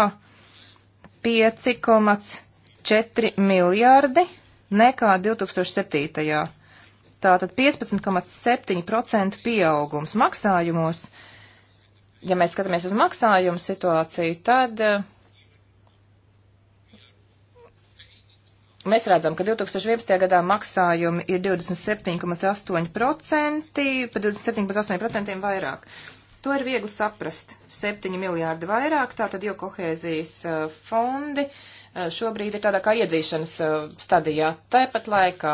5,4 miljārdi nekā 2007 tātad 15,7% pieaugums maksājumos. Ja mēs skatāmies uz maksājumu situāciju, tad eh, mēs redzam, ka 2011. gadā maksājumi ir 27,8%, pa 27,8% vairāk. To ir viegli saprast. 7 miljārdi vairāk, tātad jau kohēzijas uh, fondi uh, šobrīd ir tādā kā iedzīšanas uh, stadijā. Tāpat laikā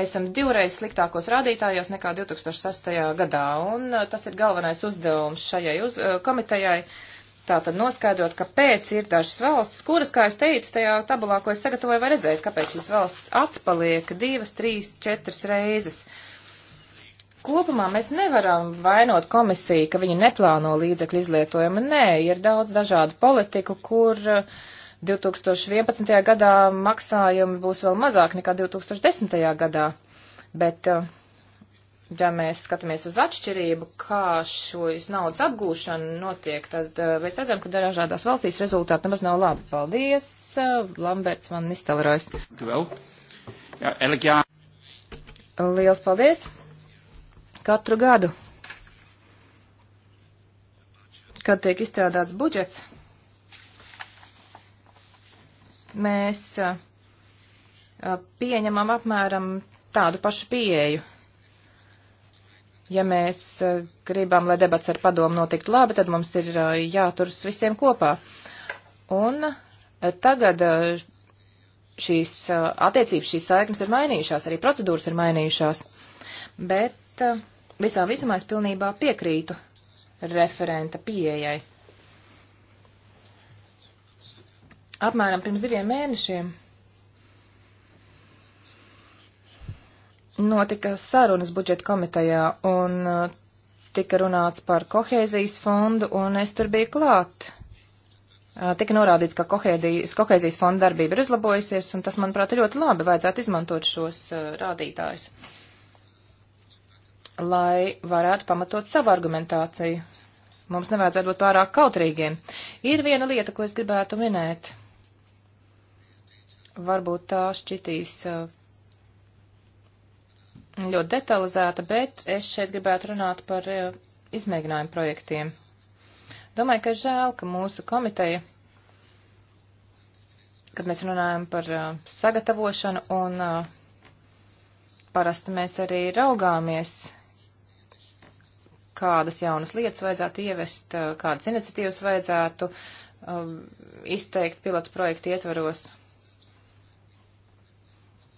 mēs esam divreiz sliktākos rādītājos nekā 2008. gadā, un uh, tas ir galvenais uzdevums šajai uz, uh, komitejai. Tātad noskaidrot, kāpēc ir dažas valsts, kuras, kā es teicu, tajā tabulā, ko es sagatavoju, var redzēt, kāpēc šīs valsts atpaliek divas, trīs, četras reizes. Uh, Kopumā mēs nevaram vainot komisiju, ka viņi neplāno līdzekļu izlietojumu. Nē, ir daudz dažādu politiku, kur 2011. Eh, gadā maksājumi būs vēl mazāk nekā 2010. gadā. Bet, eh, ja mēs skatāmies uz atšķirību, kā šo naudas apgūšana notiek, tad eh, mēs redzam, ka dažādās valstīs rezultāti nemaz nav labi. Paldies, Lamberts man iztelrojas. Liels paldies! katru gadu, kad tiek izstrādāts budžets, mēs a, a, pieņemam apmēram tādu pašu pieeju. Ja mēs a, gribam, lai debats ar padomu notiktu labi, tad mums ir jāturas visiem kopā. Un tagad šīs attiecības, šīs saiknes ir mainījušās, arī procedūras ir mainījušās. Bet uh, Visā visumā es pilnībā piekrītu referenta pieejai. Apmēram pirms diviem mēnešiem notika sarunas budžeta komitejā un uh, tika runāts par kohēzijas fondu, un es tur biju klāt. Uh, tika norādīts, ka kohēdijas, kohēzijas fonda darbība ir uzlabojusies, un tas, manuprāt, ir ļoti labi. Vajadzētu izmantot šos uh, rādītājus lai varētu pamatot savu argumentāciju. Mums nevajadzētu būt pārāk kautrīgiem. Ir viena lieta, ko es gribētu minēt. Varbūt tā šķitīs uh, ļoti detalizēta, bet es šeit gribētu runāt par uh, izmēģinājumu projektiem. Domāju, ka žēl, ka mūsu komiteja, kad mēs runājam par uh, sagatavošanu un parasti mēs arī raugāmies kādas jaunas lietas vajadzētu ievest, eh, kādas iniciatīvas vajadzētu um, izteikt pilotu projektu ietvaros.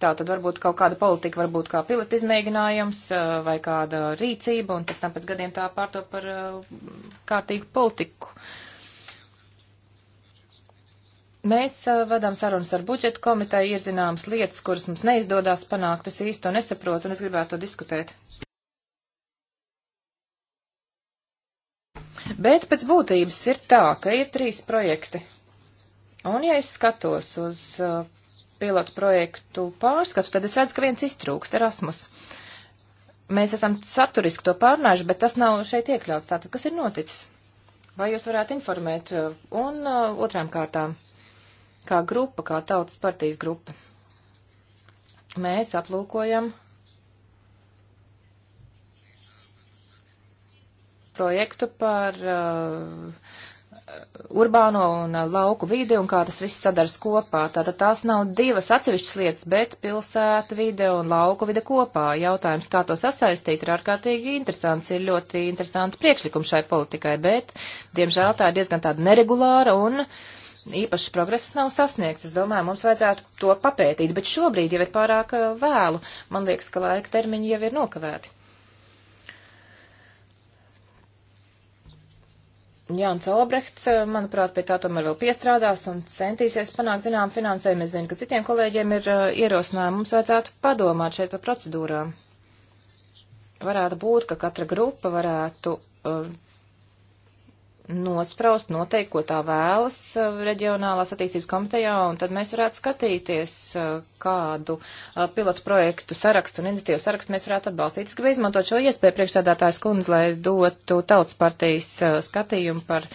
Tā tad varbūt kaut kāda politika, varbūt kā pilota izmēģinājums eh, vai kāda rīcība, un pēc tam pēc gadiem tā pārto par eh, kārtīgu politiku. Mēs vedam sarunas ar budžetu komiteju, ir zināmas lietas, kuras mums neizdodas panākt, es īsti to nesaprotu, un es gribētu to diskutēt. Bet pēc būtības ir tā, ka ir trīs projekti. Un ja es skatos uz uh, pilotu projektu pārskatu, tad es redzu, ka viens iztrūkst Erasmus. Mēs esam saturiski to pārnājuši, bet tas nav šeit iekļauts. Tātad, kas ir noticis? Vai jūs varētu informēt? Uh, un uh, otrām kārtām, kā grupa, kā tautas partijas grupa, mēs aplūkojam projektu par uh, urbāno un uh, lauku vidi un kā tas viss sadars kopā. Tātad tās nav divas atsevišķas lietas, bet pilsēta vide un lauku vide kopā. Jautājums, kā to sasaistīt, ir ārkārtīgi interesants. Ir ļoti interesanti priekšlikumi šai politikai, bet, diemžēl, tā ir diezgan tāda neregulāra un īpašs progress nav sasniegts. Es domāju, mums vajadzētu to papētīt, bet šobrīd jau ir pārāk uh, vēlu. Man liekas, ka laika termiņi jau ir nokavēti. Jānis Olbrechts, eh, manuprāt, pie tā tomēr vēl piestrādās un centīsies panākt zinām finansējumu. Es zinu, ka citiem kolēģiem ir uh, eh, ierosinājumi. Mums vajadzētu padomāt šeit par procedūrām. Varētu būt, ka katra grupa varētu uh, nospraust, noteikt, ko tā vēlas uh, reģionālās attīstības komitejā, un tad mēs varētu skatīties, uh, kādu uh, pilotu projektu sarakstu un iniciatīvu sarakstu mēs varētu atbalstīt. Es gribu izmantot šo iespēju priekšsēdētājs kundze, lai dotu tautas partijas skatījumu par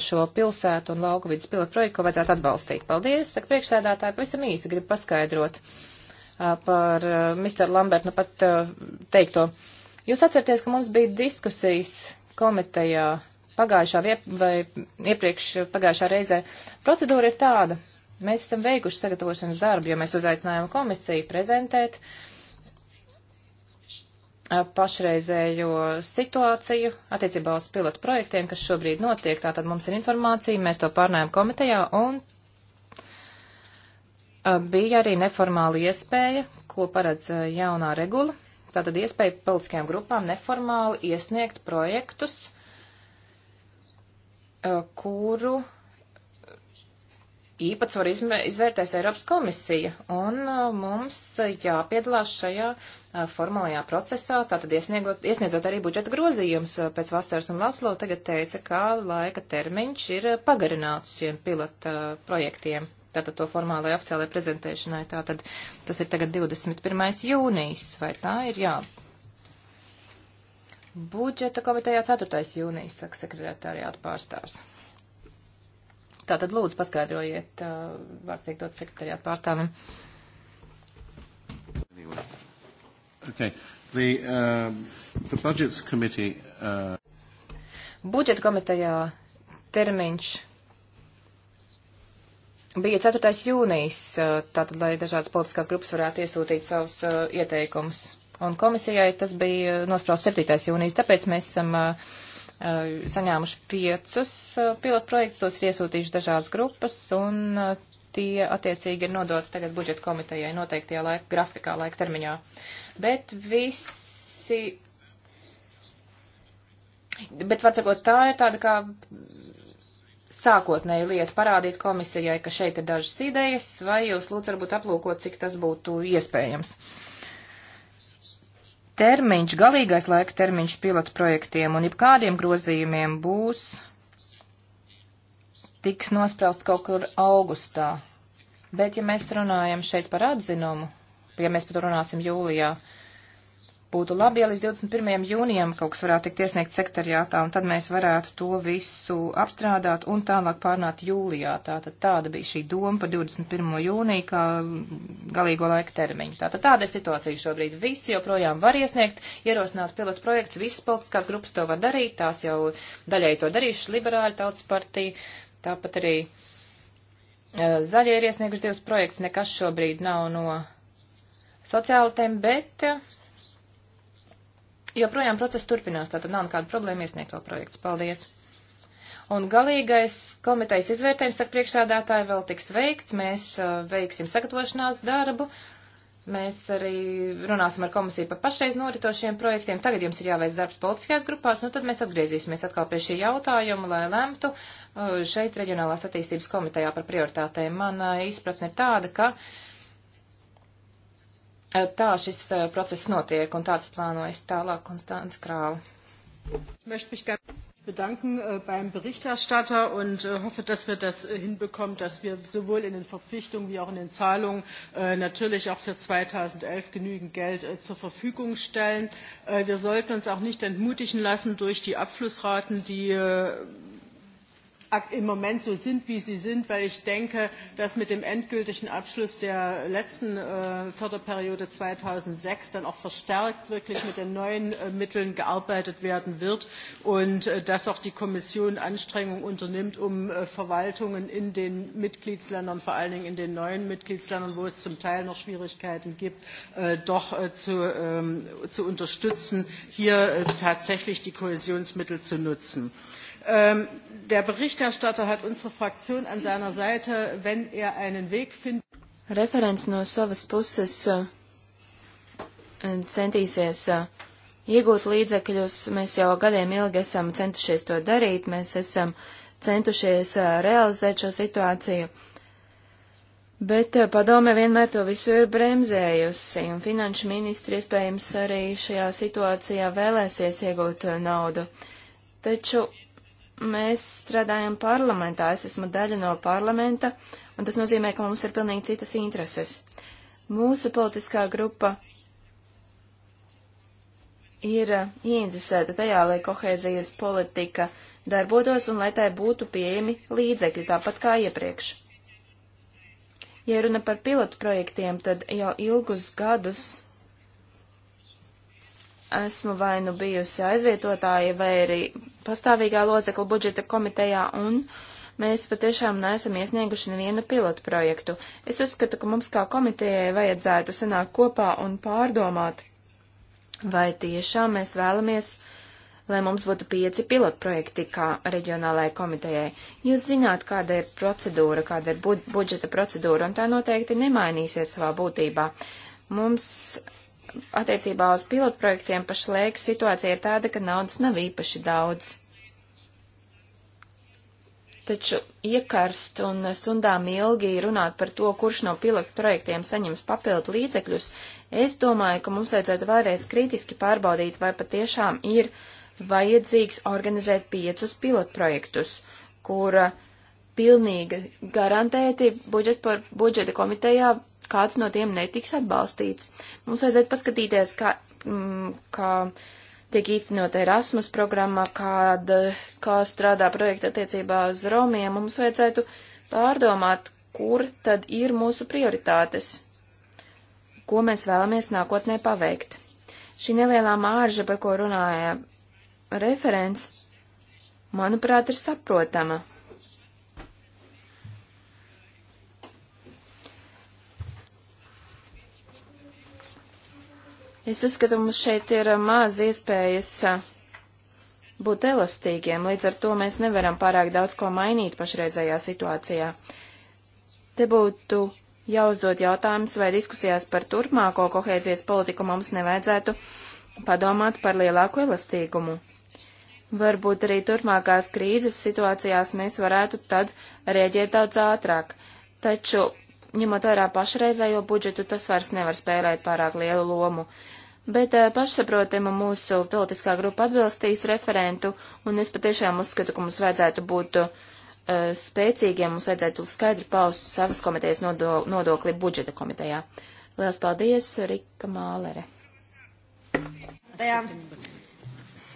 šo pilsētu un lauku vidas pilotu projektu, ko vajadzētu atbalstīt. Paldies, saka priekšsēdētāji, pavisam īsi gribu paskaidrot par Mr. Lambert, nu pat teikto. Jūs atcerieties, ka mums bija diskusijas komitejā pagājušā vai iepriekš pagājušā reizē. Procedūra ir tāda. Mēs esam veikuši sagatavošanas darbu, jo mēs uzaicinājām komisiju prezentēt pašreizējo situāciju attiecībā uz pilotu projektiem, kas šobrīd notiek. Tātad mums ir informācija, mēs to pārnājām komitejā un bija arī neformāla iespēja, ko paredz jaunā regula. Tātad iespēja politiskajām grupām neformāli iesniegt projektus Eh, kuru īpatsvaru izvērtēs Eiropas komisija, un eh, mums jāpiedalās šajā eh, formālajā procesā, tātad iesniegot, iesniedzot arī budžeta grozījums pēc vasaras, un Laslo tagad teica, ka laika termiņš ir pagarināts šiem pilota projektiem, tātad to formālajai oficiālajai prezentēšanai, tātad tas ir tagad 21. jūnijas, vai tā ir, jā, Budžeta komitejā 4. jūnijas, saka sekretariāta pārstāvs. Tātad lūdzu paskaidrojiet, uh, vārds tiek dot sekretariāta pārstāvim. Okay. The, uh, the budgets committee. Uh... Budžeta komitejā termiņš bija 4. jūnijas, uh, tātad, lai dažādas politiskās grupas varētu iesūtīt savus uh, ieteikumus. Un komisijai tas bija nospraust 7. jūnijas, tāpēc mēs esam uh, uh saņēmuši piecus uh, pilotprojektus, tos ir iesūtījuši dažās grupas, un uh, tie attiecīgi ir nodoti tagad budžeta komitejai noteiktajā laika grafikā, laika termiņā. Bet visi. Bet, vārdsakot, tā ir tāda kā sākotnēji lieta parādīt komisijai, ka šeit ir dažas idejas, vai jūs lūdzu varbūt aplūkot, cik tas būtu iespējams. Uh, termiņš, galīgais laika termiņš pilotu projektiem un jebkādiem grozījumiem būs tiks nosprausts kaut kur augustā. Bet, ja mēs runājam šeit par atzinumu, ja mēs par to runāsim jūlijā, uh, būtu labi, ja līdz 21. jūnijam kaut kas varētu tikt iesniegt sektoriātā, un tad mēs varētu to visu apstrādāt un tālāk pārnāt jūlijā. Tātad tāda bija šī doma par 21. jūniju kā galīgo laika termiņu. Tātad tāda ir situācija šobrīd. Visi joprojām var iesniegt, ierosināt pilotu projekts, visas politiskās grupas to var darīt, tās jau daļai to darījušas liberāļu tautas partija, tāpat arī eh, zaļie ir iesnieguši divus projekts, nekas šobrīd nav no sociālistiem, bet eh, joprojām process turpinās, tātad nav nekāda problēma iesniegt vēl projekts. Paldies! Un galīgais komitejas izvērtējums, saka priekšsādātāji, vēl tiks veikts. Mēs uh, veiksim sagatavošanās darbu. Mēs arī runāsim ar komisiju par pašreiz noritošiem projektiem. Tagad jums ir jāveic darbs politiskajās grupās, nu tad mēs atgriezīsimies atkal pie šī jautājuma, lai lemtu uh, šeit reģionālās attīstības komitejā par prioritātēm. Man uh, izpratne ir tāda, ka uh, tā šis uh, process notiek un tāds plānojas tālāk Konstants Krāla. bedanken äh, beim Berichterstatter und äh, hoffe, dass wir das äh, hinbekommen, dass wir sowohl in den Verpflichtungen wie auch in den Zahlungen äh, natürlich auch für 2011 genügend Geld äh, zur Verfügung stellen. Äh, wir sollten uns auch nicht entmutigen lassen durch die Abflussraten, die äh, im Moment so sind, wie sie sind, weil ich denke, dass mit dem endgültigen Abschluss der letzten äh, Förderperiode 2006 dann auch verstärkt wirklich mit den neuen äh, Mitteln gearbeitet werden wird und äh, dass auch die Kommission Anstrengungen unternimmt, um äh, Verwaltungen in den Mitgliedsländern, vor allen Dingen in den neuen Mitgliedsländern, wo es zum Teil noch Schwierigkeiten gibt, äh, doch äh, zu, äh, zu unterstützen, hier äh, tatsächlich die Kohäsionsmittel zu nutzen. Ähm, der Berichterstatter hat unsere Fraktion an seiner Seite, wenn er einen Weg findet. Referents no savas puses eh, centīsies eh, iegūt līdzekļus. Mēs jau gadiem ilgi esam centušies to darīt, mēs esam centušies eh, realizēt šo situāciju. Bet padome vienmēr to visu ir bremzējusi, un finanšu ministri iespējams arī šajā situācijā vēlēsies iegūt naudu. Taču mēs strādājam parlamentā, es esmu daļa no parlamenta, un tas nozīmē, ka mums ir pilnīgi citas intereses. Mūsu politiskā grupa ir uh, ieinteresēta tajā, lai kohēzijas politika darbotos un lai tai būtu pieejami līdzekļi, tāpat kā iepriekš. Ja runa par pilotu projektiem, tad jau ilgus gadus esmu vai nu bijusi aizvietotāja vai arī pastāvīgā locekla budžeta komitejā un mēs patiešām neesam iesnieguši nevienu pilotu projektu. Es uzskatu, ka mums kā komitejai vajadzētu sanākt kopā un pārdomāt, vai tiešām mēs vēlamies lai mums būtu pieci pilotprojekti kā reģionālajai komitejai. Jūs zināt, kāda ir procedūra, kāda ir budžeta procedūra, un tā noteikti nemainīsies savā būtībā. Mums attiecībā uz pilotprojektiem pašlaik situācija ir tāda, ka naudas nav īpaši daudz. Taču iekarst un stundām ilgi runāt par to, kurš no pilotprojektiem saņems papildu līdzekļus, es domāju, ka mums vajadzētu vēlreiz kritiski pārbaudīt, vai patiešām ir vajadzīgs organizēt piecus pilotprojektus, kura pilnīgi garantēti budžeta, budžeta komitejā kāds no tiem netiks atbalstīts. Mums vajadzētu paskatīties, kā, mm, kā tiek īstenota Erasmus programma, kāda, kā strādā projekta attiecībā uz Romiem. Mums vajadzētu pārdomāt, kur tad ir mūsu prioritātes, ko mēs vēlamies nākotnē paveikt. Šī nelielā mārža, par ko runāja referents, manuprāt, ir saprotama. Es uzskatu, mums šeit ir maz iespējas būt elastīgiem, līdz ar to mēs nevaram pārāk daudz ko mainīt pašreizējā situācijā. Te būtu jāuzdod jautājums, vai diskusijās par turpmāko kohēzijas politiku mums nevajadzētu padomāt par lielāku elastīgumu. Varbūt arī turpmākās krīzes situācijās mēs varētu tad rēģēt daudz ātrāk, taču ņemot vērā pašreizējo budžetu, tas vairs nevar spēlēt pārāk lielu lomu. Bet eh, pašsaprotama mūsu politiskā grupa atbilstīs referentu, un es patiešām uzskatu, ka mums vajadzētu būt uh, spēcīgiem, mums vajadzētu skaidri paust savas komitejas nodo nodokli budžeta komitejā. Lielas paldies, Rika Mālere.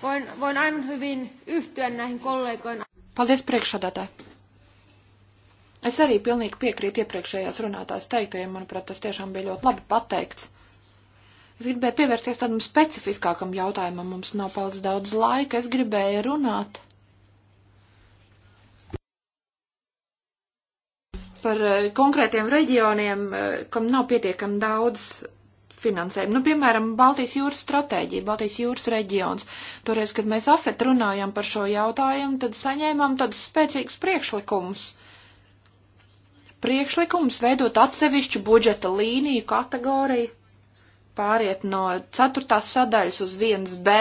Voin, voin aivan hyvin yhtyä näihin kollegoihin. Paldies priekšsādātāji. Es arī pilnīgi piekrītu iepriekšējās runātājs teiktajiem, manuprāt, tas tiešām bija ļoti labi pateikts. Es gribēju pievērsties tādam specifiskākam jautājumam, mums nav palicis daudz laika, es gribēju runāt par eh, konkrētiem reģioniem, eh, kam nav pietiekami daudz finansējumu. Nu, piemēram, Baltijas jūras stratēģija, Baltijas jūras reģions. Toreiz, kad mēs afet runājām par šo jautājumu, tad saņēmām tādus spēcīgus priekšlikumus. Priekšlikums veidot atsevišķu budžeta līniju kategoriju pāriet no 4. sadaļas uz 1b,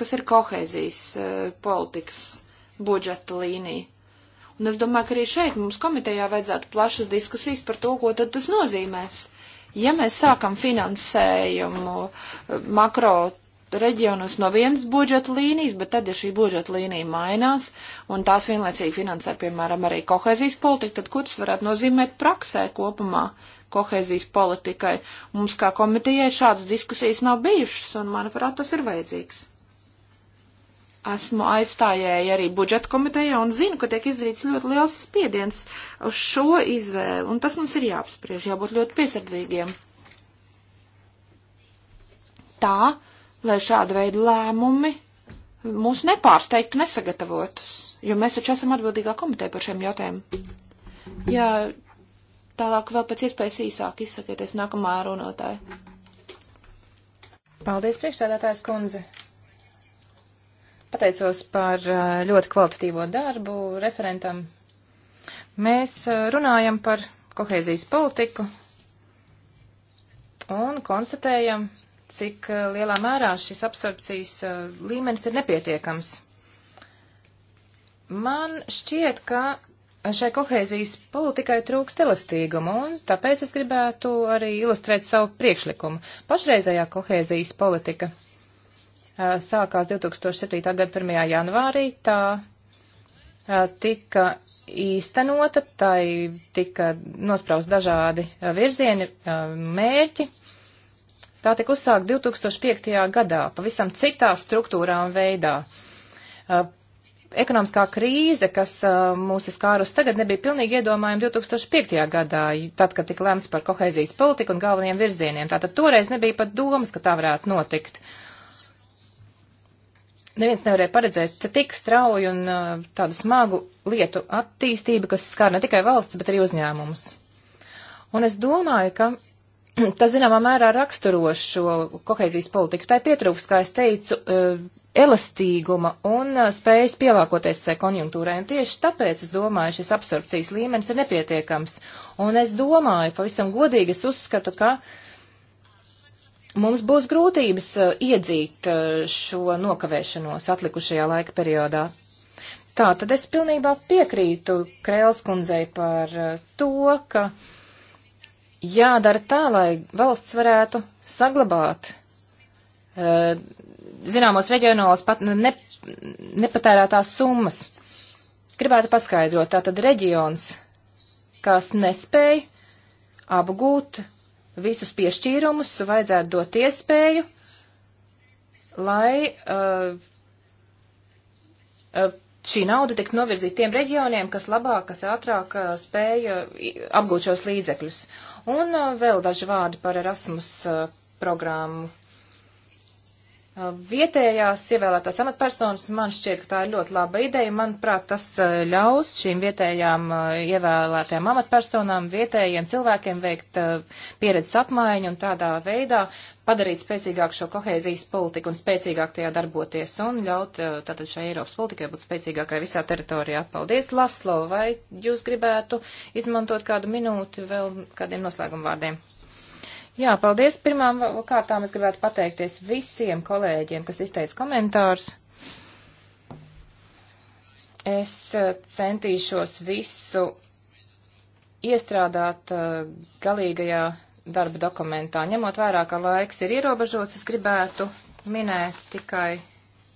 kas ir kohēzijas e, politikas budžeta līnija. Un es domāju, ka arī šeit mums komitejā vajadzētu plašas diskusijas par to, ko tad tas nozīmēs. Ja mēs sākam finansējumu e, makro reģionus no vienas budžeta līnijas, bet tad, ja šī budžeta līnija mainās un tās vienlaicīgi finansē, piemēram, arī kohezijas politiku, tad ko tas varētu nozīmēt praksē kopumā? kohēzijas politikai. Mums kā komitejai šādas diskusijas nav bijušas, un, manuprāt, tas ir vajadzīgs. Esmu aizstājēji arī budžeta komiteja un zinu, ka tiek izdarīts ļoti liels spiediens uz šo izvēli, un tas mums ir jāapspriež, jābūt ļoti piesardzīgiem. Tā, lai šāda veida lēmumi mūs nepārsteigtu nesagatavotus, jo mēs taču esam atbildīgā komiteja par šiem jautājumiem. Jā, Tālāk vēl pēc iespējas īsāk izsakieties nākamā runātāja. Paldies, priekšsēdētājs kundze. Pateicos par eh, ļoti kvalitatīvo darbu referentam. Mēs eh, runājam par kohēzijas politiku un konstatējam, cik eh, lielā mērā šis absorpcijas līmenis ir nepietiekams. Man šķiet, ka šai kohēzijas politikai trūkst elastīguma, un tāpēc es gribētu arī ilustrēt savu priekšlikumu. Pašreizējā kohēzijas politika sākās 2007. gada 1. janvārī, tā tika īstenota, tai tika nospraust dažādi virzieni, mērķi. Tā tika uzsākta 2005. gadā, pavisam citā struktūrā un veidā. Ekonomiskā krīze, kas uh, mūs ir skārus tagad, nebija pilnīgi iedomājama 2005. gadā, tad, kad tika lemts par kohēzijas politiku un galveniem virzieniem. Tātad toreiz nebija pat domas, ka tā varētu notikt. Neviens nevarēja paredzēt tik strauju un uh, tādu smagu lietu attīstību, kas skār ne tikai valsts, bet arī uzņēmumus. Un es domāju, ka [CLEARS THROAT] tas, zināmā mērā, raksturo šo kohēzijas politiku. Tai pietrūkst, kā es teicu, eh, elastīguma un eh, spējas pielāgoties savai konjunktūrai. Un tieši tāpēc, es domāju, šis absorpcijas līmenis ir nepietiekams. Un es domāju, pavisam godīgi, es uzskatu, ka mums būs grūtības eh, iedzīt šo nokavēšanos atlikušajā laika periodā. Tā, tad es pilnībā piekrītu Krēls kundzei par to, ka uh, jādara tā, lai valsts varētu saglabāt eh, zināmos reģionālās pat ne, nepatērētās summas. Gribētu paskaidrot, tātad reģions, kas nespēja apgūt visus piešķīrumus, vajadzētu dot iespēju, lai uh, uh, šī nauda tiktu novirzīta tiem reģioniem, kas labāk, kas ātrāk uh, spēja apgūt šos līdzekļus. Un uh, vēl daži vārdi par Erasmus uh, programmu. Uh, vietējās ievēlētās amatpersonas, man šķiet, ka tā ir ļoti laba ideja. Manuprāt, tas uh, ļaus šīm vietējām uh, ievēlētajām amatpersonām, vietējiem cilvēkiem veikt pieredzes apmaiņu un tādā veidā padarīt spēcīgāku šo kohēzijas politiku un spēcīgāk tajā darboties un ļaut tātad šai Eiropas politikai būt spēcīgākai visā teritorijā. Paldies, Laslo, vai jūs gribētu izmantot kādu minūti vēl kādiem noslēguma vārdiem? Jā, paldies. Pirmām kārtām es gribētu pateikties visiem kolēģiem, kas izteica komentārus. Es eh, centīšos visu iestrādāt eh, galīgajā darba dokumentā. Ņemot vērā, ka laiks ir ierobežots, es gribētu minēt tikai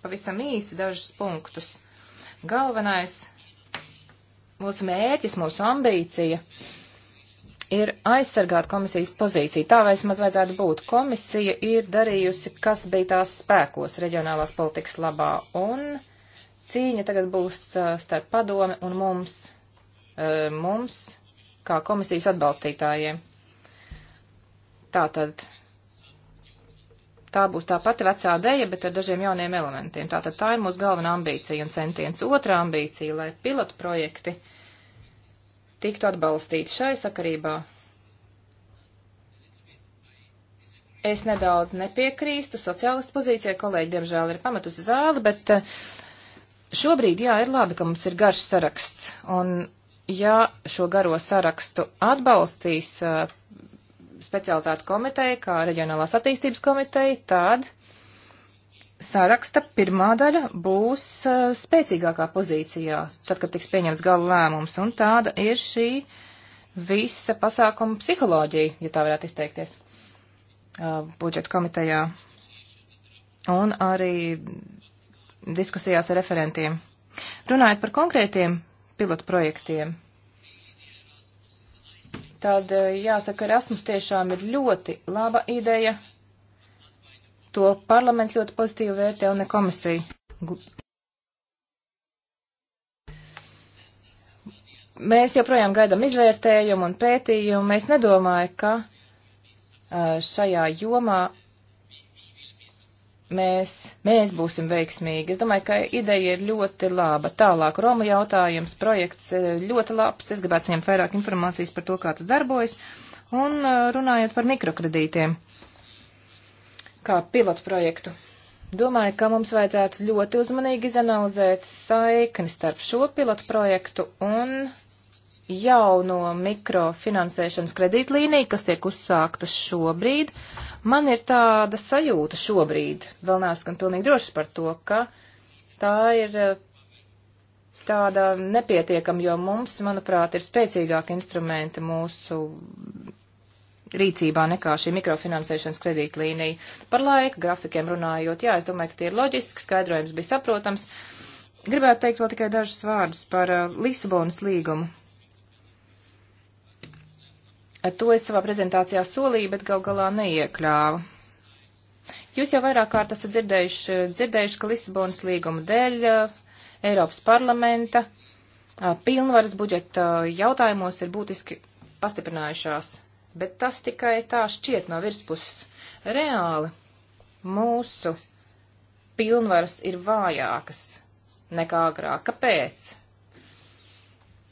pavisam īsi dažus punktus. Galvenais mūsu mērķis, mūsu ambīcija ir aizsargāt komisijas pozīciju. Tā vismaz vajadzētu būt. Komisija ir darījusi, kas bija tās spēkos reģionālās politikas labā, un cīņa tagad būs uh, starp padomi un mums, uh, mums kā komisijas atbalstītājiem. Tātad tā būs tā pati vecā dēja, bet ar dažiem jauniem elementiem. Tātad tā ir mūsu galvenā ambīcija un centiens. Otra ambīcija, lai pilotprojekti projekti tiktu atbalstīti šai sakarībā. Es nedaudz nepiekrīstu sociālistu pozīcijai, kolēģi diemžēl ir pametusi zāli, bet eh, šobrīd, jā, ir labi, ka mums ir garš saraksts, un ja šo garo sarakstu atbalstīs eh, specializēta komiteja, kā reģionālās attīstības komiteja, tad saraksta pirmā daļa būs uh, spēcīgākā pozīcijā, tad, kad tiks pieņemts gala lēmums, un tāda ir šī visa pasākuma psiholoģija, ja tā varētu izteikties, uh, budžeta komitejā, un arī diskusijās ar referentiem. Runājot par konkrētiem pilotu projektiem, tad uh, jāsaka, Erasmus tiešām ir ļoti laba ideja, To parlaments ļoti pozitīvi vērtē un ne komisija. Mēs joprojām gaidām izvērtējumu un pētījumu. Mēs nedomājam, ka šajā jomā mēs, mēs būsim veiksmīgi. Es domāju, ka ideja ir ļoti laba. Tālāk Roma jautājums, projekts ļoti labs. Es gribētu saņemt vairāk informācijas par to, kā tas darbojas. Un runājot par mikrokredītiem. Uh, kā pilotu projektu. Domāju, ka mums vajadzētu ļoti uzmanīgi izanalizēt saikni starp šo pilotu projektu un jauno mikrofinansēšanas kredītlīniju, kas tiek uzsākta šobrīd. Man ir tāda sajūta šobrīd, vēl neesmu gan pilnīgi drošs par to, ka tā ir eh, tāda nepietiekama, jo mums, manuprāt, ir spēcīgāki instrumenti mūsu rīcībā nekā šī mikrofinansēšanas kredītlīnija. Par laika grafikiem runājot, jā, es domāju, ka tie ir loģiski, skaidrojums bija saprotams. Gribētu teikt vēl tikai dažus vārdus par uh, Lisabonas līgumu. At to es savā prezentācijā solīju, bet gal galā neiekļāvu. Jūs jau vairāk kārt esat dzirdējuši, dzirdējuši ka Lisabonas līguma dēļ uh, Eiropas parlamenta uh, pilnvaras budžeta uh, jautājumos ir būtiski pastiprinājušās bet tas tikai tā šķiet no virspuses. Reāli mūsu pilnvaras ir vājākas nekā agrāk. Kāpēc?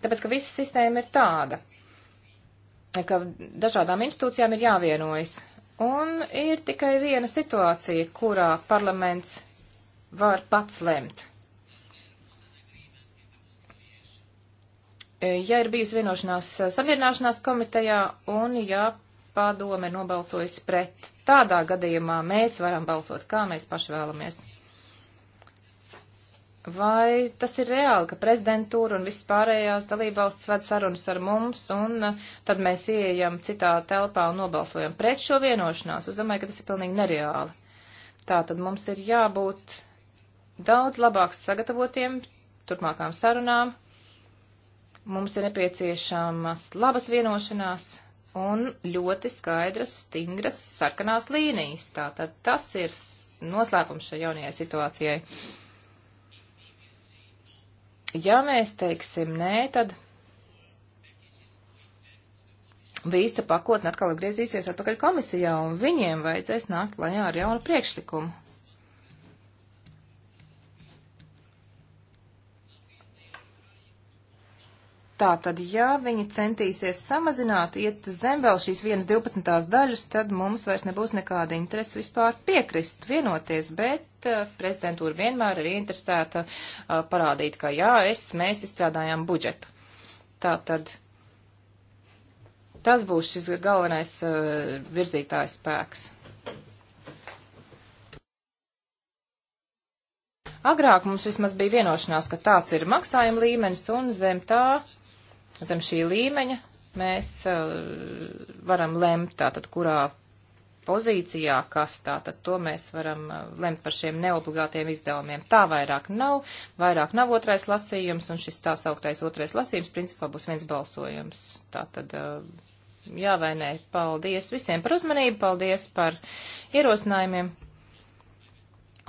Tāpēc, ka visa sistēma ir tāda, ka dažādām institūcijām ir jāvienojas. Un ir tikai viena situācija, kurā parlaments var pats lemt. ja ir bijusi vienošanās samierināšanās komitejā un ja padome nobalsojas pret, tādā gadījumā mēs varam balsot, kā mēs paši vēlamies. Vai tas ir reāli, ka prezidentūra un viss pārējās dalībvalsts ved sarunas ar mums, un uh, tad mēs ieejam citā telpā un nobalsojam pret šo vienošanās? Es domāju, ka tas ir pilnīgi nereāli. Tā tad mums ir jābūt daudz labāk sagatavotiem turpmākām sarunām, Mums ir nepieciešamas labas vienošanās un ļoti skaidras, stingras, sarkanās līnijas. Tātad tas ir noslēpums šai jaunajai situācijai. Ja mēs teiksim nē, tad visa pakotne atkal atgriezīsies atpakaļ komisijā, un viņiem vajadzēs nākt lajā ar jaunu priekšlikumu. Tātad, ja viņi centīsies samazināt, iet zem vēl šīs vienas 12. daļas, tad mums vairs nebūs nekāda interese vispār piekrist, vienoties, bet uh, prezidentūra vienmēr ir interesēta uh, parādīt, ka jā, es, mēs izstrādājām budžetu. Tātad, tas būs šis galvenais uh, virzītājs spēks. Agrāk mums vismaz bija vienošanās, ka tāds ir maksājuma līmenis un zem tā Zem šī līmeņa mēs eh, varam lemt tātad, kurā pozīcijā, kas tā, tad to mēs varam eh, lemt par šiem neobligātiem izdevumiem. Tā vairāk nav, vairāk nav otrais lasījums, un šis tā sauktais otrais lasījums principā būs viens balsojums. Tā tad, eh, jā vai nē, paldies visiem par uzmanību, paldies par ierosinājumiem,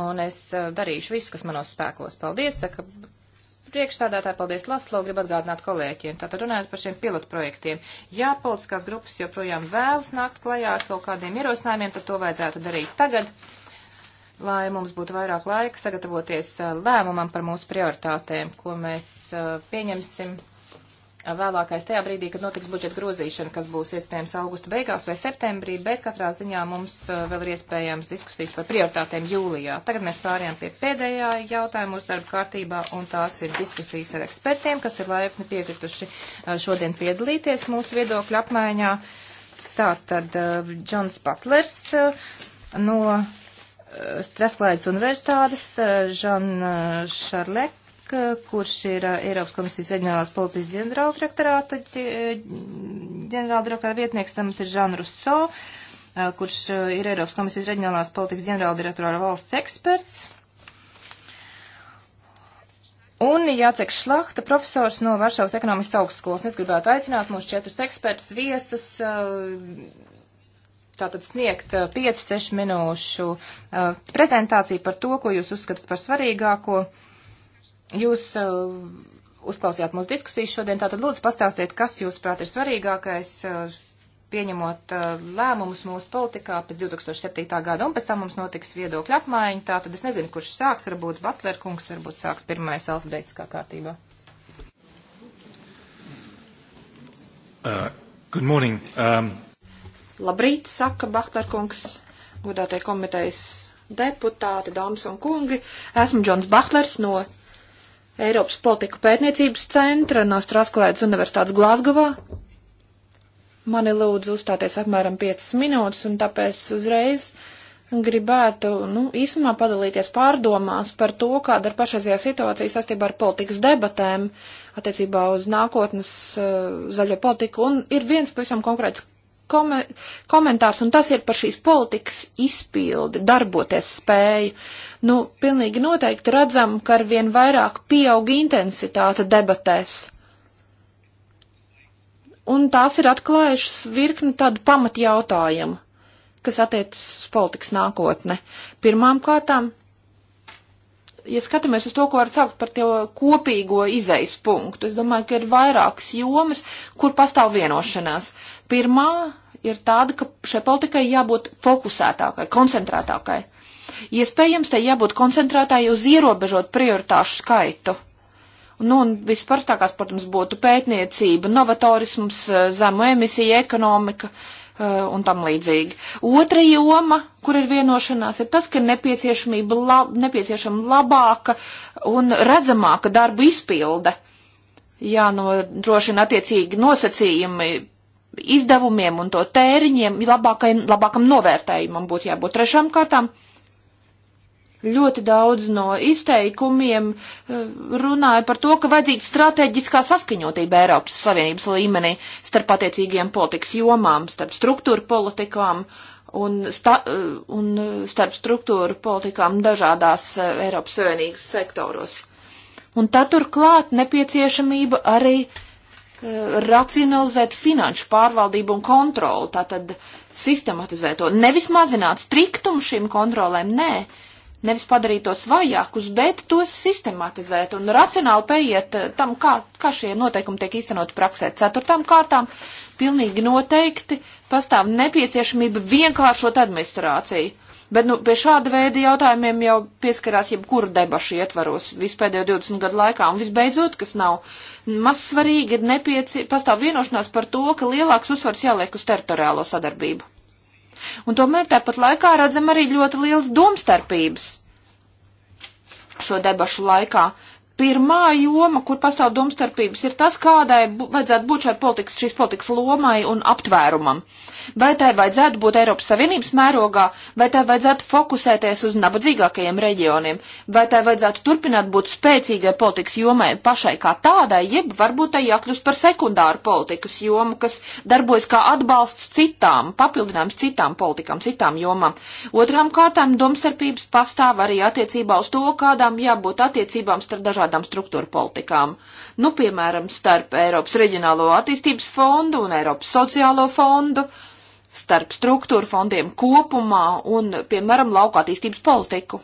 un es darīšu visu, kas manos spēkos. Paldies, saka Priekšstādātāji, paldies Laslo, gribu atgādināt kolēģiem. Tātad runājot par šiem pilotprojektiem. Ja politiskās grupas joprojām vēlas nākt klajā ar kaut kādiem ierosinājumiem, tad to vajadzētu darīt tagad, lai mums būtu vairāk laika sagatavoties uh, lēmumam par mūsu prioritātēm, ko mēs uh, pieņemsim vēlākais tajā brīdī, kad notiks budžeta grozīšana, kas būs iespējams augusta beigās vai septembrī, bet katrā ziņā mums uh, vēl ir iespējams diskusijas par prioritātēm jūlijā. Tagad mēs pārējām pie pēdējā jautājuma mūsu darba kārtībā, un tās ir diskusijas ar ekspertiem, kas ir laipni piekrituši uh, šodien piedalīties mūsu viedokļu apmaiņā. Tātad uh, Džons Butlers no Straslaidas universitātes, Žan Šarlek, kurš ir Eiropas komisijas reģionālās policijas ģenerāldirektorāta ģenerāldirektora vietnieks, tam ir Žan Russo, kurš ir Eiropas komisijas reģionālās politikas ģenerāldirektora valsts eksperts. Un Jācek Šlahta, profesors no Varšavas ekonomikas augstskolas. Es gribētu aicināt mūsu četrus ekspertus, viesus, eh, tātad sniegt 5-6 eh, minūšu eh, prezentāciju par to, ko jūs uzskatāt par svarīgāko. Jūs uh, uzklausījāt mūsu diskusijas šodien, tātad lūdzu pastāstiet, kas jūs prāt ir svarīgākais uh, pieņemot uh, lēmumus mūsu politikā pēc 2007. gada, un pēc tam mums notiks viedokļa apmaiņa, tātad es nezinu, kurš sāks, varbūt Butler kungs, varbūt sāks pirmais alfabētiskā kārtībā. Uh, good morning. Um... Labrīt, saka Butler kungs, godātie komitejas deputāti, dāmas un kungi. Esmu Džons Butlers no Eiropas politiku pētniecības centra no Strasklēdas Universitātes Glāzgovā. Mani lūdzu uzstāties apmēram 5 minūtes, un tāpēc uzreiz gribētu, nu, īsumā padalīties pārdomās par to, kāda ir pašreizajā situācija sastībā ar politikas debatēm attiecībā uz nākotnes uh, zaļo politiku, un ir viens pavisam konkrēts kome komentārs, un tas ir par šīs politikas izpildi, darboties spēju. Uh, nu, pilnīgi noteikti redzam, ka ar vien vairāk pieaug intensitāte debatēs. Un tās ir atklājušas virkni tādu pamatjautājumu, kas attiecas uz politikas nākotne. Pirmām kārtām, ja skatāmies uz to, ko var saukt par to kopīgo izejas punktu, es domāju, ka ir vairākas jomas, kur pastāv vienošanās. Pirmā ir tāda, ka šai politikai jābūt fokusētākai, koncentrētākai. Uh, Iespējams, te jābūt koncentrētāji uz ierobežot prioritāšu skaitu. Nu, un visparstākās, protams, būtu pētniecība, novatorisms, eh, zemu emisiju ekonomika eh, un tam līdzīgi. Otra joma, kur ir vienošanās, ir tas, ka ir nepieciešamība lab, nepieciešama labāka un redzamāka darba izpilde. Jā, no nu, droši vien attiecīgi nosacījumi izdevumiem un to tēriņiem labākai, labākam novērtējumam būtu jābūt trešām kārtām. Uh, Ļoti daudz no izteikumiem eh, runāja par to, ka vajadzīga strateģiskā saskaņotība Eiropas Savienības līmenī starp attiecīgiem politikas jomām, starp struktūra politikām un, sta eh, un eh, starp struktūra politikām dažādās Eiropas Savienības sektoros. Un tad turklāt nepieciešamība arī uh, racionalizēt finanšu pārvaldību un kontroli, tātad sistematizēt to. Nevis mazināt striktumu šīm kontrolēm, nē, nevis padarīt tos vajākus, bet tos sistematizēt un racionāli paiet eh, tam, kā, kā šie noteikumi tiek īstenoti praksē. Ceturtām kārtām pilnīgi noteikti pastāv nepieciešamība vienkāršot administrāciju. Bet nu, pie šāda veida jautājumiem jau pieskarās jebkura debaša ietvaros vispēdējo 20 gadu laikā. Un visbeidzot, kas nav maz svarīgi, ir nepieci... pastāv vienošanās par to, ka lielāks uzsvars jāliek uz teritoriālo sadarbību. Un tomēr tāpat laikā redzam arī ļoti liels domstarpības šo debašu laikā. Pirmā joma, kur pastāv domstarpības, ir tas, kādai bu vajadzētu būt šai politikas, šīs politikas lomai un aptvērumam. Uh, Vai tai vajadzētu būt Eiropas Savienības mērogā, vai tai vajadzētu fokusēties uz nabadzīgākajiem reģioniem, vai tai vajadzētu turpināt būt spēcīgai politikas jomai pašai kā tādai, jeb varbūt tai jākļūst par sekundāru politikas jomu, kas darbojas kā atbalsts citām, papildinājums citām politikām, citām jomām. Otrām kārtām domstarpības pastāv arī attiecībā uz to, kādām jābūt attiecībām starp dažādām struktūra politikām. Nu, piemēram, starp Eiropas reģionālo attīstības fondu un Eiropas sociālo fondu. Uh, starp struktūra fondiem kopumā un, piemēram, lauka attīstības politiku.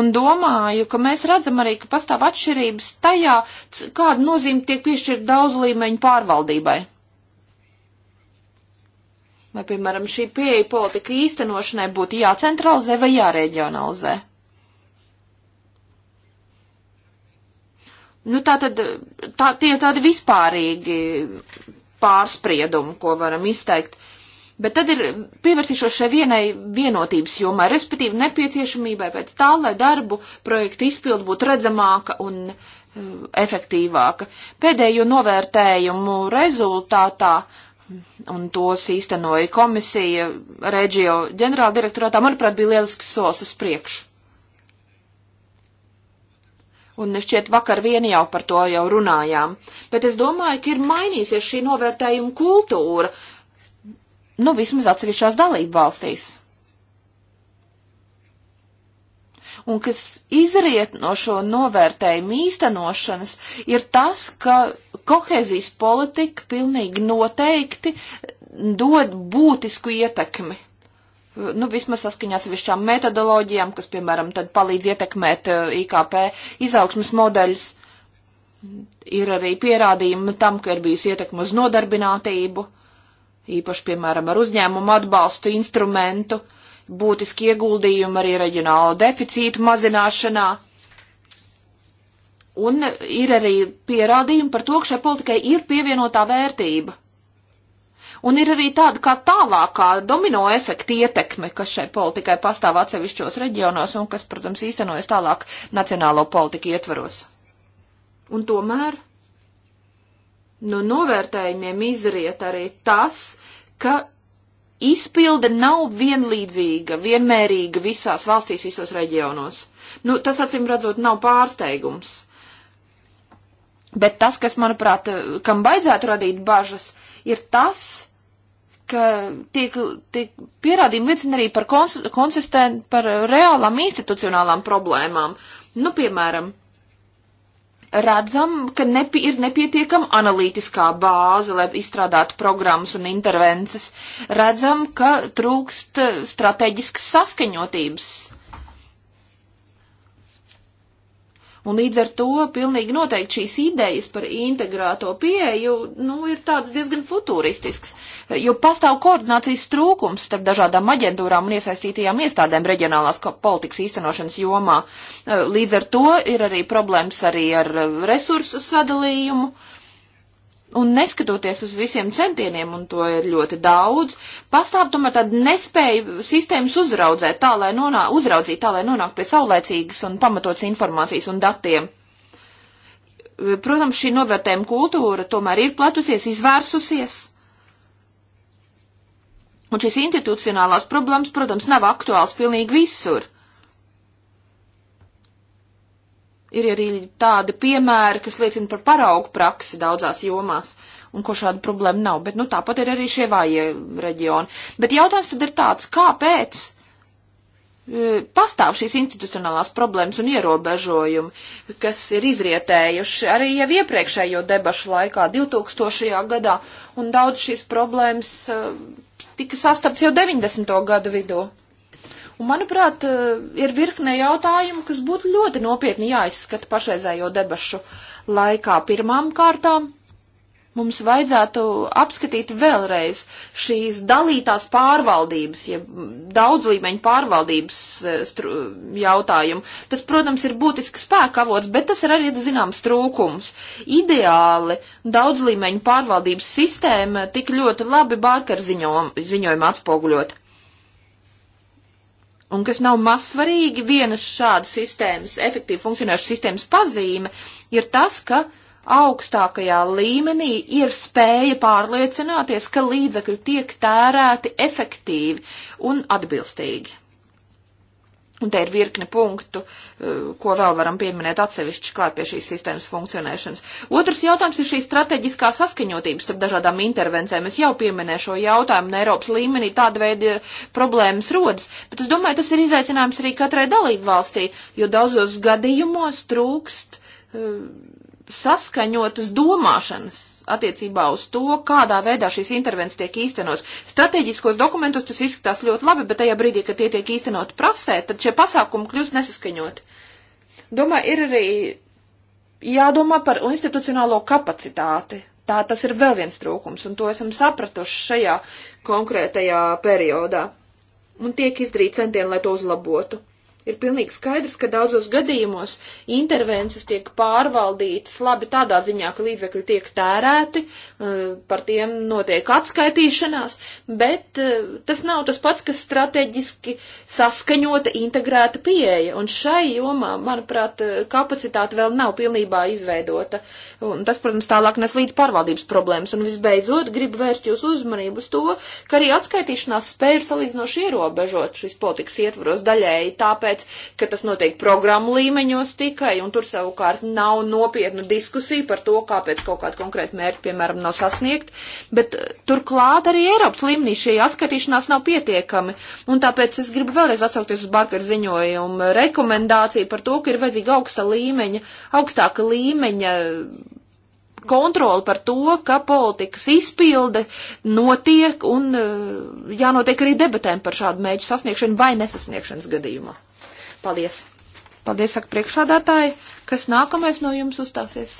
Un domāju, ka mēs redzam arī, ka pastāv atšķirības tajā, kāda nozīme tiek piešķirta daudz līmeņu pārvaldībai. Vai, piemēram, šī pieeja politika īstenošanai būtu jācentralizē vai jāreģionalizē? Nu, tā tad, tā, tie tādi vispārīgi pārspriedumu, ko varam izteikt. Bet tad ir pievērsīšos šai vienai vienotības jomai, respektīvi nepieciešamībai pēc tā, lai darbu projektu izpildu būtu redzamāka un uh, efektīvāka. Pēdējo novērtējumu rezultātā, un tos īstenoja komisija reģio ģenerāldirektorātā, manuprāt, bija lielisks solis uz priekšu. Un šķiet, vakar vien jau par to jau runājām. Bet es domāju, ka ir mainīsies šī novērtējuma kultūra, nu, vismaz atsevišķās dalību valstīs. Un kas izriet no šo novērtējumu īstenošanas, ir tas, ka kohēzijas politika pilnīgi noteikti dod būtisku ietekmi nu, vismaz saskaņā sevišķām metodoloģijām, kas, piemēram, tad palīdz ietekmēt eh, IKP izaugsmas modeļus. Ir arī pierādījumi tam, ka ir bijusi ietekme uz nodarbinātību, īpaši, piemēram, ar uzņēmumu atbalstu instrumentu, būtiski ieguldījumi arī reģionālo deficītu mazināšanā. Un ir arī pierādījumi par to, ka šai politikai ir pievienotā vērtība Un ir arī tāda kā tālākā domino efekta ietekme, kas šai politikai pastāv atsevišķos reģionos un kas, protams, īstenojas tālāk nacionālo politiku ietvaros. Un tomēr no novērtējumiem izriet arī tas, ka izpilde nav vienlīdzīga, vienmērīga visās valstīs, visos reģionos. Nu, tas, acīm redzot, nav pārsteigums. Bet tas, kas, manuprāt, kam baidzētu radīt bažas, ir tas, ka tiek, tiek pierādījumi liecina arī par, kons konsistent, par reālām institucionālām problēmām. Nu, piemēram, redzam, ka nepi ir nepietiekama analītiskā bāze, lai izstrādātu programmas un intervences. Redzam, ka trūkst strateģiskas saskaņotības. Uh, Un līdz ar to pilnīgi noteikti šīs idejas par integrēto pieeju, nu, ir tāds diezgan futuristisks, jo pastāv koordinācijas trūkums starp dažādām aģentūrām un iesaistītajām iestādēm reģionālās politikas īstenošanas jomā. Līdz ar to ir arī problēmas arī ar eh, resursu sadalījumu Un neskatoties uz visiem centieniem, un to ir ļoti daudz, pastāv tomēr tāda nespēja sistēmas uzraudzēt tā, lai nonā, uzraudzīt tā, lai nonāk pie saulēcīgas un pamatots informācijas un datiem. Protams, šī novērtējuma kultūra tomēr ir platusies, izvērsusies. Un šīs institucionālās problēmas, protams, nav aktuāls pilnīgi visur. Ir arī tādi piemēri, kas liecina par paraugu praksi daudzās jomās, un ko šāda problēma nav. Bet, nu, tāpat ir arī šie vājie reģioni. Bet jautājums tad ir tāds, kāpēc? E, pastāv šīs institucionālās problēmas un ierobežojumi, kas ir izrietējuši arī jau iepriekšējo debašu laikā, 2000. gadā, un daudz šīs problēmas e, tika sastaps jau 90. gadu vidū. Un, manuprāt, eh, ir virkne jautājumu, kas būtu ļoti nopietni jāizskata pašreizējo debašu laikā pirmām kārtām. Mums vajadzētu apskatīt vēlreiz šīs dalītās pārvaldības, ja daudz līmeņu pārvaldības eh, jautājumu. Tas, protams, ir būtiski spēka avots, bet tas ir arī zināms trūkums. Ideāli daudz līmeņu pārvaldības sistēma tik ļoti labi Bārkar ziņojumā atspoguļot un kas nav mazsvarīgi vienas šādas sistēmas, efektīvi funkcionējušas sistēmas pazīme, ir tas, ka augstākajā līmenī ir spēja pārliecināties, ka līdzekļi tiek tērēti efektīvi un atbilstīgi. Un te ir virkne punktu, eh, ko vēl varam pieminēt atsevišķi klāt pie šīs sistēmas funkcionēšanas. Otrs jautājums ir šī strateģiskā saskaņotības starp dažādām intervencijām. Es jau pieminēju šo jautājumu, un Eiropas līmenī tāda veida eh, problēmas rodas. Bet es domāju, tas ir izaicinājums arī katrai dalību valstī, jo daudzos gadījumos trūkst uh, saskaņotas domāšanas attiecībā uz to, kādā veidā šīs intervences tiek īstenots. Strateģiskos dokumentos tas izskatās ļoti labi, bet tajā brīdī, kad tie tiek īstenot prasē, tad šie pasākumi kļūst nesaskaņoti. Domāju, ir arī jādomā par institucionālo kapacitāti. Tā tas ir vēl viens trūkums, un to esam sapratuši šajā konkrētajā periodā. Un tiek izdarīt centieni, lai to uzlabotu. Ir pilnīgi skaidrs, ka daudzos gadījumos intervences tiek pārvaldītas labi tādā ziņā, ka līdzekļi tiek tērēti, eh, par tiem notiek atskaitīšanās, bet eh, tas nav tas pats, kas strateģiski saskaņota, integrēta pieeja. Un šai jomā, manuprāt, eh, kapacitāte vēl nav pilnībā izveidota. Un tas, protams, tālāk nes līdz pārvaldības problēmas. Un visbeidzot, gribu vērst jūs uzmanību uz to, ka arī atskaitīšanās spēja ir salīdzinoši ierobežot šīs politikas ietvaros daļēji. Tāpēc tāpēc, ka tas notiek programmu līmeņos tikai, un tur savukārt nav nopietnu diskusiju par to, kāpēc kaut kāda konkrēta mērķa, piemēram, nav sasniegt, bet eh, turklāt arī Eiropas līmenī šī atskatīšanās nav pietiekami, un tāpēc es gribu vēlreiz atsaukties uz Barkera ziņojumu rekomendāciju par to, ka ir vajadzīga augsta līmeņa, augstāka līmeņa kontroli par to, ka politikas izpilde notiek un eh, jānotiek arī debatēm par šādu mēģu sasniegšanu vai nesasniegšanas gadījumā. Paldies! Paldies, saka priekšādātāji. Kas nākamais no jums uzstāsies?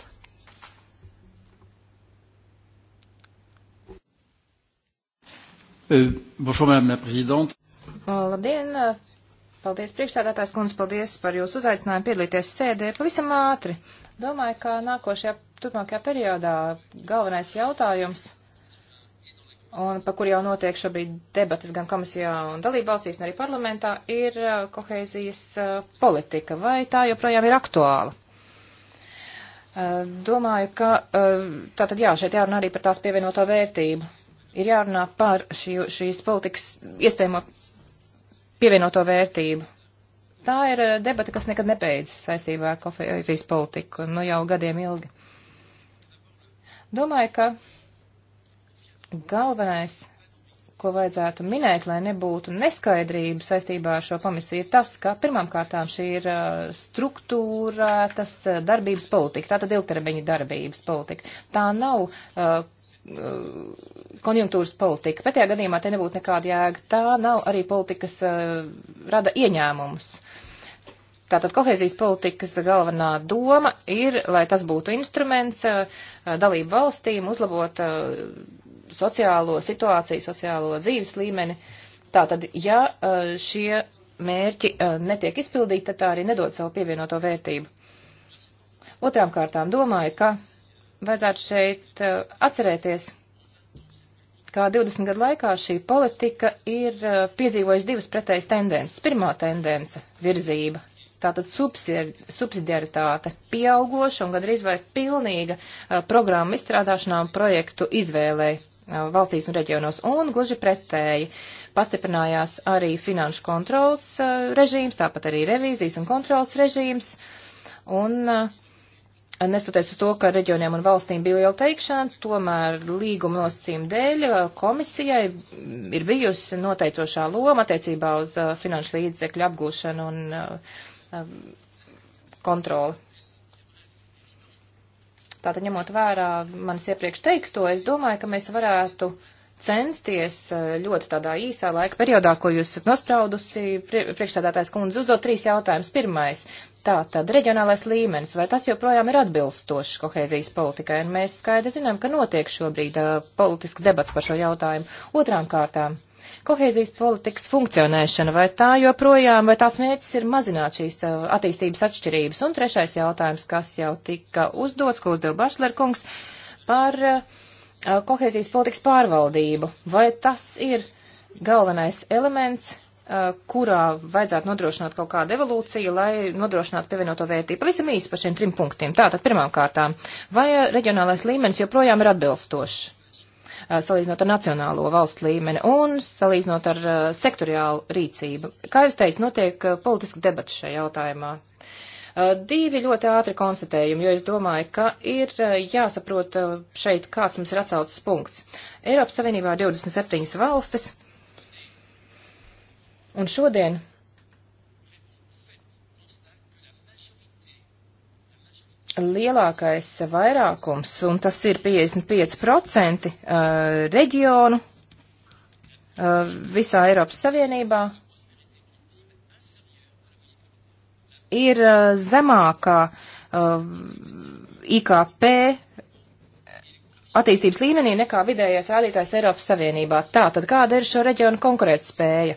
Eh, bonjour, madame la présidente. Labdien! Paldies, priekšstādātājs kundze, paldies par jūsu uzaicinājumu piedalīties sēdē pavisam ātri. Domāju, ka nākošajā turpmākajā periodā galvenais jautājums un par kur jau notiek šobrīd debatas gan komisijā un dalību valstīs, un arī parlamentā, ir uh, kohēzijas uh, politika. Vai tā joprojām ir aktuāla? Uh, domāju, ka tātad jā, šeit jārunā arī par tās pievienoto vērtību. Ir jārunā par šī, šīs politikas iespējamo pievienoto vērtību. Tā ir debata, kas nekad nebeidzas saistībā ar kofeizijas politiku, nu jau gadiem ilgi. Domāju, ka galvenais, ko vajadzētu minēt, lai nebūtu neskaidrību saistībā ar šo komisiju, ir tas, ka pirmām kārtām šī ir uh, struktūrētas uh, darbības politika, tā tad ilgtermiņa darbības politika. Tā nav uh, uh, konjunktūras politika. Pretējā gadījumā te nebūtu nekāda jēga. Tā nav arī politika, kas uh, rada ieņēmumus. Tātad kohēzijas politikas galvenā doma ir, lai tas būtu instruments uh, dalību valstīm uzlabot uh, sociālo situāciju, sociālo dzīves līmeni. Tātad, ja eh, šie mērķi eh, netiek izpildīti, tad tā arī nedod savu pievienoto vērtību. Otrām kārtām domāju, ka vajadzētu šeit eh, atcerēties, kā 20 gadu laikā šī politika ir piedzīvojusi divas pretējas tendences. Pirmā tendence - virzība, tātad subsidiaritāte, pieaugoša un gandrīz vai pilnīga programma izstrādāšanā un projektu izvēlei valstīs un reģionos, un gluži pretēji pastiprinājās arī finanšu kontrols režīms, tāpat arī revīzijas un kontrols režīms, un nesoties uz to, ka reģioniem un valstīm bija liela teikšana, tomēr līguma nosacījuma dēļ komisijai ir bijusi noteicošā loma attiecībā uz finanšu līdzekļu apgūšanu un kontroli. Tātad, ņemot vērā manis iepriekš teikto, es domāju, ka mēs varētu censties e, ļoti tādā īsā laika periodā, ko jūs esat nospraudusi, priekšsēdētājs kundze, uzdot trīs jautājumus. Pirmais. Tātad, reģionālais līmenis, vai tas joprojām ir atbilstošs kohēzijas politikai, un mēs skaidri zinām, ka notiek šobrīd uh, politisks debats par šo jautājumu. Otrām kārtām, Kohēzijas politikas funkcionēšana, vai tā joprojām, vai tās mērķis ir mazināt šīs uh, attīstības atšķirības? Un trešais jautājums, kas jau tika uzdots, ko uzdeva Bašlerkungs, par uh, uh, kohēzijas politikas pārvaldību. Vai tas ir galvenais elements, kurā vajadzētu nodrošināt kaut kādu evolūciju, lai nodrošinātu pievienoto vērtību. Pavisam īsi par šiem trim punktiem. Tātad pirmām kārtām, vai reģionālais līmenis joprojām ir atbilstošs? salīdzinot ar nacionālo valstu līmeni un salīdzinot ar sektoriālu rīcību. Kā jūs teicat, notiek politiska debata šajā jautājumā. Divi ļoti ātri konstatējumi, jo es domāju, ka ir jāsaprot šeit, kāds mums ir atsaucas punkts. Eiropas Savienībā 27 valstis, un šodien lielākais vairākums, un tas ir 55% uh, reģionu uh, visā Eiropas Savienībā, ir uh, zemākā IKP attīstības līmenī nekā vidējais rādītājs Eiropas Savienībā. Tā tad kāda ir šo reģionu konkurētspēja? spēja?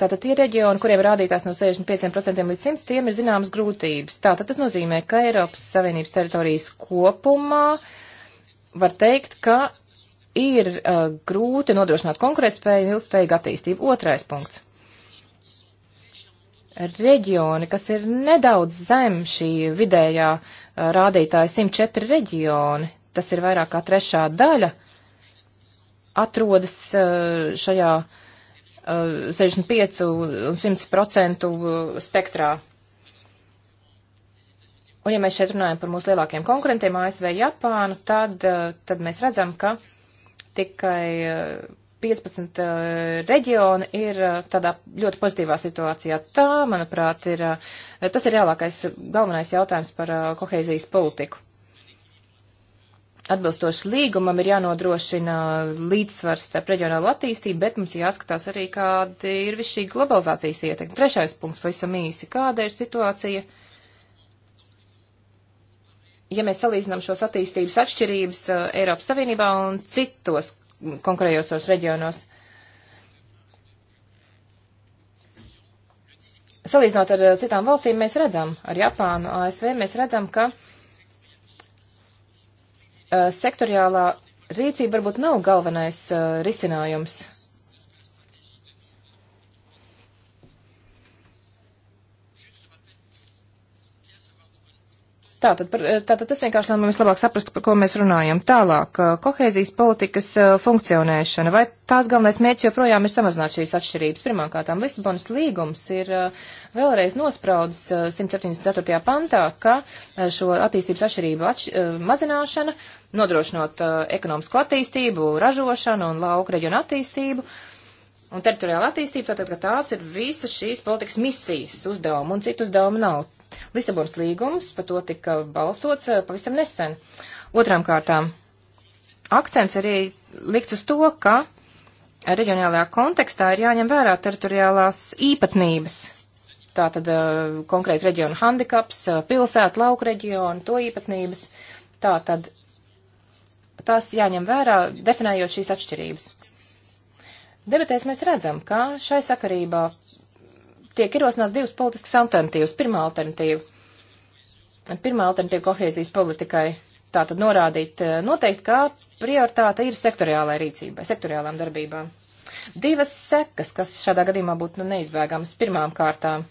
Tātad tie reģioni, kuriem rādītās no 65% līdz 100, tiem ir zināmas grūtības. Tātad tas nozīmē, ka Eiropas Savienības teritorijas kopumā var teikt, ka ir uh, grūti nodrošināt konkurētspēju un ilgspējīgu attīstību. Otrais punkts. Reģioni, kas ir nedaudz zem šī vidējā uh, rādītāja 104 reģioni, tas ir vairāk kā trešā daļa, atrodas uh, šajā uh, 65 un 100% uh, spektrā. Un ja mēs šeit runājam par mūsu lielākiem konkurentiem ASV, Japānu, tad, uh, tad mēs redzam, ka tikai 15 uh, reģioni ir tādā ļoti pozitīvā situācijā. Tā, manuprāt, ir, tas ir reālākais galvenais jautājums par koheizijas politiku atbilstoši līgumam ir jānodrošina līdzsvars starp reģionālo attīstību, bet mums jāskatās arī, kāda ir viss šī globalizācijas ietekme. Trešais punkts, pavisam īsi, kāda ir situācija? Ja mēs salīdzinām šos attīstības atšķirības uh, Eiropas Savienībā un citos konkurējošos reģionos, salīdzinot ar uh, citām valstīm, mēs redzam, ar Japānu, ASV, mēs redzam, ka uh, sektoriālā rīcība varbūt nav galvenais uh, risinājums Tātad, par, eh, tātad tas vienkārši, lai mēs labāk saprastu, par ko mēs runājam. Tālāk, eh, kohēzijas politikas eh, funkcionēšana. Vai tās galvenais mērķis joprojām ir samazināt šīs atšķirības? Pirmkārt, Lisabonas līgums ir vēlreiz nospraudis 174. pantā, ka šo attīstības atšķirību atš mazināšana, nodrošinot ekonomisko attīstību, ražošanu un lauku reģionu attīstību, un teritoriāla attīstība, tātad, ka tās ir visas šīs politikas misijas uzdevuma, un citu uzdevumu nav. Lisabons līgums, par to tika balsots eh, pavisam nesen. Otrām kārtām, akcents arī likts uz to, ka reģionālajā kontekstā ir jāņem vērā teritoriālās īpatnības. Tātad eh, konkrēti reģionu handikaps, eh, pilsētu, lauku reģionu, to īpatnības. Tātad tās jāņem vērā, definējot šīs atšķirības. Debatēs mēs redzam, ka šai sakarībā tiek ierosināts divas politiskas alternatīvas. Pirmā alternatīva. Pirmā alternatīva kohēzijas politikai tā tad norādīt eh, noteikti, kā prioritāte ir sektoriālai rīcībai, sektoriālām darbībām. Divas sekas, kas šādā gadījumā būtu nu, neizbēgamas. Pirmām kārtām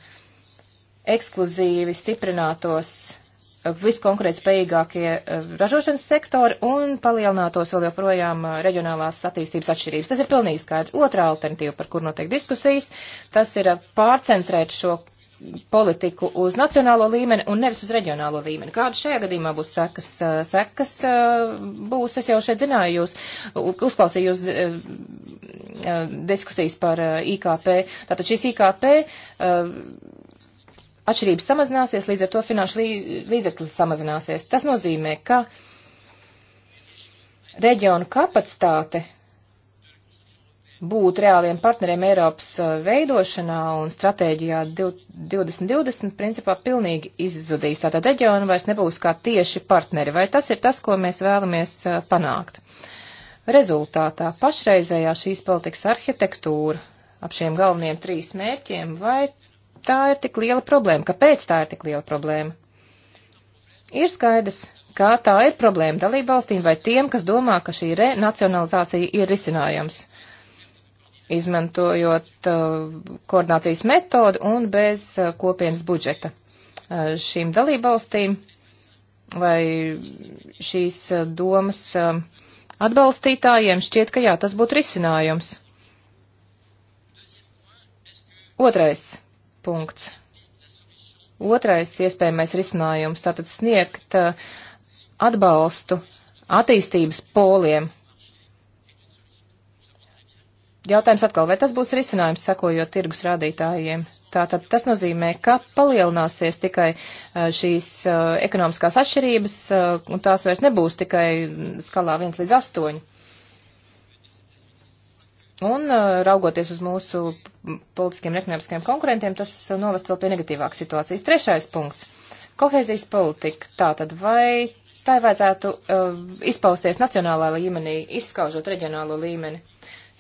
ekskluzīvi stiprinātos viskonkrēt spējīgākie eh, ražošanas sektori un palielinātos vēl joprojām eh, reģionālās attīstības atšķirības. Tas ir pilnīgi skaidrs. Otra alternatīva, par kur notiek diskusijas, tas ir eh, pārcentrēt šo politiku uz nacionālo līmeni un nevis uz reģionālo līmeni. Kāda šajā gadījumā būs sekas? Sekas būs, es jau šeit zināju, jūs uzklausīju jūs diskusijas par IKP. Tātad šīs IKP atšķirības samazināsies, līdz ar to finanšu līdzekļi samazināsies. Tas nozīmē, ka reģionu kapacitāte būt reāliem partneriem Eiropas uh, veidošanā un stratēģijā 2020 principā pilnīgi izzudīs. Tātad reģionu vairs nebūs kā tieši partneri, vai tas ir tas, ko mēs vēlamies uh, panākt. Rezultātā pašreizējā šīs politikas arhitektūra ap šiem galvenajiem trīs mērķiem vai tā ir tik liela problēma? Kāpēc tā ir tik liela problēma? Ir skaidrs, kā tā ir problēma dalībvalstīm vai tiem, kas domā, ka šī renacionalizācija ir risinājums, izmantojot uh, koordinācijas metodu un bez uh, kopienas budžeta. Uh, šīm dalībvalstīm vai šīs uh, domas uh, atbalstītājiem šķiet, ka jā, tas būtu risinājums. Otrais punkts. Otrais iespējamais risinājums - tātad sniegt uh, atbalstu attīstības poliem. Jautājums atkal, vai tas būs risinājums, sakojot tirgus rādītājiem? Tātad tas nozīmē, ka palielināsies tikai uh, šīs uh, ekonomiskās atšķirības, un tās vairs nebūs tikai skalā 1 līdz 8. Un uh, raugoties uz mūsu politiskiem un ekonomiskajiem konkurentiem, tas novest vēl pie negatīvākas situācijas. Trešais punkts - kohēzijas politika. Tātad vai tai vajadzētu uh, izpausties nacionālā līmenī, izskaužot reģionālo līmeni?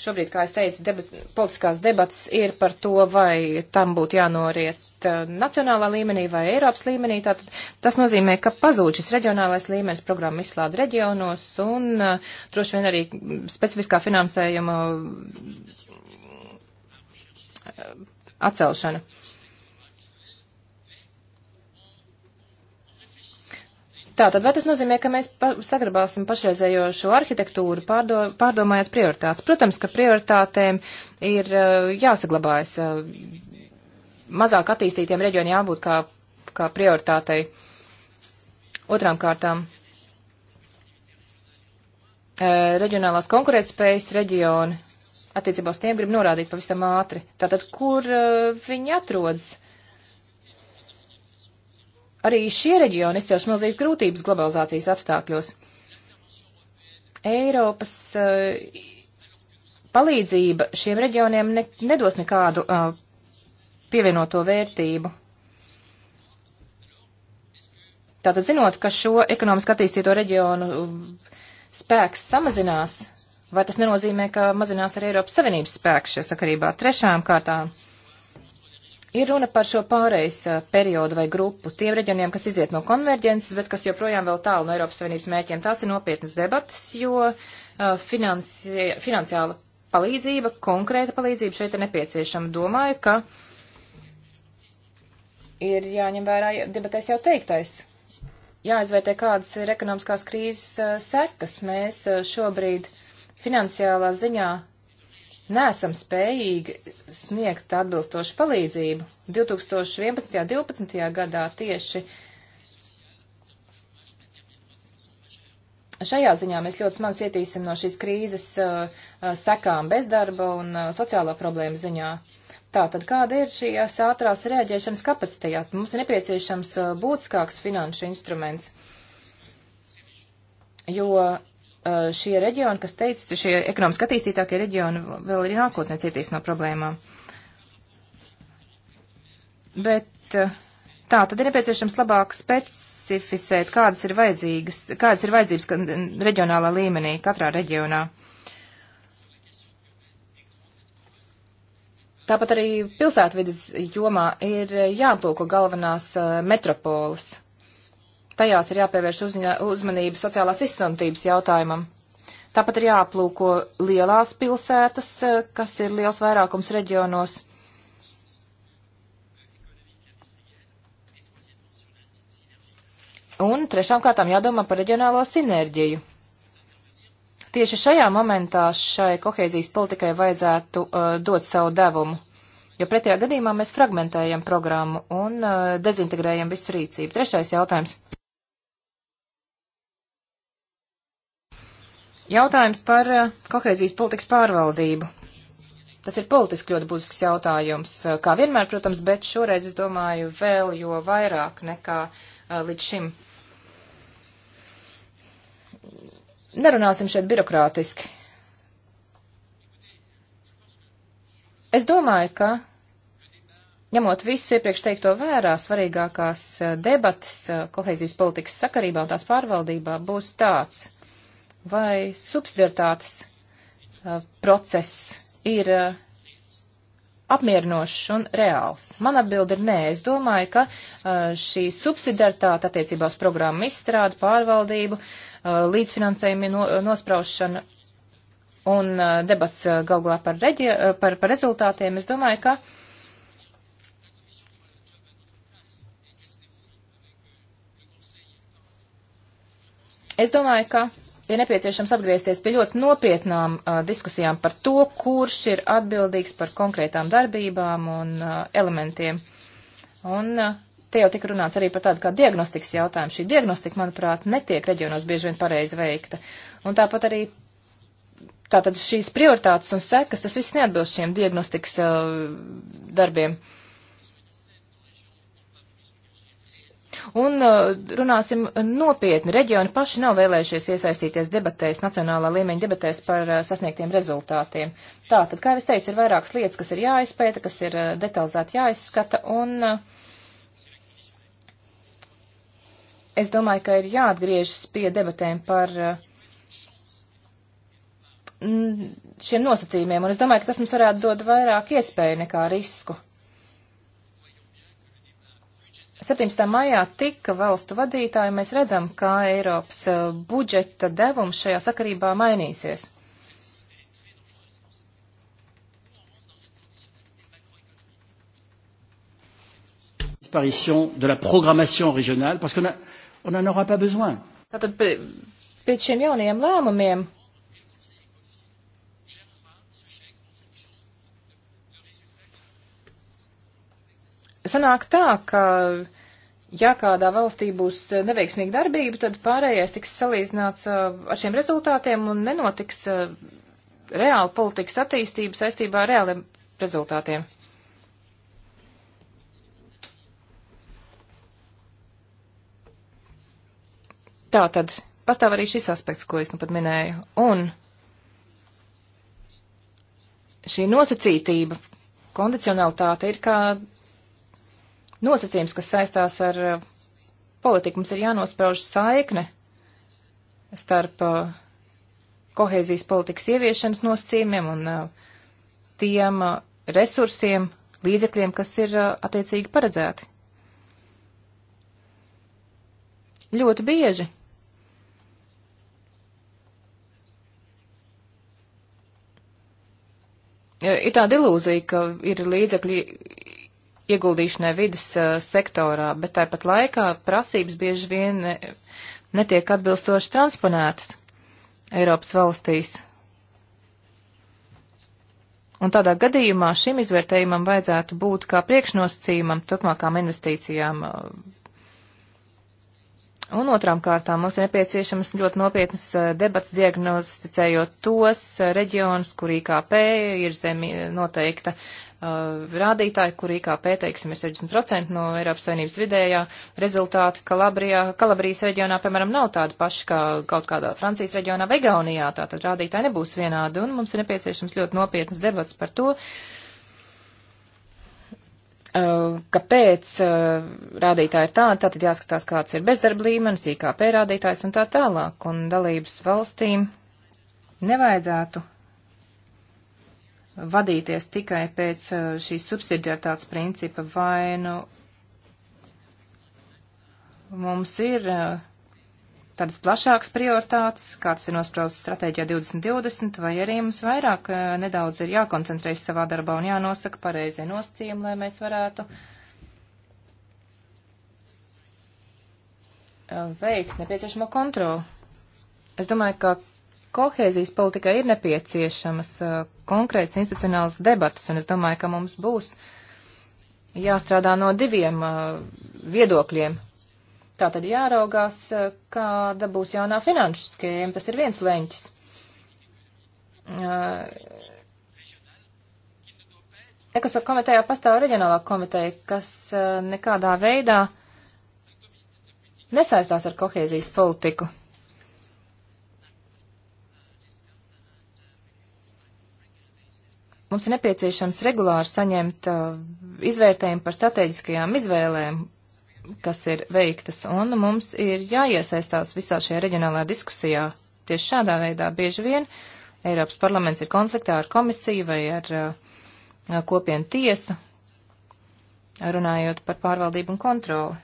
Šobrīd, kā es teicu, debat, politiskās debats ir par to, vai tam būtu jānoriet uh, nacionālā līmenī vai Eiropas līmenī. Tātad tas nozīmē, ka pazūd šis reģionālais līmenis programma izslāda reģionos un uh, droši vien arī specifiskā finansējuma uh, atcelšana. Uh, Tātad, vai tas nozīmē, ka mēs pa saglabāsim pašreizējo šo arhitektūru, pārdo pārdomājot prioritātes? Protams, ka prioritātēm ir uh, jāsaglabājas. Uh, mazāk attīstītiem reģioniem jābūt kā, kā prioritātei. Otrām kārtām, uh, reģionālās konkurētspējas reģioni attiecībā uz tiem grib norādīt pavisam ātri. Tātad, kur viņi atrodas? Arī šie reģioni izceļas milzīgas grūtības globalizācijas apstākļos. Eiropas uh, palīdzība šiem reģioniem ne, nedos nekādu uh, pievienoto vērtību. Tātad zinot, ka šo ekonomiski attīstīto reģionu eh, spēks samazinās, vai tas nenozīmē, ka mazinās arī Eiropas Savienības spēks šajā sakarībā trešām kārtām? Uh, Ir runa par šo pārejas periodu vai grupu tiem reģioniem, kas iziet no konverģences, bet kas joprojām vēl tālu no Eiropas Savienības mērķiem. Tās ir nopietnas debatas, jo finansi, finansiāla palīdzība, konkrēta palīdzība šeit ir nepieciešama. Domāju, ka ir jāņem vērā debatēs jau teiktais. Jāizvērtē, kādas ir ekonomiskās krīzes sekas. Mēs šobrīd finansiālā ziņā nesam spējīgi sniegt atbilstošu palīdzību. 2011. un 2012. gadā tieši šajā ziņā mēs ļoti smagi cietīsim no šīs krīzes uh, uh sekām bezdarba un uh, sociālo problēmu ziņā. Tātad, kāda ir šīs uh, ātrās rēģēšanas kapacitāte? Mums ir nepieciešams uh, būtiskāks finanšu instruments, jo Uh, šie reģioni, kas teica, šie ekonomiski attīstītākie reģioni vēl arī nākotnē cietīs no problēmām. Bet uh, tā, tad ir nepieciešams labāk specificēt, kādas ir vajadzīgas, kādas ir vajadzības ka, reģionālā līmenī, katrā reģionā. Tāpat arī pilsētvidas jomā ir jāplūko galvenās uh, metropolas Tajās ir jāpievērš uzņa, uzmanība sociālās izsantības jautājumam. Tāpat ir jāaplūko lielās pilsētas, e, kas ir liels vairākums reģionos. Un trešām kārtām jādomā par reģionālo sinerģiju. Tieši šajā momentā šai kohēzijas politikai vajadzētu uh, dot savu devumu, jo pretējā gadījumā mēs fragmentējam programmu un uh, dezintegrējam visu rīcību. Trešais jautājums. Jautājums par eh, kohēzijas politikas pārvaldību. Tas ir politiski ļoti būtisks jautājums, eh, kā vienmēr, protams, bet šoreiz es domāju vēl jo vairāk nekā eh, līdz šim. Nerunāsim šeit birokrātiski. Es domāju, ka ņemot visu iepriekš teikto vērā, svarīgākās debatas kohēzijas politikas sakarībā un tās pārvaldībā būs tāds vai subsidiaritātes uh, process ir uh, apmierinošs un reāls? Man atbildi ir nē. Es domāju, ka uh, šī subsidiaritāte attiecībā uz programmu izstrādu, pārvaldību, līdzfinansējumu no, nospraušanu un debats galvā par, reģi, par, par rezultātiem, es domāju, ka. Es domāju, ka ir nepieciešams atgriezties pie ļoti nopietnām uh, diskusijām par to, kurš ir atbildīgs par konkrētām darbībām un uh, elementiem. Un uh, te jau tika runāts arī par tādu kā diagnostikas jautājumu. Šī diagnostika, manuprāt, netiek reģionos bieži vien pareizi veikta. Un tāpat arī tātad šīs prioritātes un sekas, tas viss neatbilst šiem diagnostikas uh, darbiem. Uh, Un uh, runāsim nopietni. Reģioni paši nav vēlējušies iesaistīties debatēs, nacionālā līmeņa debatēs par uh, sasniegtiem rezultātiem. Tā, tad, kā jau es teicu, ir vairākas lietas, kas ir jāizpēta, kas ir uh, detalizēti jāizskata, un es domāju, ka ir jāatgriežas pie debatēm par šiem nosacījumiem, un es domāju, ka tas mums varētu dot vairāk iespēju nekā risku. 17. maijā tika valstu vadītāji, mēs redzam, kā Eiropas uh, budžeta devums šajā sakarībā mainīsies. disparition de la programmation régionale, parce qu'on n'en aura pas besoin. Tātad pēc šiem jaunajiem lēmumiem sanāk tā, ka ja kādā valstī būs eh, neveiksmīga darbība, tad pārējais tiks salīdzināts eh, ar šiem rezultātiem un nenotiks eh, reāla politikas attīstība saistībā ar reāliem rezultātiem. Tā tad pastāv arī šis aspekts, ko es nu pat minēju. Un šī nosacītība, kondicionalitāte ir kā nosacījums, kas saistās ar uh, politiku. Mums ir jānosprauž saikne starp uh, kohēzijas politikas ieviešanas nosacījumiem un uh, tiem resursiem, līdzekļiem, kas ir attiecīgi paredzēti. Ļoti bieži. Ir tāda ilūzija, ka ir līdzekļi ieguldīšanai vidas eh, sektorā, bet tāpat laikā prasības bieži vien eh, netiek atbilstoši transponētas Eiropas valstīs. Un tādā gadījumā šim izvērtējumam vajadzētu būt kā priekšnosacījumam turpmākām investīcijām. Eh. Un otrām kārtām mums ir nepieciešams ļoti nopietnas debats diagnosticējot tos reģionus, kur IKP ir zemi noteikta uh, rādītāji, kur IKP, teiksim, ir 60% no Eiropas Savienības vidējā rezultāta. Kalabrijā, Kalabrijas reģionā, piemēram, nav tāda paša kā kaut kādā Francijas reģionā vai Gaunijā, tātad rādītāji nebūs vienādi, un mums ir nepieciešams ļoti nopietnas debats par to, uh, kāpēc uh, rādītāji ir tādi, tātad jāskatās, kāds ir bezdarba līmenis, IKP rādītājs un tā tālāk, un dalības valstīm nevajadzētu vadīties tikai pēc uh, šīs subsidiaritātes principa, vai nu mums ir uh, tādas plašākas prioritātes, kāds ir nospraustas stratēģijā 2020, vai arī mums vairāk uh, nedaudz ir jākoncentrējas savā darbā un jānosaka pareizie nosacījumi, lai mēs varētu veikt nepieciešamo kontroli. Es domāju, ka kohēzijas politikai ir nepieciešamas uh, konkrēts institucionāls debatas, un es domāju, ka mums būs jāstrādā no diviem uh, viedokļiem. Tātad jāraugās, uh, kāda būs jaunā finanšu skēma, tas ir viens leņķis. Uh, Ekosok komitejā pastāv reģionālā komiteja, kas uh, nekādā veidā nesaistās ar kohēzijas politiku. Mums ir nepieciešams regulāri saņemt uh, izvērtējumu par strateģiskajām izvēlēm, kas ir veiktas, un mums ir jāiesaistās visā šajā reģionālā diskusijā. Tieši šādā veidā bieži vien Eiropas parlaments ir konfliktā ar komisiju vai ar uh, kopienu tiesu, runājot par pārvaldību un kontroli.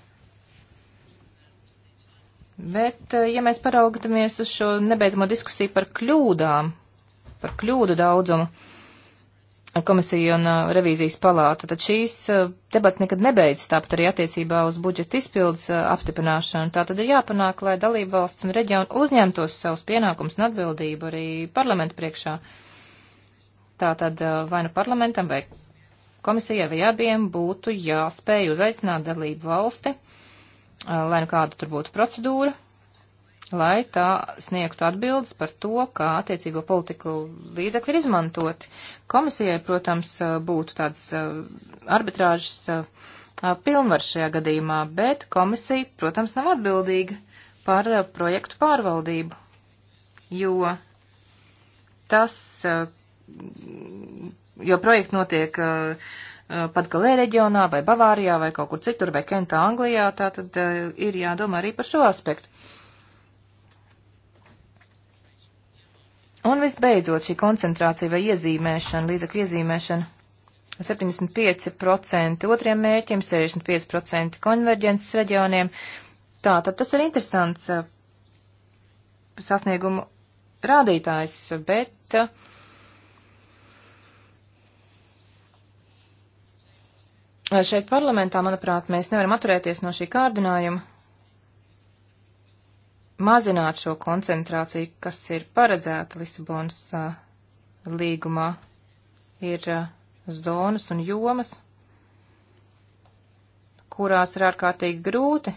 Bet, uh, ja mēs paraugamies uz šo nebeidzamo diskusiju par kļūdām, par kļūdu daudzumu, komisija un uh, revīzijas palāta, tad šīs uh, debats nekad nebeidz, tāpat arī attiecībā uz budžeta izpildes uh, apstiprināšanu. Tā tad ir jāpanāk, lai dalība valsts un reģionu uzņemtos savus pienākumus un atbildību arī parlamentu priekšā. Tā tad uh, vai nu parlamentam vai komisijai vai abiem būtu jāspēj uzaicināt dalību valsti, uh, lai nu kāda tur būtu procedūra, lai tā sniegtu atbildes par to, kā attiecīgo politiku līdzekļi ir izmantoti. Komisijai, protams, eh, būtu tāds eh, arbitrāžas eh, pilnvar šajā gadījumā, bet komisija, protams, nav atbildīga par projektu pārvaldību, jo tas, jo projekti notiek pat galē reģionā vai Bavārijā vai kaut kur citur vai Kentā, Anglijā, tā tad ir jādomā arī par šo aspektu. Un visbeidzot šī koncentrācija vai iezīmēšana, līdzekļu iezīmēšana 75% otriem mērķiem, 65% konverģences reģioniem. Tā, tad tas ir interesants uh, sasniegumu rādītājs, bet uh, šeit parlamentā, manuprāt, mēs nevaram atturēties no šī kārdinājuma mazināt šo koncentrāciju, kas ir paredzēta Lisabonas uh, līgumā, ir uh, zonas un jomas, kurās ir ārkārtīgi grūti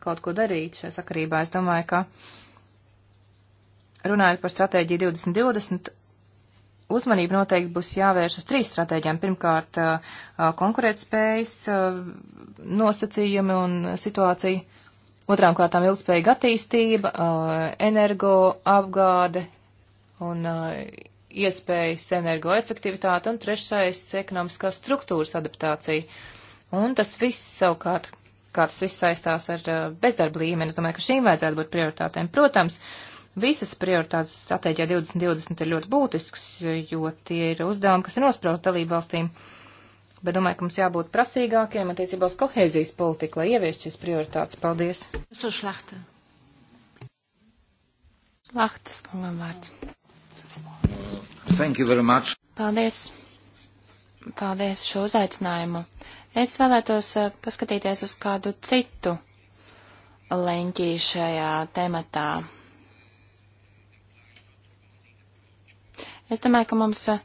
kaut ko darīt šajā sakarībā. Es domāju, ka runājot par stratēģiju 2020, uzmanība noteikti būs jāvērš uz trīs stratēģijām. Pirmkārt, konkurētspējas nosacījumi un situācija. Otrām kārtām ilgspējīga attīstība, energo apgāde un iespējas energoefektivitāte un trešais ekonomiskā struktūras adaptācija. Un tas viss savukārt, kā tas viss saistās ar bezdarba līmeni, es domāju, ka šīm vajadzētu būt prioritātēm. Protams, visas prioritātes stratēģijā 2020 ir ļoti būtisks, jo tie ir uzdevumi, kas ir nospraust dalību valstīm. Uh, Bet domāju, ka mums jābūt prasīgākiem attiecībā uz kohēzijas politiku, lai ieviest šīs prioritātes. Paldies! Šlachta. Šlachtas kungam vārds. Thank you very much. Paldies. Paldies šo uzaicinājumu. Es vēlētos eh, paskatīties uz kādu citu leņķī šajā tematā. Es domāju, ka mums eh,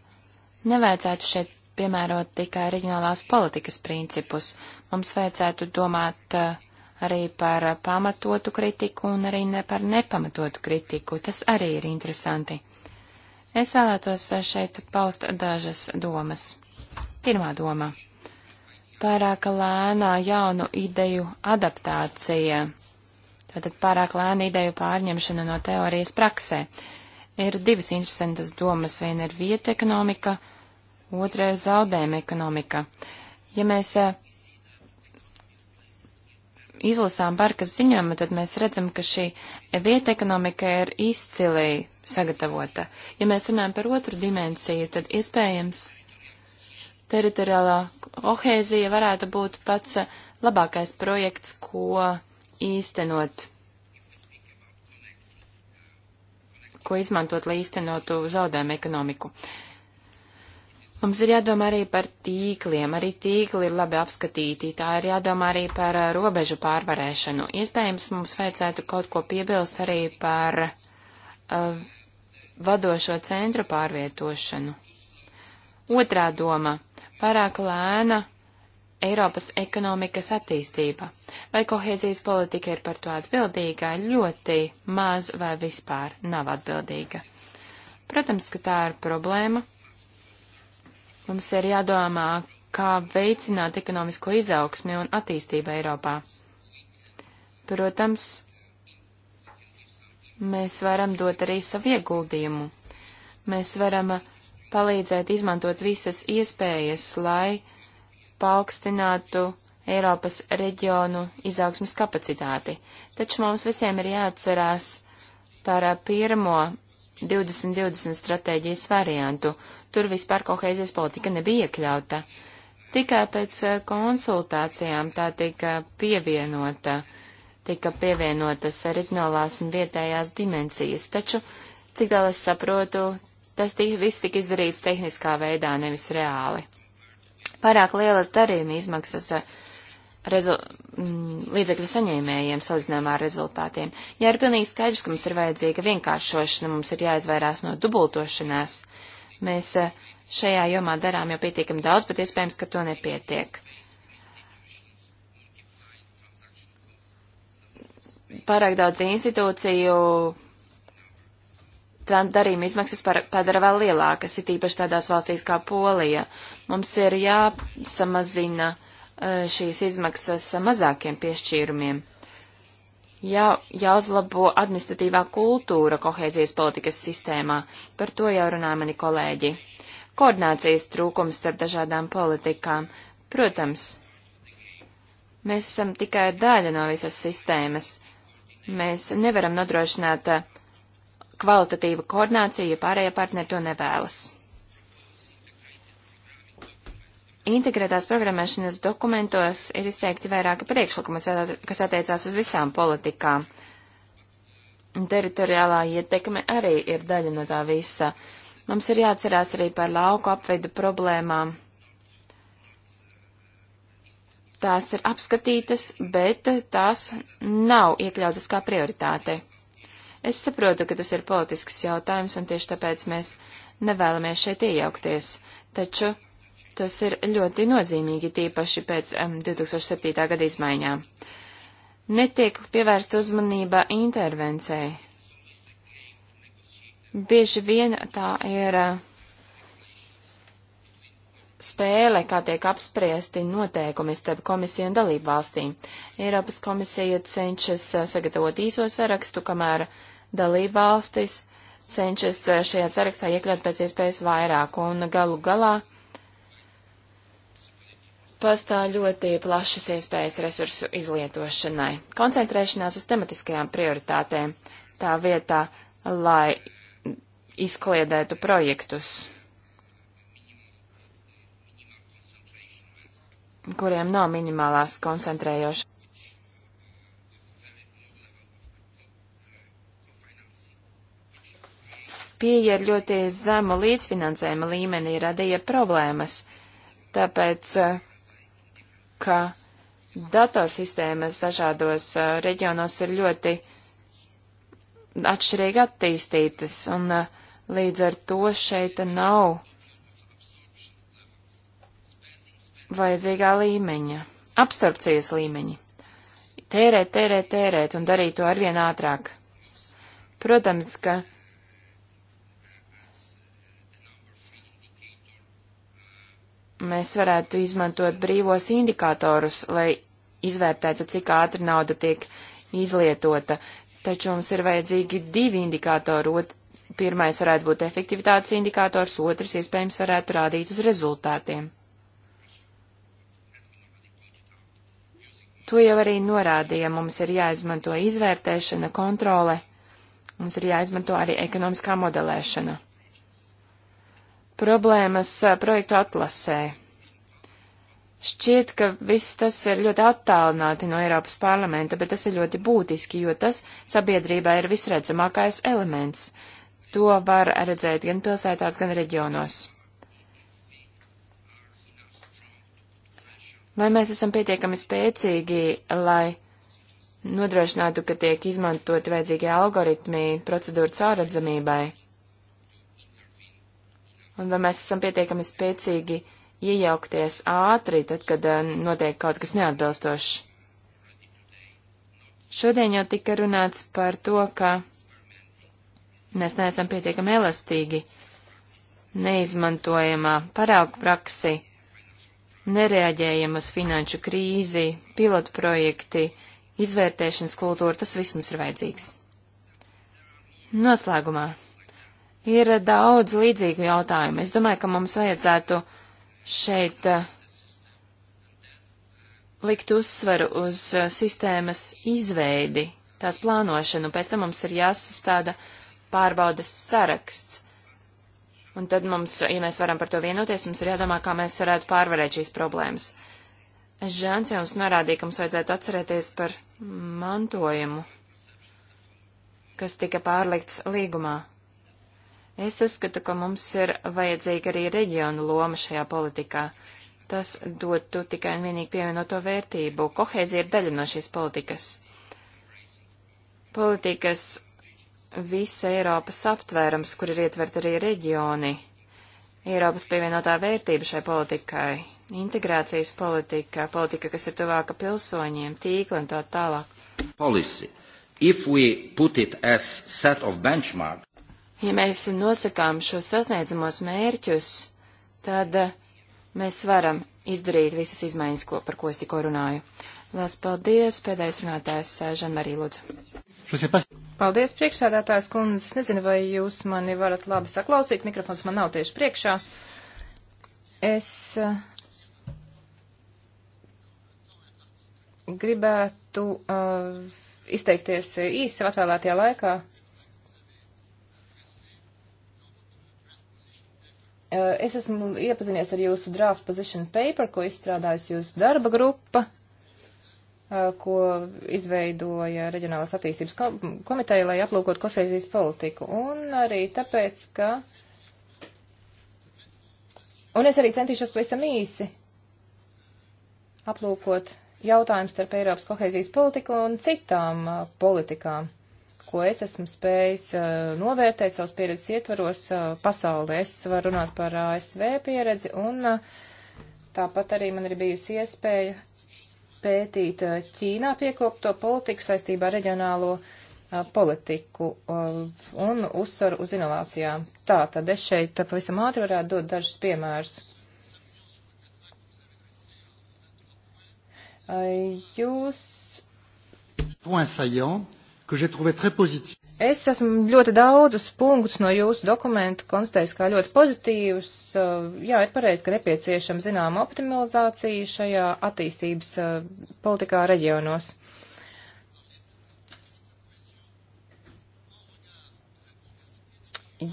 nevajadzētu šeit piemērot tikai reģionālās politikas principus. Mums vajadzētu domāt eh, arī par pamatotu kritiku un arī ne par nepamatotu kritiku. Tas arī ir interesanti. Es vēlētos eh, šeit paust dažas domas. Pirmā doma - pārāk lēnā jaunu ideju adaptācija. Tātad pārāk lēna ideju pārņemšana no teorijas praksē. Ir divas interesantas domas - viena ir vietu ekonomika, otra ir zaudējuma ekonomika. Ja mēs eh, izlasām barkas ziņojumu, tad mēs redzam, ka šī vieta ekonomika ir izcilī sagatavota. Ja mēs runājam par otru dimensiju, tad iespējams teritoriālā kohēzija varētu būt pats eh, labākais projekts, ko īstenot, ko izmantot, lai īstenotu zaudējumu ekonomiku. Uh, Mums ir jādomā arī par tīkliem, arī tīkli ir labi apskatīti, tā ir jādomā arī par uh, robežu pārvarēšanu. Iespējams, mums vajadzētu kaut ko piebilst arī par uh, vadošo centru pārvietošanu. Otrā doma - pārāk lēna Eiropas ekonomikas attīstība. Vai kohēzijas politika ir par to atbildīga? Ļoti maz vai vispār nav atbildīga. Protams, ka tā ir problēma Mums ir jādomā, kā veicināt ekonomisko izaugsmi un attīstību Eiropā. Protams, mēs varam dot arī savu ieguldījumu. Mēs varam palīdzēt izmantot visas iespējas, lai paaugstinātu Eiropas reģionu izaugsmas kapacitāti. Taču mums visiem ir jāatcerās par pirmo 2020 stratēģijas variantu, Tur vispār kohēzijas politika nebija iekļauta. Tikai pēc eh, konsultācijām tā tika pievienota, tika pievienotas reģionālās un vietējās dimensijas, taču, cik tālu es saprotu, tas tika, viss tika izdarīts tehniskā veidā, nevis reāli. Pārāk lielas darījuma izmaksas eh, rezu, m, mm, līdzekļu saņēmējiem salīdzinājumā ar rezultātiem. Ja ir pilnīgi skaidrs, ka mums ir vajadzīga vienkāršošana, mums ir jāizvairās no dubultošanās, Mēs eh, šajā jomā darām jau pietiekami daudz, bet iespējams, ka to nepietiek. Pārāk daudz institūciju darījuma izmaksas padara vēl lielākas, it īpaši tādās valstīs kā Polija. Mums ir jāsamazina eh, šīs izmaksas mazākiem piešķīrumiem. Jā, jāuzlabo administratīvā kultūra kohēzijas politikas sistēmā. Par to jau runāja mani kolēģi. Koordinācijas trūkums starp dažādām politikām. Protams, mēs esam tikai daļa no visas sistēmas. Mēs nevaram nodrošināt uh, kvalitatīvu koordināciju, ja pārējie partneri to nevēlas integrētās programmēšanas dokumentos ir izteikti vairāki priekšlikumi, kas attiecās uz visām politikām. Teritoriālā ietekme arī ir daļa no tā visa. Mums ir jāatcerās arī par lauku apveidu problēmām. Tās ir apskatītas, bet tās nav iekļautas kā prioritāte. Es saprotu, ka tas ir politisks jautājums, un tieši tāpēc mēs nevēlamies šeit iejaukties, taču Tas ir ļoti nozīmīgi, tīpaši pēc 2007. gada izmaiņām. Netiek pievērsta uzmanība intervencei. Bieži vien tā ir eh, spēle, kā tiek apspriesti noteikumi starp komisiju un dalību valstīm. Eiropas komisija cenšas eh, sagatavot īso sarakstu, kamēr dalību valstis cenšas eh, šajā sarakstā iekļaut pēc iespējas vairāk, un galu galā pastāv ļoti plašas iespējas resursu izlietošanai, koncentrēšanās uz tematiskajām prioritātēm, tā vietā, lai izkliedētu projektus, kuriem nav minimālās koncentrējošas. Pieeja ar ļoti zemu līdzfinansējuma līmeni radīja problēmas, tāpēc uh, ka datorsistēmas dažādos uh, reģionos ir ļoti atšķirīgi attīstītas, un uh, līdz ar to šeit nav vajadzīgā līmeņa, absorpcijas līmeņa. Tērēt, tērēt, tērēt un darīt to arvien ātrāk. Protams, ka mēs varētu izmantot brīvos indikatorus, lai izvērtētu, cik ātri nauda tiek izlietota. Taču mums ir vajadzīgi divi indikatori. Ot, pirmais varētu būt efektivitātes indikators, otrs iespējams varētu rādīt uz rezultātiem. To jau arī norādīja, mums ir jāizmanto izvērtēšana, kontrole, mums ir jāizmanto arī ekonomiskā modelēšana problēmas eh, projektu atlasē. Šķiet, ka viss tas ir ļoti attālināti no Eiropas parlamenta, bet tas ir ļoti būtiski, jo tas sabiedrībā ir visredzamākais elements. To var redzēt gan pilsētās, gan reģionos. Vai mēs esam pietiekami spēcīgi, lai nodrošinātu, ka tiek izmantoti vajadzīgie algoritmi procedūru caurredzamībai? un vai mēs esam pietiekami spēcīgi iejaukties ātri, tad, kad eh, notiek kaut kas neatbilstošs. Šodien jau tika runāts par to, ka mēs neesam pietiekami elastīgi, neizmantojamā paraugu praksi, nereaģējam uz finanšu krīzi, pilotu projekti, izvērtēšanas kultūra, tas viss mums ir vajadzīgs. Noslēgumā Ir daudz līdzīgu jautājumu. Es domāju, ka mums vajadzētu šeit eh, likt uzsvaru uz eh, sistēmas izveidi, tās plānošanu, pēc tam mums ir jāsastāda pārbaudas saraksts. Un tad mums, ja mēs varam par to vienoties, mums ir jādomā, kā mēs varētu pārvarēt šīs problēmas. Žēns jau mums norādīja, ka mums vajadzētu atcerēties par mantojumu, kas tika pārlikts līgumā. Es uzskatu, ka mums ir vajadzīga arī reģionu loma šajā politikā. Tas dotu tikai un vienīgi pievienoto vērtību. Kohēzija ir daļa no šīs politikas. Politikas visa Eiropas aptvērums, kur ir ietvert arī reģioni. Eiropas pievienotā vērtība šai politikai, integrācijas politika, politika, kas ir tuvāka pilsoņiem, tīkli un tā tālāk. Policy. If we put it as set of benchmarks, Ja mēs nosakām šos sasniedzamos mērķus, tad eh, mēs varam izdarīt visas izmaiņas, ko, par ko es tikko runāju. Lielas paldies, pēdējais runātājs Žanmarī eh, Lūdzu. Paldies, priekšsādātājs kundze. Es nezinu, vai jūs mani varat labi saklausīt. Mikrofons man nav tieši priekšā. Es eh, gribētu uh, izteikties īsi atvēlētajā laikā. Eh, es esmu iepazinies ar jūsu draft position paper, ko izstrādājusi jūsu darba grupa, eh, ko izveidoja Reģionālās attīstības komiteja, lai aplūkot kosēzijas politiku. Un arī tāpēc, ka. Un es arī centīšos pavisam īsi aplūkot jautājumu starp Eiropas kohēzijas politiku un citām eh, politikām ko es esmu spējis uh, novērtēt savas pieredzes ietvaros uh, pasaulē. Es varu runāt par ASV pieredzi un uh, tāpat arī man ir bijusi iespēja pētīt uh, Ķīnā piekopto politiku saistībā ar reģionālo uh, politiku uh, un uzsvaru uz inovācijām. Tā tad es šeit pavisam ātri varētu dot dažus piemērus. Jūs. Point saillant Es esmu ļoti daudzus punktus no jūsu dokumentu konstatējis kā ļoti pozitīvus. Uh, jā, ir pareizi, ka nepieciešama zināma optimalizācija šajā attīstības uh, politikā reģionos.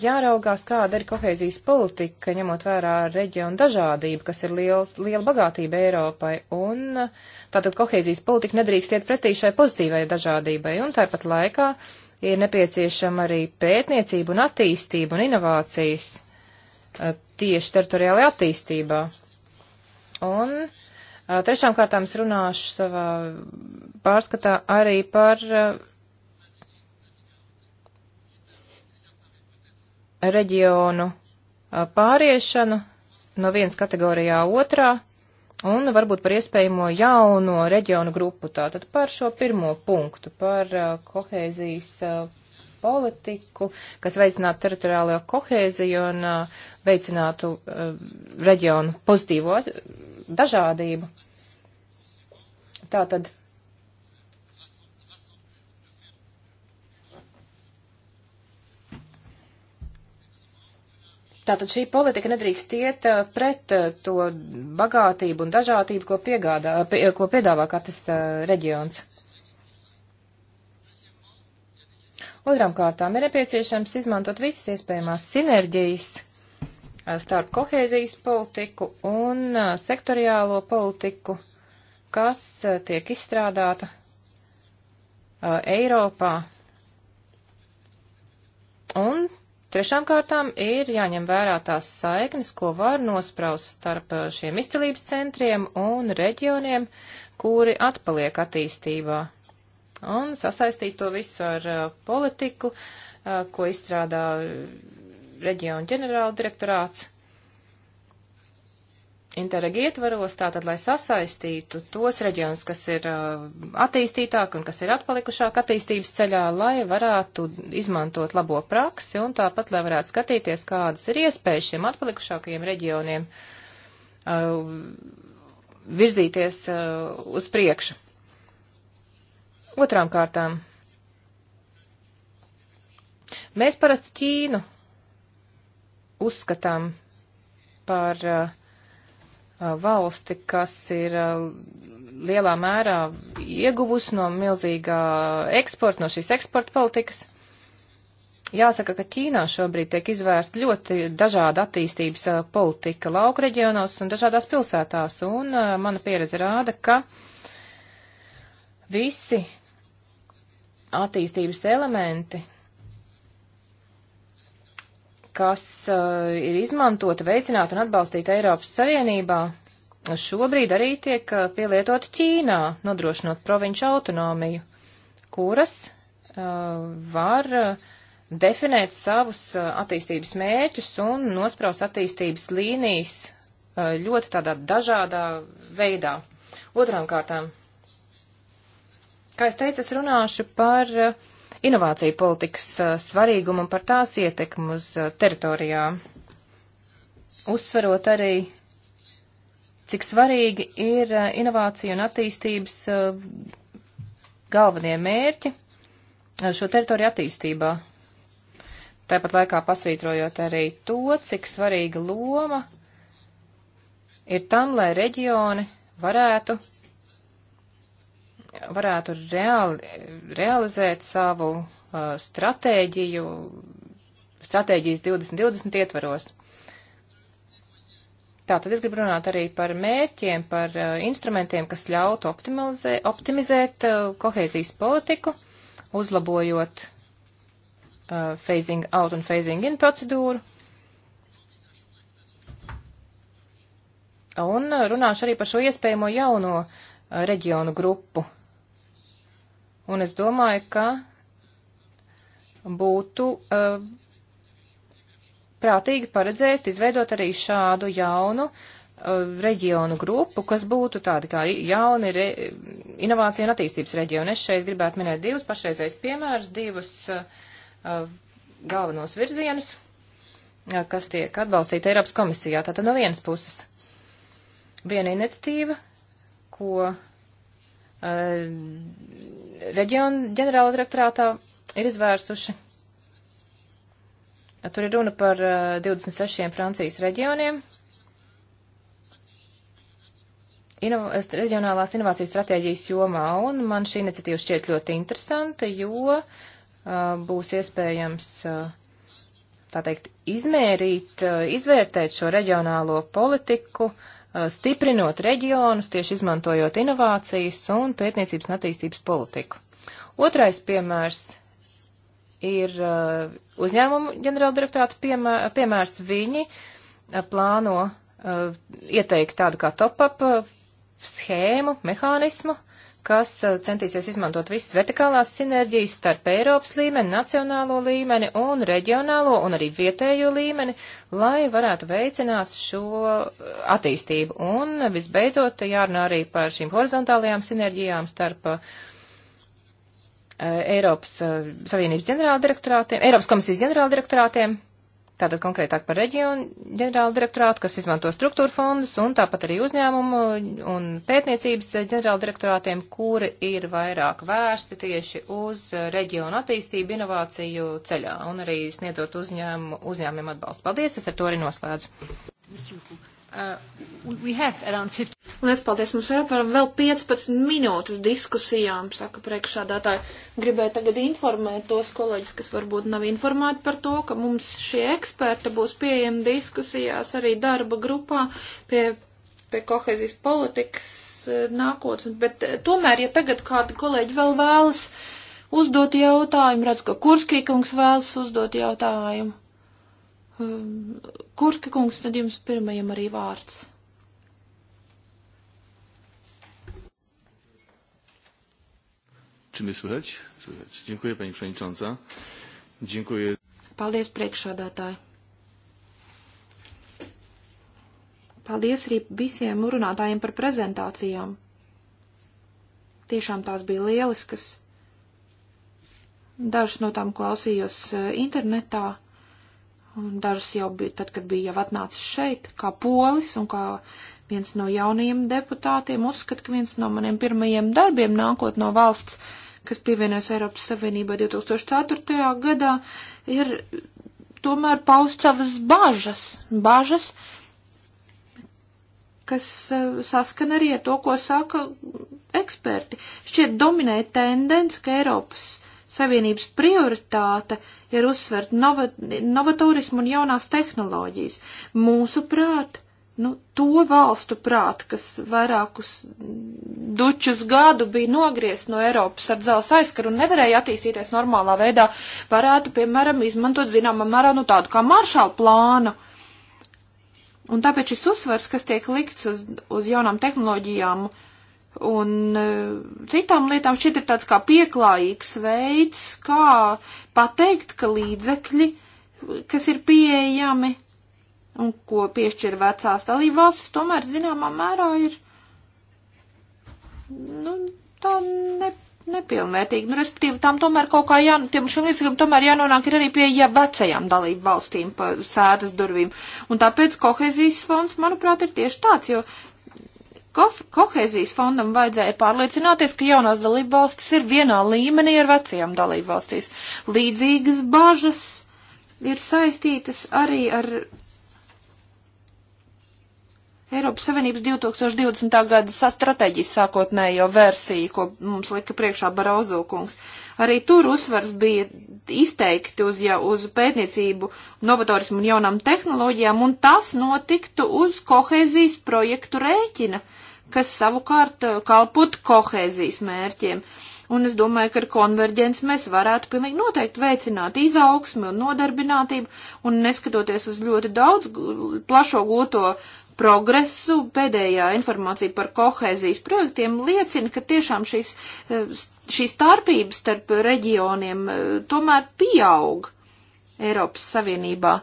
Jāraugās, kāda ir kohēzijas politika, ņemot vērā reģionu dažādību, kas ir liels, liela bagātība Eiropai, un uh, Tātad kohēzijas politika nedrīkst iet pretī šai pozitīvai dažādībai, un tāpat laikā ir nepieciešama arī pētniecība un attīstība un inovācijas tieši teritoriālajā attīstībā. Un trešām kārtām es runāšu savā pārskatā arī par reģionu pāriešanu no vienas kategorijā otrā un varbūt par iespējamo jauno reģionu grupu. Tātad par šo pirmo punktu, par uh, kohēzijas uh, politiku, kas veicinātu teritoriālo kohēziju un uh, veicinātu uh, reģionu pozitīvo uh, dažādību. Tātad Tātad šī politika nedrīkst iet uh, pret uh, to bagātību un dažādību, ko, piegādā, pie, ko piedāvā katrs uh, reģions. Otrām kārtām ir nepieciešams izmantot visas iespējamās sinerģijas starp kohēzijas politiku un sektoriālo politiku, kas tiek izstrādāta Eiropā. Un Trešām kārtām ir jāņem vērā tās saiknes, ko var nospraust starp uh, šiem izcilības centriem un reģioniem, kuri atpaliek attīstībā, un sasaistīt to visu ar uh, politiku, uh, ko izstrādā uh, reģionu ģenerāla direktorāts Interreg ietvaros, tātad, lai sasaistītu tos reģionus, kas ir uh, attīstītāki un kas ir atpalikušāk attīstības ceļā, lai varētu izmantot labo praksi un tāpat, lai varētu skatīties, kādas ir iespējas šiem atpalikušākajiem reģioniem uh, virzīties uh, uz priekšu. Otrām kārtām. Mēs parasti Ķīnu uzskatām par uh, valsti, kas ir lielā mērā ieguvusi no milzīgā eksporta, no šīs eksporta politikas. Jāsaka, ka Ķīnā šobrīd tiek izvērsta ļoti dažāda attīstības politika lauka reģionos un dažādās pilsētās, un mana pieredze rāda, ka visi attīstības elementi kas uh, ir izmantota, veicināta un atbalstīta Eiropas Savienībā, šobrīd arī tiek uh, eh, pielietota Ķīnā, nodrošinot provinču autonomiju, kuras uh, var uh, definēt savus uh, attīstības mērķus un nospraust attīstības līnijas uh, ļoti tādā dažādā veidā. Otrām kārtām, kā es teicu, es runāšu par uh, inovāciju politikas svarīgumu un par tās ietekmu uz teritorijām, uzsverot arī, cik svarīgi ir inovācija un attīstības galvenie mērķi šo teritoriju attīstībā. Tāpat laikā pasvītrojot arī to, cik svarīga loma ir tam, lai reģioni varētu varētu reali, realizēt savu uh, stratēģiju, stratēģijas 2020 ietvaros. Tātad es gribu runāt arī par mērķiem, par uh, instrumentiem, kas ļautu optimizē, optimizēt uh, kohēzijas politiku, uzlabojot uh, phasing out un phasing in procedūru. Un uh, runāšu arī par šo iespējamo jauno uh, reģionu grupu Un es domāju, ka būtu uh, prātīgi paredzēt, izveidot arī šādu jaunu uh, reģionu grupu, kas būtu tādi kā jauni re, inovācija un attīstības reģioni. Es šeit gribētu minēt divus pašreizējus piemērus, divus uh, galvenos virzienus, kas tiek atbalstīti Eiropas komisijā. Tātad no vienas puses viena iniciatīva, ko reģionu ģenerāla direktorātā ir izvērsuši. Tur ir runa par 26 uh, Francijas reģioniem. Inov reģionālās inovācijas stratēģijas jomā, un man šī iniciatīva šķiet ļoti interesanta, jo uh, būs iespējams, uh, tā teikt, izmērīt, uh, izvērtēt šo reģionālo politiku uh, Uh, stiprinot reģionus, tieši izmantojot inovācijas un pētniecības un attīstības politiku. Otrais piemērs ir uh, uzņēmumu ģenerāldirektorāta piemē, piemērs. Viņi uh, plāno ieteikt tādu kā top-up schēmu, mehānismu, uh, kas e, centīsies izmantot visas vertikālās sinerģijas starp Eiropas līmeni, nacionālo līmeni un reģionālo un arī vietējo līmeni, lai varētu veicināt šo e, attīstību. Un visbeidzot, jārunā arī par šīm horizontālajām sinerģijām starp uh, Eiropas uh, Savienības ģenerāldirektorātiem, Eiropas komisijas ģenerāldirektorātiem, tātad konkrētāk par reģionu ģenerāla direktorātu, kas izmanto struktūra fondus, un tāpat arī uzņēmumu un pētniecības ģenerāla direktorātiem, kuri ir vairāk vērsti tieši uz reģionu attīstību, inovāciju ceļā, un arī sniedzot uzņēmumu, uzņēmumiem atbalstu. Paldies, es ar to arī noslēdzu. Uh, Lielas paldies! Mums ir apmēram vēl 15 minūtes diskusijām, saka priekšādātāji. Gribēju tagad informēt tos kolēģis, kas varbūt nav informēti par to, ka mums šie eksperti būs pieejami diskusijās arī darba grupā pie, pie kohezijas politikas eh, nākotnes. Bet eh, tomēr, ja tagad kādi kolēģi vēl vēlas uzdot jautājumu, redz, ka Kurskīkungs vēlas uzdot jautājumu. Um, Kurska kungs, tad jums pirmajam arī vārds. Czy mnie słychać? Słychać. Dziękuję Pani Przewodnicząca. Dziękuję. Paldies priekšādātāji. Paldies arī visiem runātājiem par prezentācijām. Tiešām tās bija lieliskas. Dažas no tām klausījos eh, internetā un dažus jau bija, tad, kad bija jau atnācis šeit, kā polis un kā viens no jaunajiem deputātiem, uzskata, ka viens no maniem pirmajiem darbiem nākot no valsts, kas pievienojas Eiropas Savienībā 2004. gadā, ir tomēr paust savas bažas, bažas, kas eh, saskan arī ar to, ko saka eksperti. Šķiet dominē tendence, ka Eiropas Savienības prioritāte ir uzsvert nova, novatorismu un jaunās tehnoloģijas. Mūsu prāt, nu, to valstu prāt, kas vairākus dučus gadu bija nogriezt no Eiropas ar dzels aizskaru un nevarēja attīstīties normālā veidā, varētu, piemēram, izmantot zināmā mērā, nu, tādu kā maršālu plānu. Un tāpēc šis uzsvers, kas tiek likts uz, uz jaunām tehnoloģijām, uh, un e, citām lietām šķiet ir tāds kā pieklājīgs veids, kā pateikt, ka līdzekļi, kas ir pieejami un ko piešķir vecās dalībvalstis, tomēr zināmā mērā ir, nu, tā ne, nepilnvērtīgi. Nu, respektīvi, tām tomēr kaut kā jā, tiem šiem līdzekļiem tomēr jānonāk ir arī pie ja vecajām dalību valstīm pa sētas durvīm. Un tāpēc kohezijas fonds, manuprāt, ir tieši tāds, jo Ko, kohezijas fondam vajadzēja pārliecināties, ka jaunās dalībvalstis ir vienā līmenī ar vecajām dalībvalstīs. Līdzīgas bažas ir saistītas arī ar Eiropas Savienības 2020. gada stratēģijas sākotnējo versiju, ko mums lika priekšā Barozo kungs. Arī tur uzsvars bija izteikti uz, ja, uz pētniecību, novatorismu un jaunām tehnoloģijām, un tas notiktu uz kohēzijas projektu rēķina, kas savukārt eh, kalpot kohēzijas mērķiem. Un es domāju, ka ar konverģenci mēs varētu pilnīgi noteikti veicināt izaugsmi un nodarbinātību, un neskatoties uz ļoti daudz plašo gūto progresu, pēdējā informācija par kohēzijas projektiem liecina, ka tiešām šīs eh, šī starpība starp reģioniem e, tomēr pieaug Eiropas Savienībā.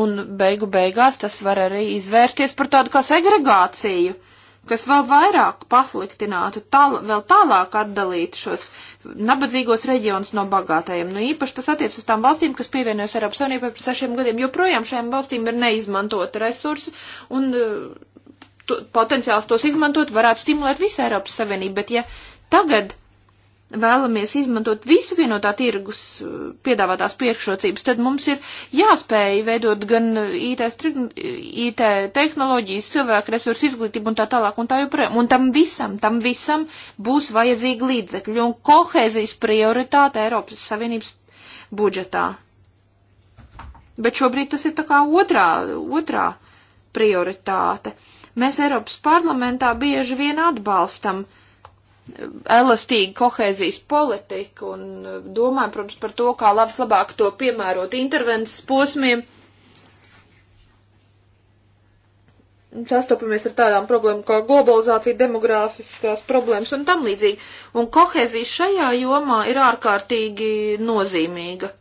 Un beigu beigās tas var arī izvērties par tādu kā segregāciju, kas vēl vairāk pasliktinātu, tāl, vēl tālāk atdalītu šos nabadzīgos reģionus no bagātajiem. Nu, īpaši tas attiec uz tām valstīm, kas pievienojas Eiropas Savienībai pēc sešiem gadiem, jo projām šajām valstīm ir neizmantota resursi un e, to, potenciāls tos izmantot varētu stimulēt visu Eiropas Savienību, bet ja tagad vēlamies izmantot visu vienotā tirgus eh, piedāvātās priekšrocības, tad mums ir jāspēj veidot gan eh, IT, IT tehnoloģijas, cilvēku resursu izglītību un tā tālāk un tā joprojām. Un tam visam, tam visam būs vajadzīgi līdzekļi un kohēzijas prioritāte Eiropas Savienības budžetā. Bet šobrīd tas ir tā kā otrā, otrā prioritāte. Mēs Eiropas parlamentā bieži vien atbalstam uh, elastīgu kohēzijas politiku un e, domājam, protams, par to, kā labs labāk to piemērot intervences posmiem. Sastopamies ar tādām problēmām kā globalizācija, demogrāfiskās problēmas un tam līdzīgi. Un kohēzija šajā jomā ir ārkārtīgi nozīmīga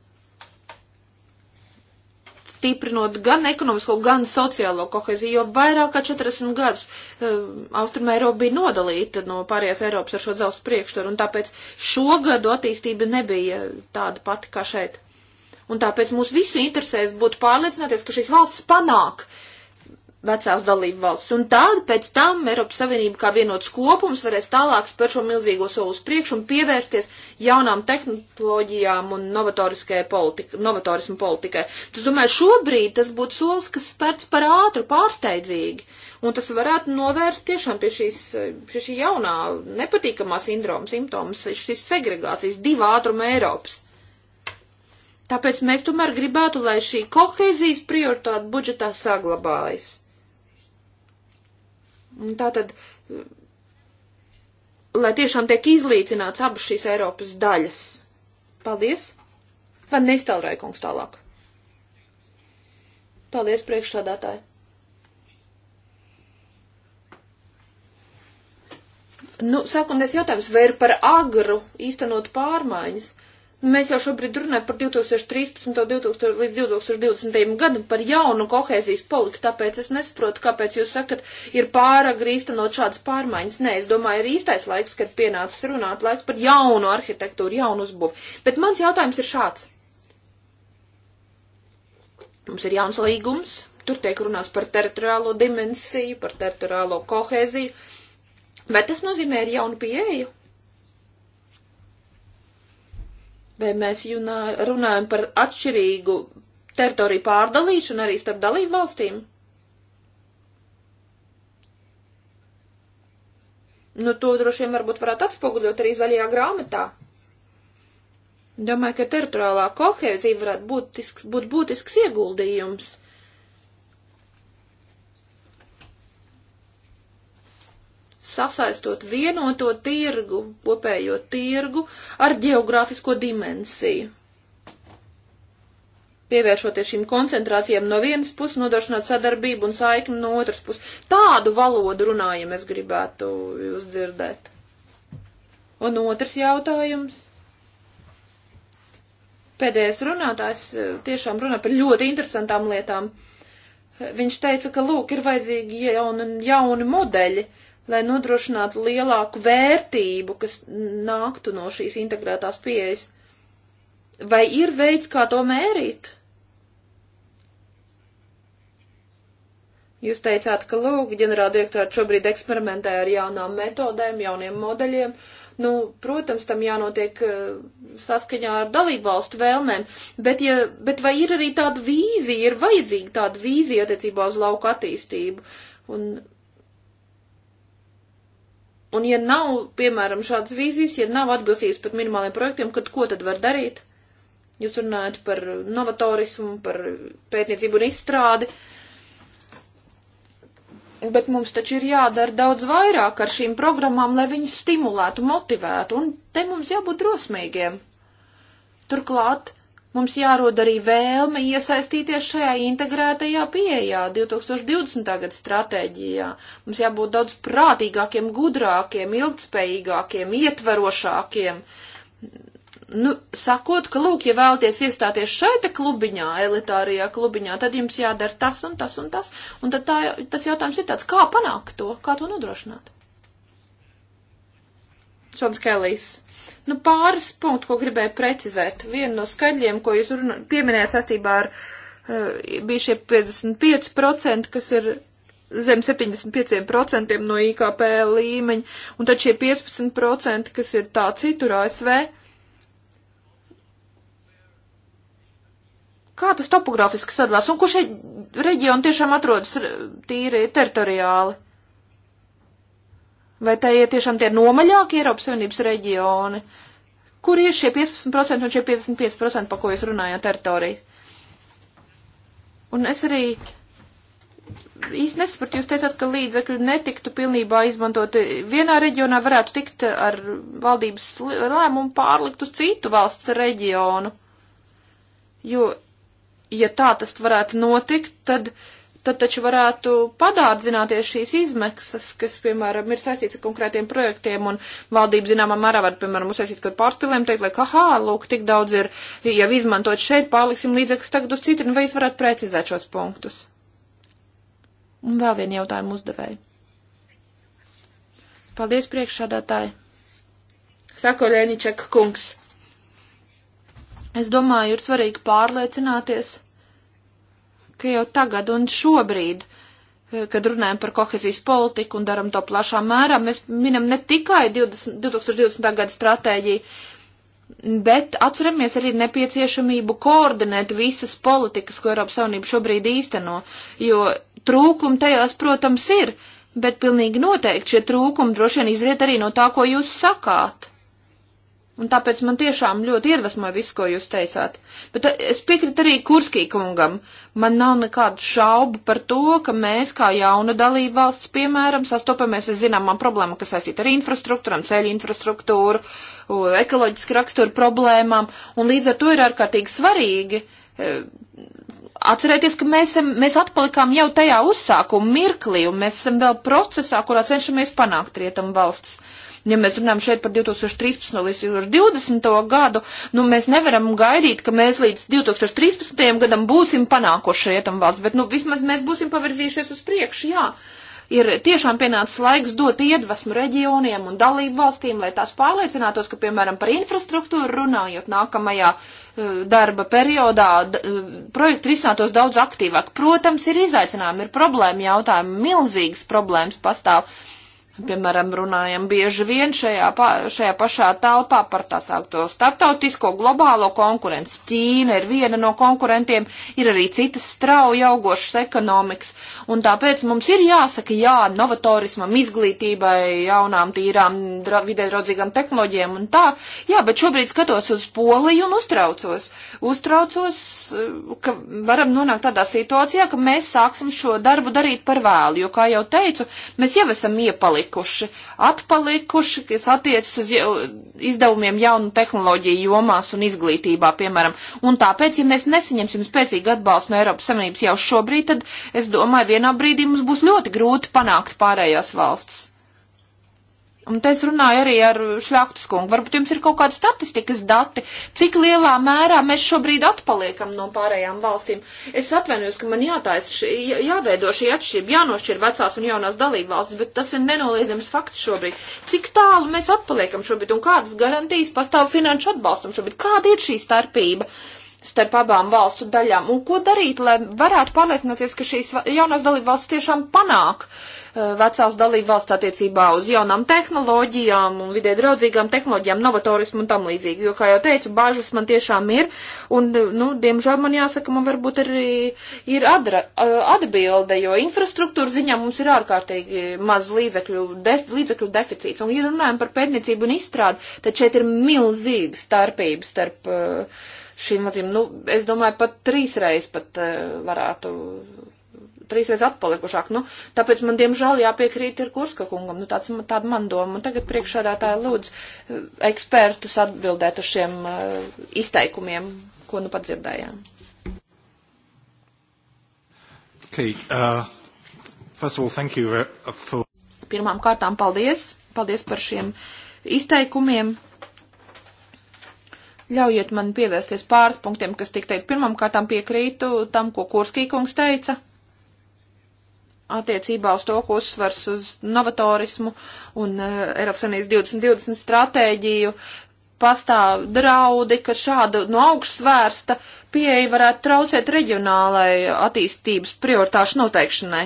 stiprinot gan ekonomisko, gan sociālo koheziju, jo vairāk kā 40 gadus uh, eh, Austrum Eiropa bija nodalīta no pārējās Eiropas ar šo dzelzs priekšsturu, un tāpēc šogad attīstība nebija eh, tāda pati kā šeit. Un tāpēc mūs visu interesēs būtu pārliecināties, ka šīs valsts panāk uh, vecās dalību valsts. Un tad pēc tam Eiropas Savienība kā vienots kopums varēs tālāk spēr šo milzīgo soli uz priekšu un pievērsties jaunām tehnoloģijām un politika, novatorismu politikai. Tas, domāju, šobrīd tas būtu solis, kas spērts par ātru, pārsteidzīgi. Un tas varētu novērst tiešām pie šīs, pie šī jaunā nepatīkamā sindroma simptomas, šīs segregācijas, divu ātrumu Eiropas. Tāpēc mēs tomēr gribētu, lai šī kohēzijas prioritāte budžetā saglabājas Tātad, lai tiešām tiek izlīdzināts abas šīs Eiropas daļas. Paldies! Van Nistelroja kungs tālāk. Paldies, priekšsādātāji! Nu, sākumais jautājums, vai ir par agru īstenot pārmaiņas? Mēs jau šobrīd runājam par 2013. 2000, līdz 2020. gadu par jaunu kohēzijas politiku, tāpēc es nesaprotu, kāpēc jūs sakat, ir pārāk īstenot šādas pārmaiņas. Nē, es domāju, ir īstais laiks, kad pienācis runāt laiks par jaunu arhitektūru, jaunu uzbūvi. Bet mans jautājums ir šāds. Mums ir jauns līgums, tur tiek runāts par teritoriālo dimensiju, par teritoriālo kohēziju. Vai tas nozīmē ir jaunu pieeju? Vai mēs junā, runājam par atšķirīgu teritoriju pārdalīšanu arī starp dalību valstīm? Nu, to droši vien varbūt varētu atspoguļot arī zaļajā grāmatā. Domāju, ka teritoriālā kohēzija varētu būtisks, būt būtisks ieguldījums sasaistot vienoto tirgu, kopējo tirgu ar geogrāfisko dimensiju. Pievēršoties šīm koncentrācijām no vienas puses, nodrošināt sadarbību un saikni no otras puses. Tādu valodu runājam, es gribētu jūs dzirdēt. Un otrs jautājums. Pēdējais runātājs eh, tiešām runā par ļoti interesantām lietām. Viņš teica, ka lūk, ir vajadzīgi jauni, jauni modeļi, uh, lai nodrošinātu lielāku vērtību, kas nāktu no šīs integrētās pieejas. Vai ir veids, kā to mērīt? Jūs teicāt, ka lūk, ģenerāldirektori šobrīd eksperimentē ar jaunām metodēm, jauniem modeļiem. Nu, protams, tam jānotiek eh, saskaņā ar dalību valstu vēlmēm, bet, ja, bet vai ir arī tāda vīzija, ir vajadzīga tāda vīzija attiecībā uz lauku attīstību? Un Un ja nav, piemēram, šādas vīzijas, ja nav atbilstības pat minimāliem projektiem, kad ko tad var darīt? Jūs runājat par novatorismu, par pētniecību un izstrādi. Bet mums taču ir jādara daudz vairāk ar šīm programmām, lai viņus stimulētu, motivētu, un te mums jābūt drosmīgiem. Turklāt Mums jārod arī vēlme iesaistīties šajā integrētajā pieejā, 2020. gada stratēģijā. Mums jābūt daudz prātīgākiem, gudrākiem, ilgtspējīgākiem, ietverošākiem. Nu, sakot, ka, lūk, ja vēlaties iestāties šai te klubiņā, elitārajā klubiņā, tad jums jādara tas un tas un tas. Un tad tā, tas jautājums ir tāds, kā panākt to, kā to nodrošināt? Šāds Kelijs. Nu, pāris punkti, ko gribēju precizēt. Vienu no skaļiem, ko jūs pieminējāt sastībā ar, eh, bija šie 55%, kas ir zem 75% no IKP līmeņa, un tad šie 15%, kas ir tā citur ASV. Kā tas topografiski sadalās, un kur šie reģioni tiešām atrodas tīri teritoriāli? Vai tie ir tiešām tie nomaļākie Eiropas Savienības reģioni? Kur ir šie 15% un šie 55%, pa ko jūs runājāt teritoriju? Un es arī īsti nesapratu, jūs teicāt, ka līdzekļi netiktu pilnībā izmantoti vienā reģionā, varētu tikt ar valdības lēmumu pārlikt uz citu valsts reģionu. Jo, ja tā tas varētu notikt, tad. Uh, tad taču varētu padārdzināties šīs izmaksas, kas, piemēram, ir saistīts ar konkrētiem projektiem, un valdība, zināmā mērā, var, piemēram, uzsaistīt kaut pārspīlēm, teikt, lai, aha, lūk, tik daudz ir jau izmantot šeit, pārliksim līdzekļus tagad uz citur, vai jūs varētu precizēt šos punktus? Un vēl vienu jautājumu uzdevēju. Paldies priekšādātāji. Sako Lēničeka kungs. Es domāju, ir svarīgi pārliecināties ka jau tagad un šobrīd, eh, kad runājam par kohezijas politiku un daram to plašā mērā, mēs minam ne tikai 20, 2020. gada stratēģiju, bet atceramies arī nepieciešamību koordinēt visas politikas, ko Eiropas Savienība šobrīd īsteno, jo trūkumi tajās, protams, ir, bet pilnīgi noteikti šie trūkumi droši vien izriet arī no tā, ko jūs sakāt. Un tāpēc man tiešām ļoti iedvesmoja viss, ko jūs teicāt. Bet eh, es piekrītu arī Kurskī kungam. Man nav nekādu šaubu par to, ka mēs, kā jauna dalība valsts, piemēram, sastopamies ar zināmām problēmām, kas saistīta ar infrastruktūru, ceļu infrastruktūru, ekoloģisku raksturu problēmām. Un līdz ar to ir ārkārtīgi svarīgi eh, atcerēties, ka mēs, mēs atpalikām jau tajā uzsākuma mirklī, un mēs esam vēl procesā, kurā cenšamies panākt rietumu valsts. Ja mēs runājam šeit par 2013 līdz 2020 gadu, nu mēs nevaram gaidīt, ka mēs līdz 2013 gadam būsim panākuši rietam valsts, bet nu vismaz mēs būsim pavirzījušies uz priekšu, jā. Ir tiešām pienācis laiks dot iedvesmu reģioniem un dalību valstīm, lai tās pārliecinātos, ka, piemēram, par infrastruktūru runājot nākamajā uh, darba periodā uh, projekti risinātos daudz aktīvāk. Protams, ir izaicinājumi, ir problēma jautājumi, milzīgas problēmas pastāv, Piemēram, runājam bieži vien šajā, pa, šajā pašā telpā par tā saukto starptautisko globālo konkurenci. Ķīna ir viena no konkurentiem, ir arī citas strauji augošas ekonomikas, un tāpēc mums ir jāsaka jā novatorismam, izglītībai, jaunām tīrām, dra, vidē draudzīgām tehnoloģijām un tā. Jā, bet šobrīd skatos uz Poliju un uztraucos. Uztraucos, eh, ka varam nonākt tādā situācijā, ka mēs sāksim šo darbu darīt par vēlu, jo, kā jau teicu, mēs jau esam iepalikuši palikuši, atpalikuši, kas attiecas uz izdevumiem jaunu tehnoloģiju jomās un izglītībā, piemēram. Un tāpēc, ja mēs nesaņemsim spēcīgu atbalstu no Eiropas Savienības jau šobrīd, tad es domāju, vienā brīdī mums būs ļoti grūti panākt pārējās valsts. Un te es runāju arī ar Šļaktas kungu. Varbūt jums ir kaut kāda statistikas dati, cik lielā mērā mēs šobrīd atpaliekam no pārējām valstīm. Es atvainojos, ka man jātais, jāveido šī atšķirība, jānošķir vecās un jaunās dalība valstis, bet tas ir nenoliedzams fakts šobrīd. Cik tālu mēs atpaliekam šobrīd un kādas garantijas pastāv finanšu atbalstam šobrīd? Kāda ir šī starpība? Uh, starp abām valstu daļām. Un ko darīt, lai varētu pārliecināties, ka šīs jaunās dalībvalsts tiešām panāk eh, vecās dalībvalsts attiecībā uz jaunām tehnoloģijām un vidē draudzīgām tehnoloģijām, novatorismu un tam līdzīgi. Jo, kā jau teicu, bāžas man tiešām ir. Un, nu, diemžēl man jāsaka, man varbūt arī ir adra, eh, atbilde, jo infrastruktūra ziņā mums ir ārkārtīgi maz līdzekļu, def, līdzekļu deficīts. Un, ja runājam par pētniecību un izstrādi, tad šeit ir milzīga starpība starp. Uh, šīm valstīm. Nu, es domāju, pat trīsreiz pat eh, varētu, trīsreiz atpalikušāk. Nu, tāpēc man, diemžēl, jāpiekrīt ir Kurska kungam. Nu, tāds, tāda man doma. Un tagad priekšādātāja lūdz eh, ekspertus atbildēt uz šiem eh, izteikumiem, ko nu pat dzirdējām. Okay, uh, first of all, thank you uh, for... Pirmām kārtām paldies. Paldies par šiem izteikumiem. Ļaujiet man pievērsties pāris punktiem, kas tik teikt pirmam kārtām piekrītu tam, ko Kurskīkungs teica attiecībā uz to, ko uzsvars uz novatorismu un uh, Eiropas Savienības 2020 stratēģiju, pastāv draudi, ka šāda no augšas vērsta pieeja varētu traucēt reģionālai attīstības prioritāšu noteikšanai.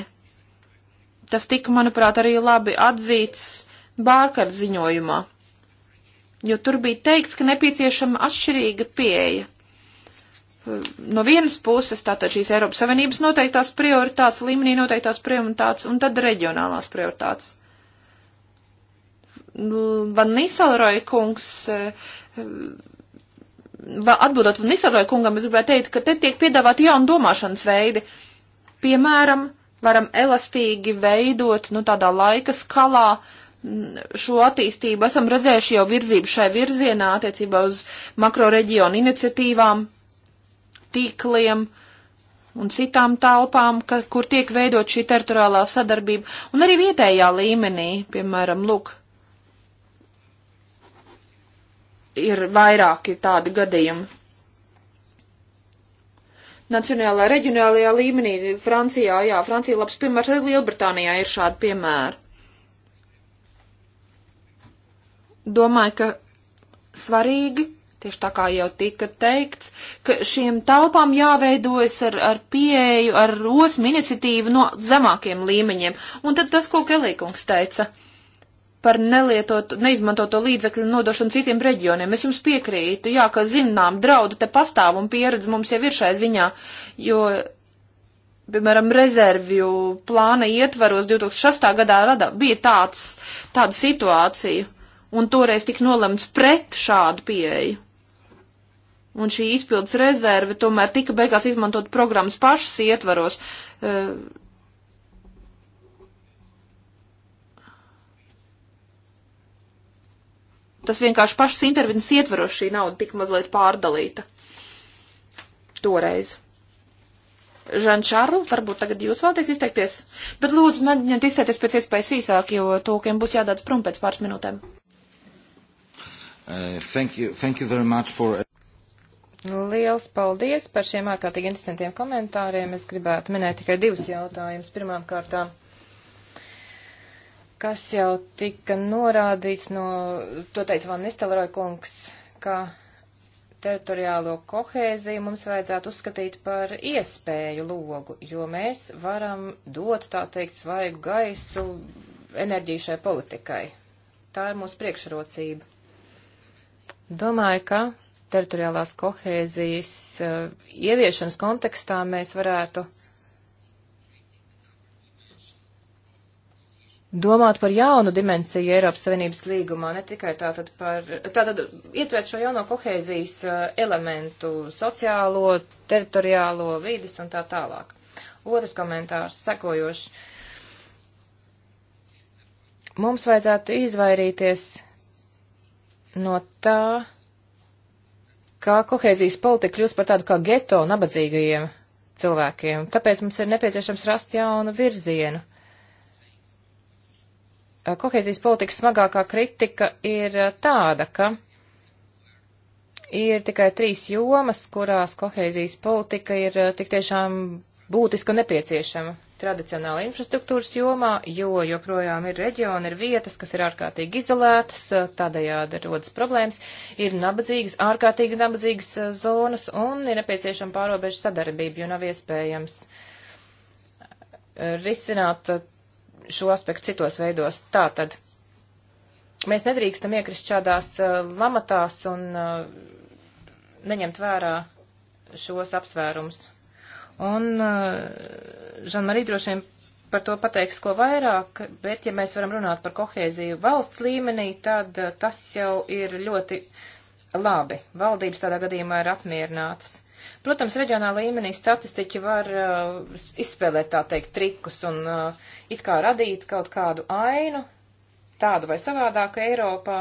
Tas tika, manuprāt, arī labi atzīts Bārkara ziņojumā jo tur bija teikts, ka nepieciešama atšķirīga pieeja. No vienas puses tātad šīs Eiropas Savienības noteiktās prioritātes, līmenī noteiktās prioritātes un tad reģionālās prioritātes. Van Nīsalroja kungs, e, e, atbildot Van Nīsalroja kungam, es gribēju teikt, ka te tiek piedāvāti jauni domāšanas veidi. Piemēram, varam elastīgi veidot, nu, tādā laika skalā uh, šo attīstību. Esam redzējuši jau virzību šai virzienā attiecībā uz makroreģionu iniciatīvām, tīkliem un citām talpām, ka, kur tiek veidot šī teritoriālā sadarbība, un arī vietējā līmenī, piemēram, lūk, ir vairāki tādi gadījumi. Nacionālā, reģionālajā līmenī, Francijā, jā, Francija labs piemērs, arī Lielbritānijā ir šādi piemēri. domāju, ka svarīgi, tieši tā kā jau tika teikts, ka šīm telpām jāveidojas ar, ar pieeju, ar osmu iniciatīvu no zemākiem līmeņiem. Un tad tas, ko Kelīkungs teica par nelietot, neizmantoto līdzekļu nodošanu citiem reģioniem. Es jums piekrītu, jā, ka zinām, draudu te pastāv un pieredze mums jau ir šai ziņā, jo, piemēram, rezervju plāna ietvaros 2006. gadā rada, bija tāds, tāda situācija un toreiz tika nolemts pret šādu pieeju. Un šī izpildes rezerve tomēr tika beigās izmantot programmas pašas ietvaros. Eh, tas vienkārši pašas intervences ietvaros šī nauda tika mazliet pārdalīta. Toreiz. Žančārlu, varbūt tagad jūs vēlaties izteikties, bet lūdzu mēģiniet izteikties pēc iespējas īsāk, jo tūkiem būs jādodas prom pēc pāris minūtēm. Uh, thank you, thank you very much for. Uh, Liels paldies par šiem ārkārtīgi interesantiem komentāriem. Es gribētu minēt tikai divus jautājumus. Pirmām kārtām, kas jau tika norādīts no, to teica Van Nistelroja kungs, ka teritoriālo kohēziju mums vajadzētu uzskatīt par iespēju logu, jo mēs varam dot, tā teikt, svaigu gaisu enerģiju šai politikai. Tā ir mūsu priekšrocība. Domāju, ka teritoriālās kohēzijas uh, ieviešanas kontekstā mēs varētu domāt par jaunu dimensiju Eiropas Savienības līgumā, ne tikai tātad par, tātad ietvērt šo jauno kohēzijas uh, elementu sociālo, teritoriālo, vides un tā tālāk. Otrs komentārs sekojošs. Mums vajadzētu izvairīties no tā, kā kohēzijas politika kļūst par tādu kā geto nabadzīgajiem cilvēkiem. Tāpēc mums ir nepieciešams rast jaunu virzienu. Kohēzijas politikas smagākā kritika ir tāda, ka ir tikai trīs jomas, kurās kohēzijas politika ir tik tiešām būtiska un nepieciešama tradicionāla infrastruktūras jomā, jo joprojām ir reģioni, ir vietas, kas ir ārkārtīgi izolētas, eh, tādējādi rodas problēmas, ir nabadzīgas, ārkārtīgi nabadzīgas eh, zonas un ir nepieciešama pārobežu sadarbība, jo nav iespējams eh, risināt šo aspektu citos veidos. Tātad mēs nedrīkstam iekrist šādās lamatās un neņemt vērā šos apsvērumus. Un Žanmarī eh, droši vien par to pateiks ko vairāk, bet ja mēs varam runāt par kohēziju valsts līmenī, tad eh, tas jau ir ļoti labi. Valdības tādā gadījumā ir apmierinātas. Protams, reģionāla līmenī statistiķi var uh, izspēlēt tā teikt trikus un uh, it kā radīt kaut kādu ainu, tādu vai savādāku Eiropā,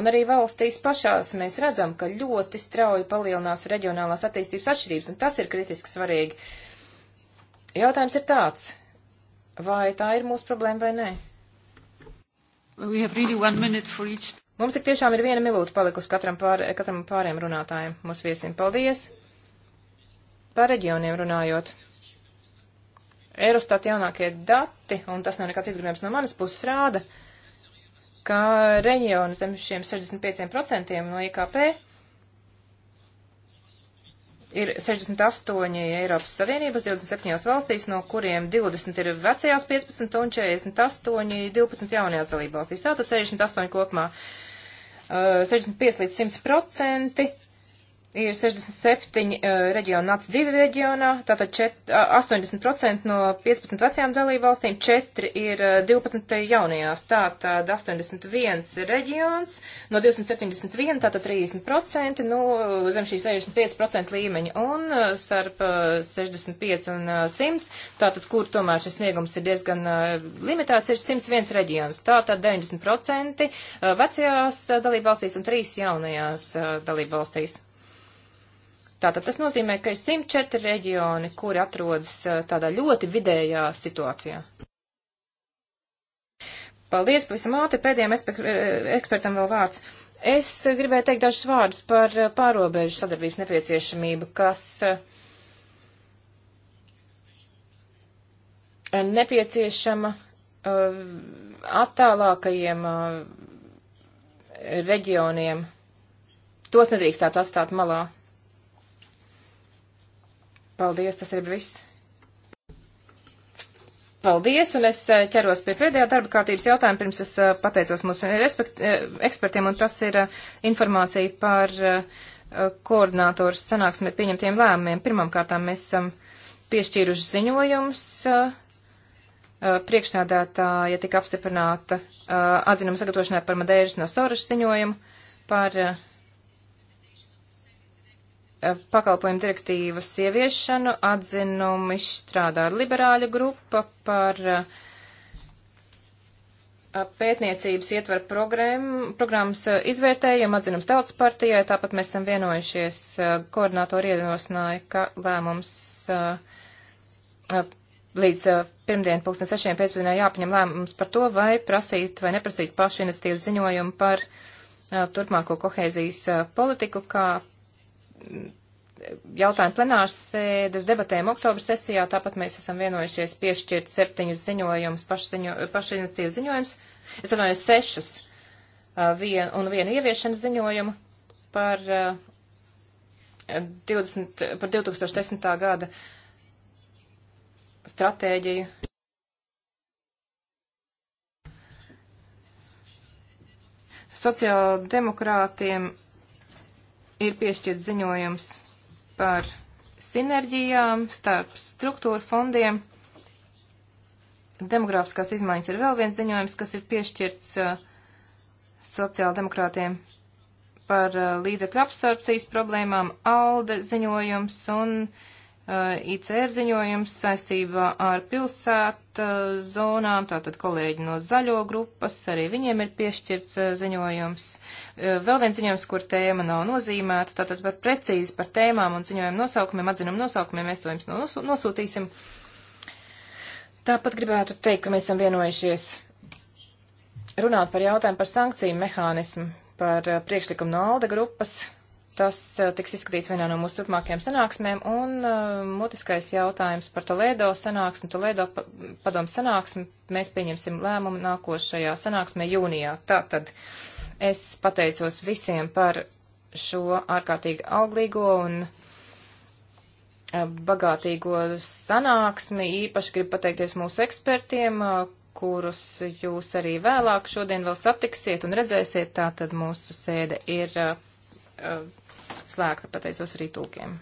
Un arī valstīs pašās mēs redzam, ka ļoti strauji palielinās reģionālās attīstības atšķirības, un tas ir kritiski svarīgi. Jautājums ir tāds, vai tā ir mūsu problēma vai nē? Really Mums tik tiešām ir viena minūte palikusi katram, pār, katram pāriem runātājiem. Mums viesim paldies. Par reģioniem runājot. Eurostat jaunākie dati, un tas nav nekāds izgrunājums no manas puses, rāda, ka reģionu zem šiem 65% no IKP ir 68 Eiropas Savienības 27 valstīs, no kuriem 20 ir vecajās 15 un 48 12 jaunajās dalībvalstīs. Tātad 68 kopumā. Uh, 65 līdz 100 procenti ir 67 uh, eh, reģionu NAC 2 reģionā, tātad čet, uh, 80% no 15 vecajām dalībvalstīm, 4 ir uh, eh, 12 jaunajās, tātad 81 reģions no 271, tātad 30% no nu, zem šī 65% līmeņa un uh, starp uh, 65 un uh, 100, tātad kur tomēr šis sniegums ir diezgan uh, limitēts, ir 101 reģions, tātad 90% uh, vecajās uh, dalībvalstīs un 3 jaunajās uh, dalībvalstīs. Tātad tas nozīmē, ka ir 104 reģioni, kuri atrodas tādā ļoti vidējā situācijā. Paldies, pavisam ātri pēdējiem ekspertam vēl vārds. Es gribēju teikt dažus vārdus par pārobežu sadarbības nepieciešamību, kas nepieciešama attālākajiem reģioniem. Tos nedrīkstētu atstāt malā. Paldies, tas ir viss. Paldies, un es eh, ķeros pie pēdējā darba kārtības jautājuma, pirms es eh, pateicos mūsu eh, respekt, ekspertiem, un tas ir informācija par koordinātoru sanāksmē pieņemtiem lēmumiem. Pirmkārtām mēs esam piešķīruši ziņojumus priekšsēdētāja tika apstiprināta atzinuma sagatavošanai par Madeiras no Sorašas ziņojumu par pakalpojumu direktīvas ieviešanu atzinumu izstrādā liberāļa grupa par eh, pētniecības ietver programm, programmas eh, izvērtējumu atzinums tautas partijai, tāpat mēs esam vienojušies, eh, koordinātori iedonosināja, ka lēmums līdz pirmdien pulksten sešiem pēcpazienā jāpaņem lēmums par to, vai prasīt vai neprasīt pašu iniciatīvas ziņojumu par turpmāko kohēzijas politiku, kā jautājumu plenārs sēdes debatēm oktobra sesijā. Tāpat mēs esam vienojušies piešķirt septiņus ziņojumus, pašiniciatīvas ziņojumus. Es runāju sešus uh, vien, un vienu ieviešanas ziņojumu par, uh, 20, par 2010. gada stratēģiju. Sociāldemokrātiem ir piešķirt ziņojums par sinerģijām starp struktūra fondiem. Demogrāfiskās izmaiņas ir vēl viens ziņojums, kas ir piešķirts uh, sociāldemokrātiem par uh, līdzekļu apsorpcijas problēmām, ALDE ziņojums un uh, Uh, ICR ziņojums saistībā ar pilsētu uh, zonām, tātad kolēģi no zaļo grupas, arī viņiem ir piešķirts uh, ziņojums. Vēl viens ziņojums, kur tēma nav nozīmēta, tātad par precīzi par tēmām un ziņojumu nosaukumiem, atzinumu nosaukumiem mēs to jums nosūtīsim. Tāpat gribētu teikt, ka mēs esam vienojušies runāt par jautājumu par sankciju mehānismu, par priekšlikumu no Alda grupas, Tas eh, tiks izskatīts vienā no mūsu turpmākajām sanāksmēm, un uh, mutiskais jautājums par Toledo sanāksmi, Toledo padomu sanāksmi, mēs pieņemsim lēmumu nākošajā sanāksmē jūnijā. Tātad es pateicos visiem par šo ārkārtīgi auglīgo un eh, bagātīgo sanāksmi. Īpaši gribu pateikties mūsu ekspertiem, kurus jūs arī vēlāk šodien vēl satiksiet un redzēsiet. Tātad mūsu sēde ir. Uh, slēgta. Pateicos arī tūkiem.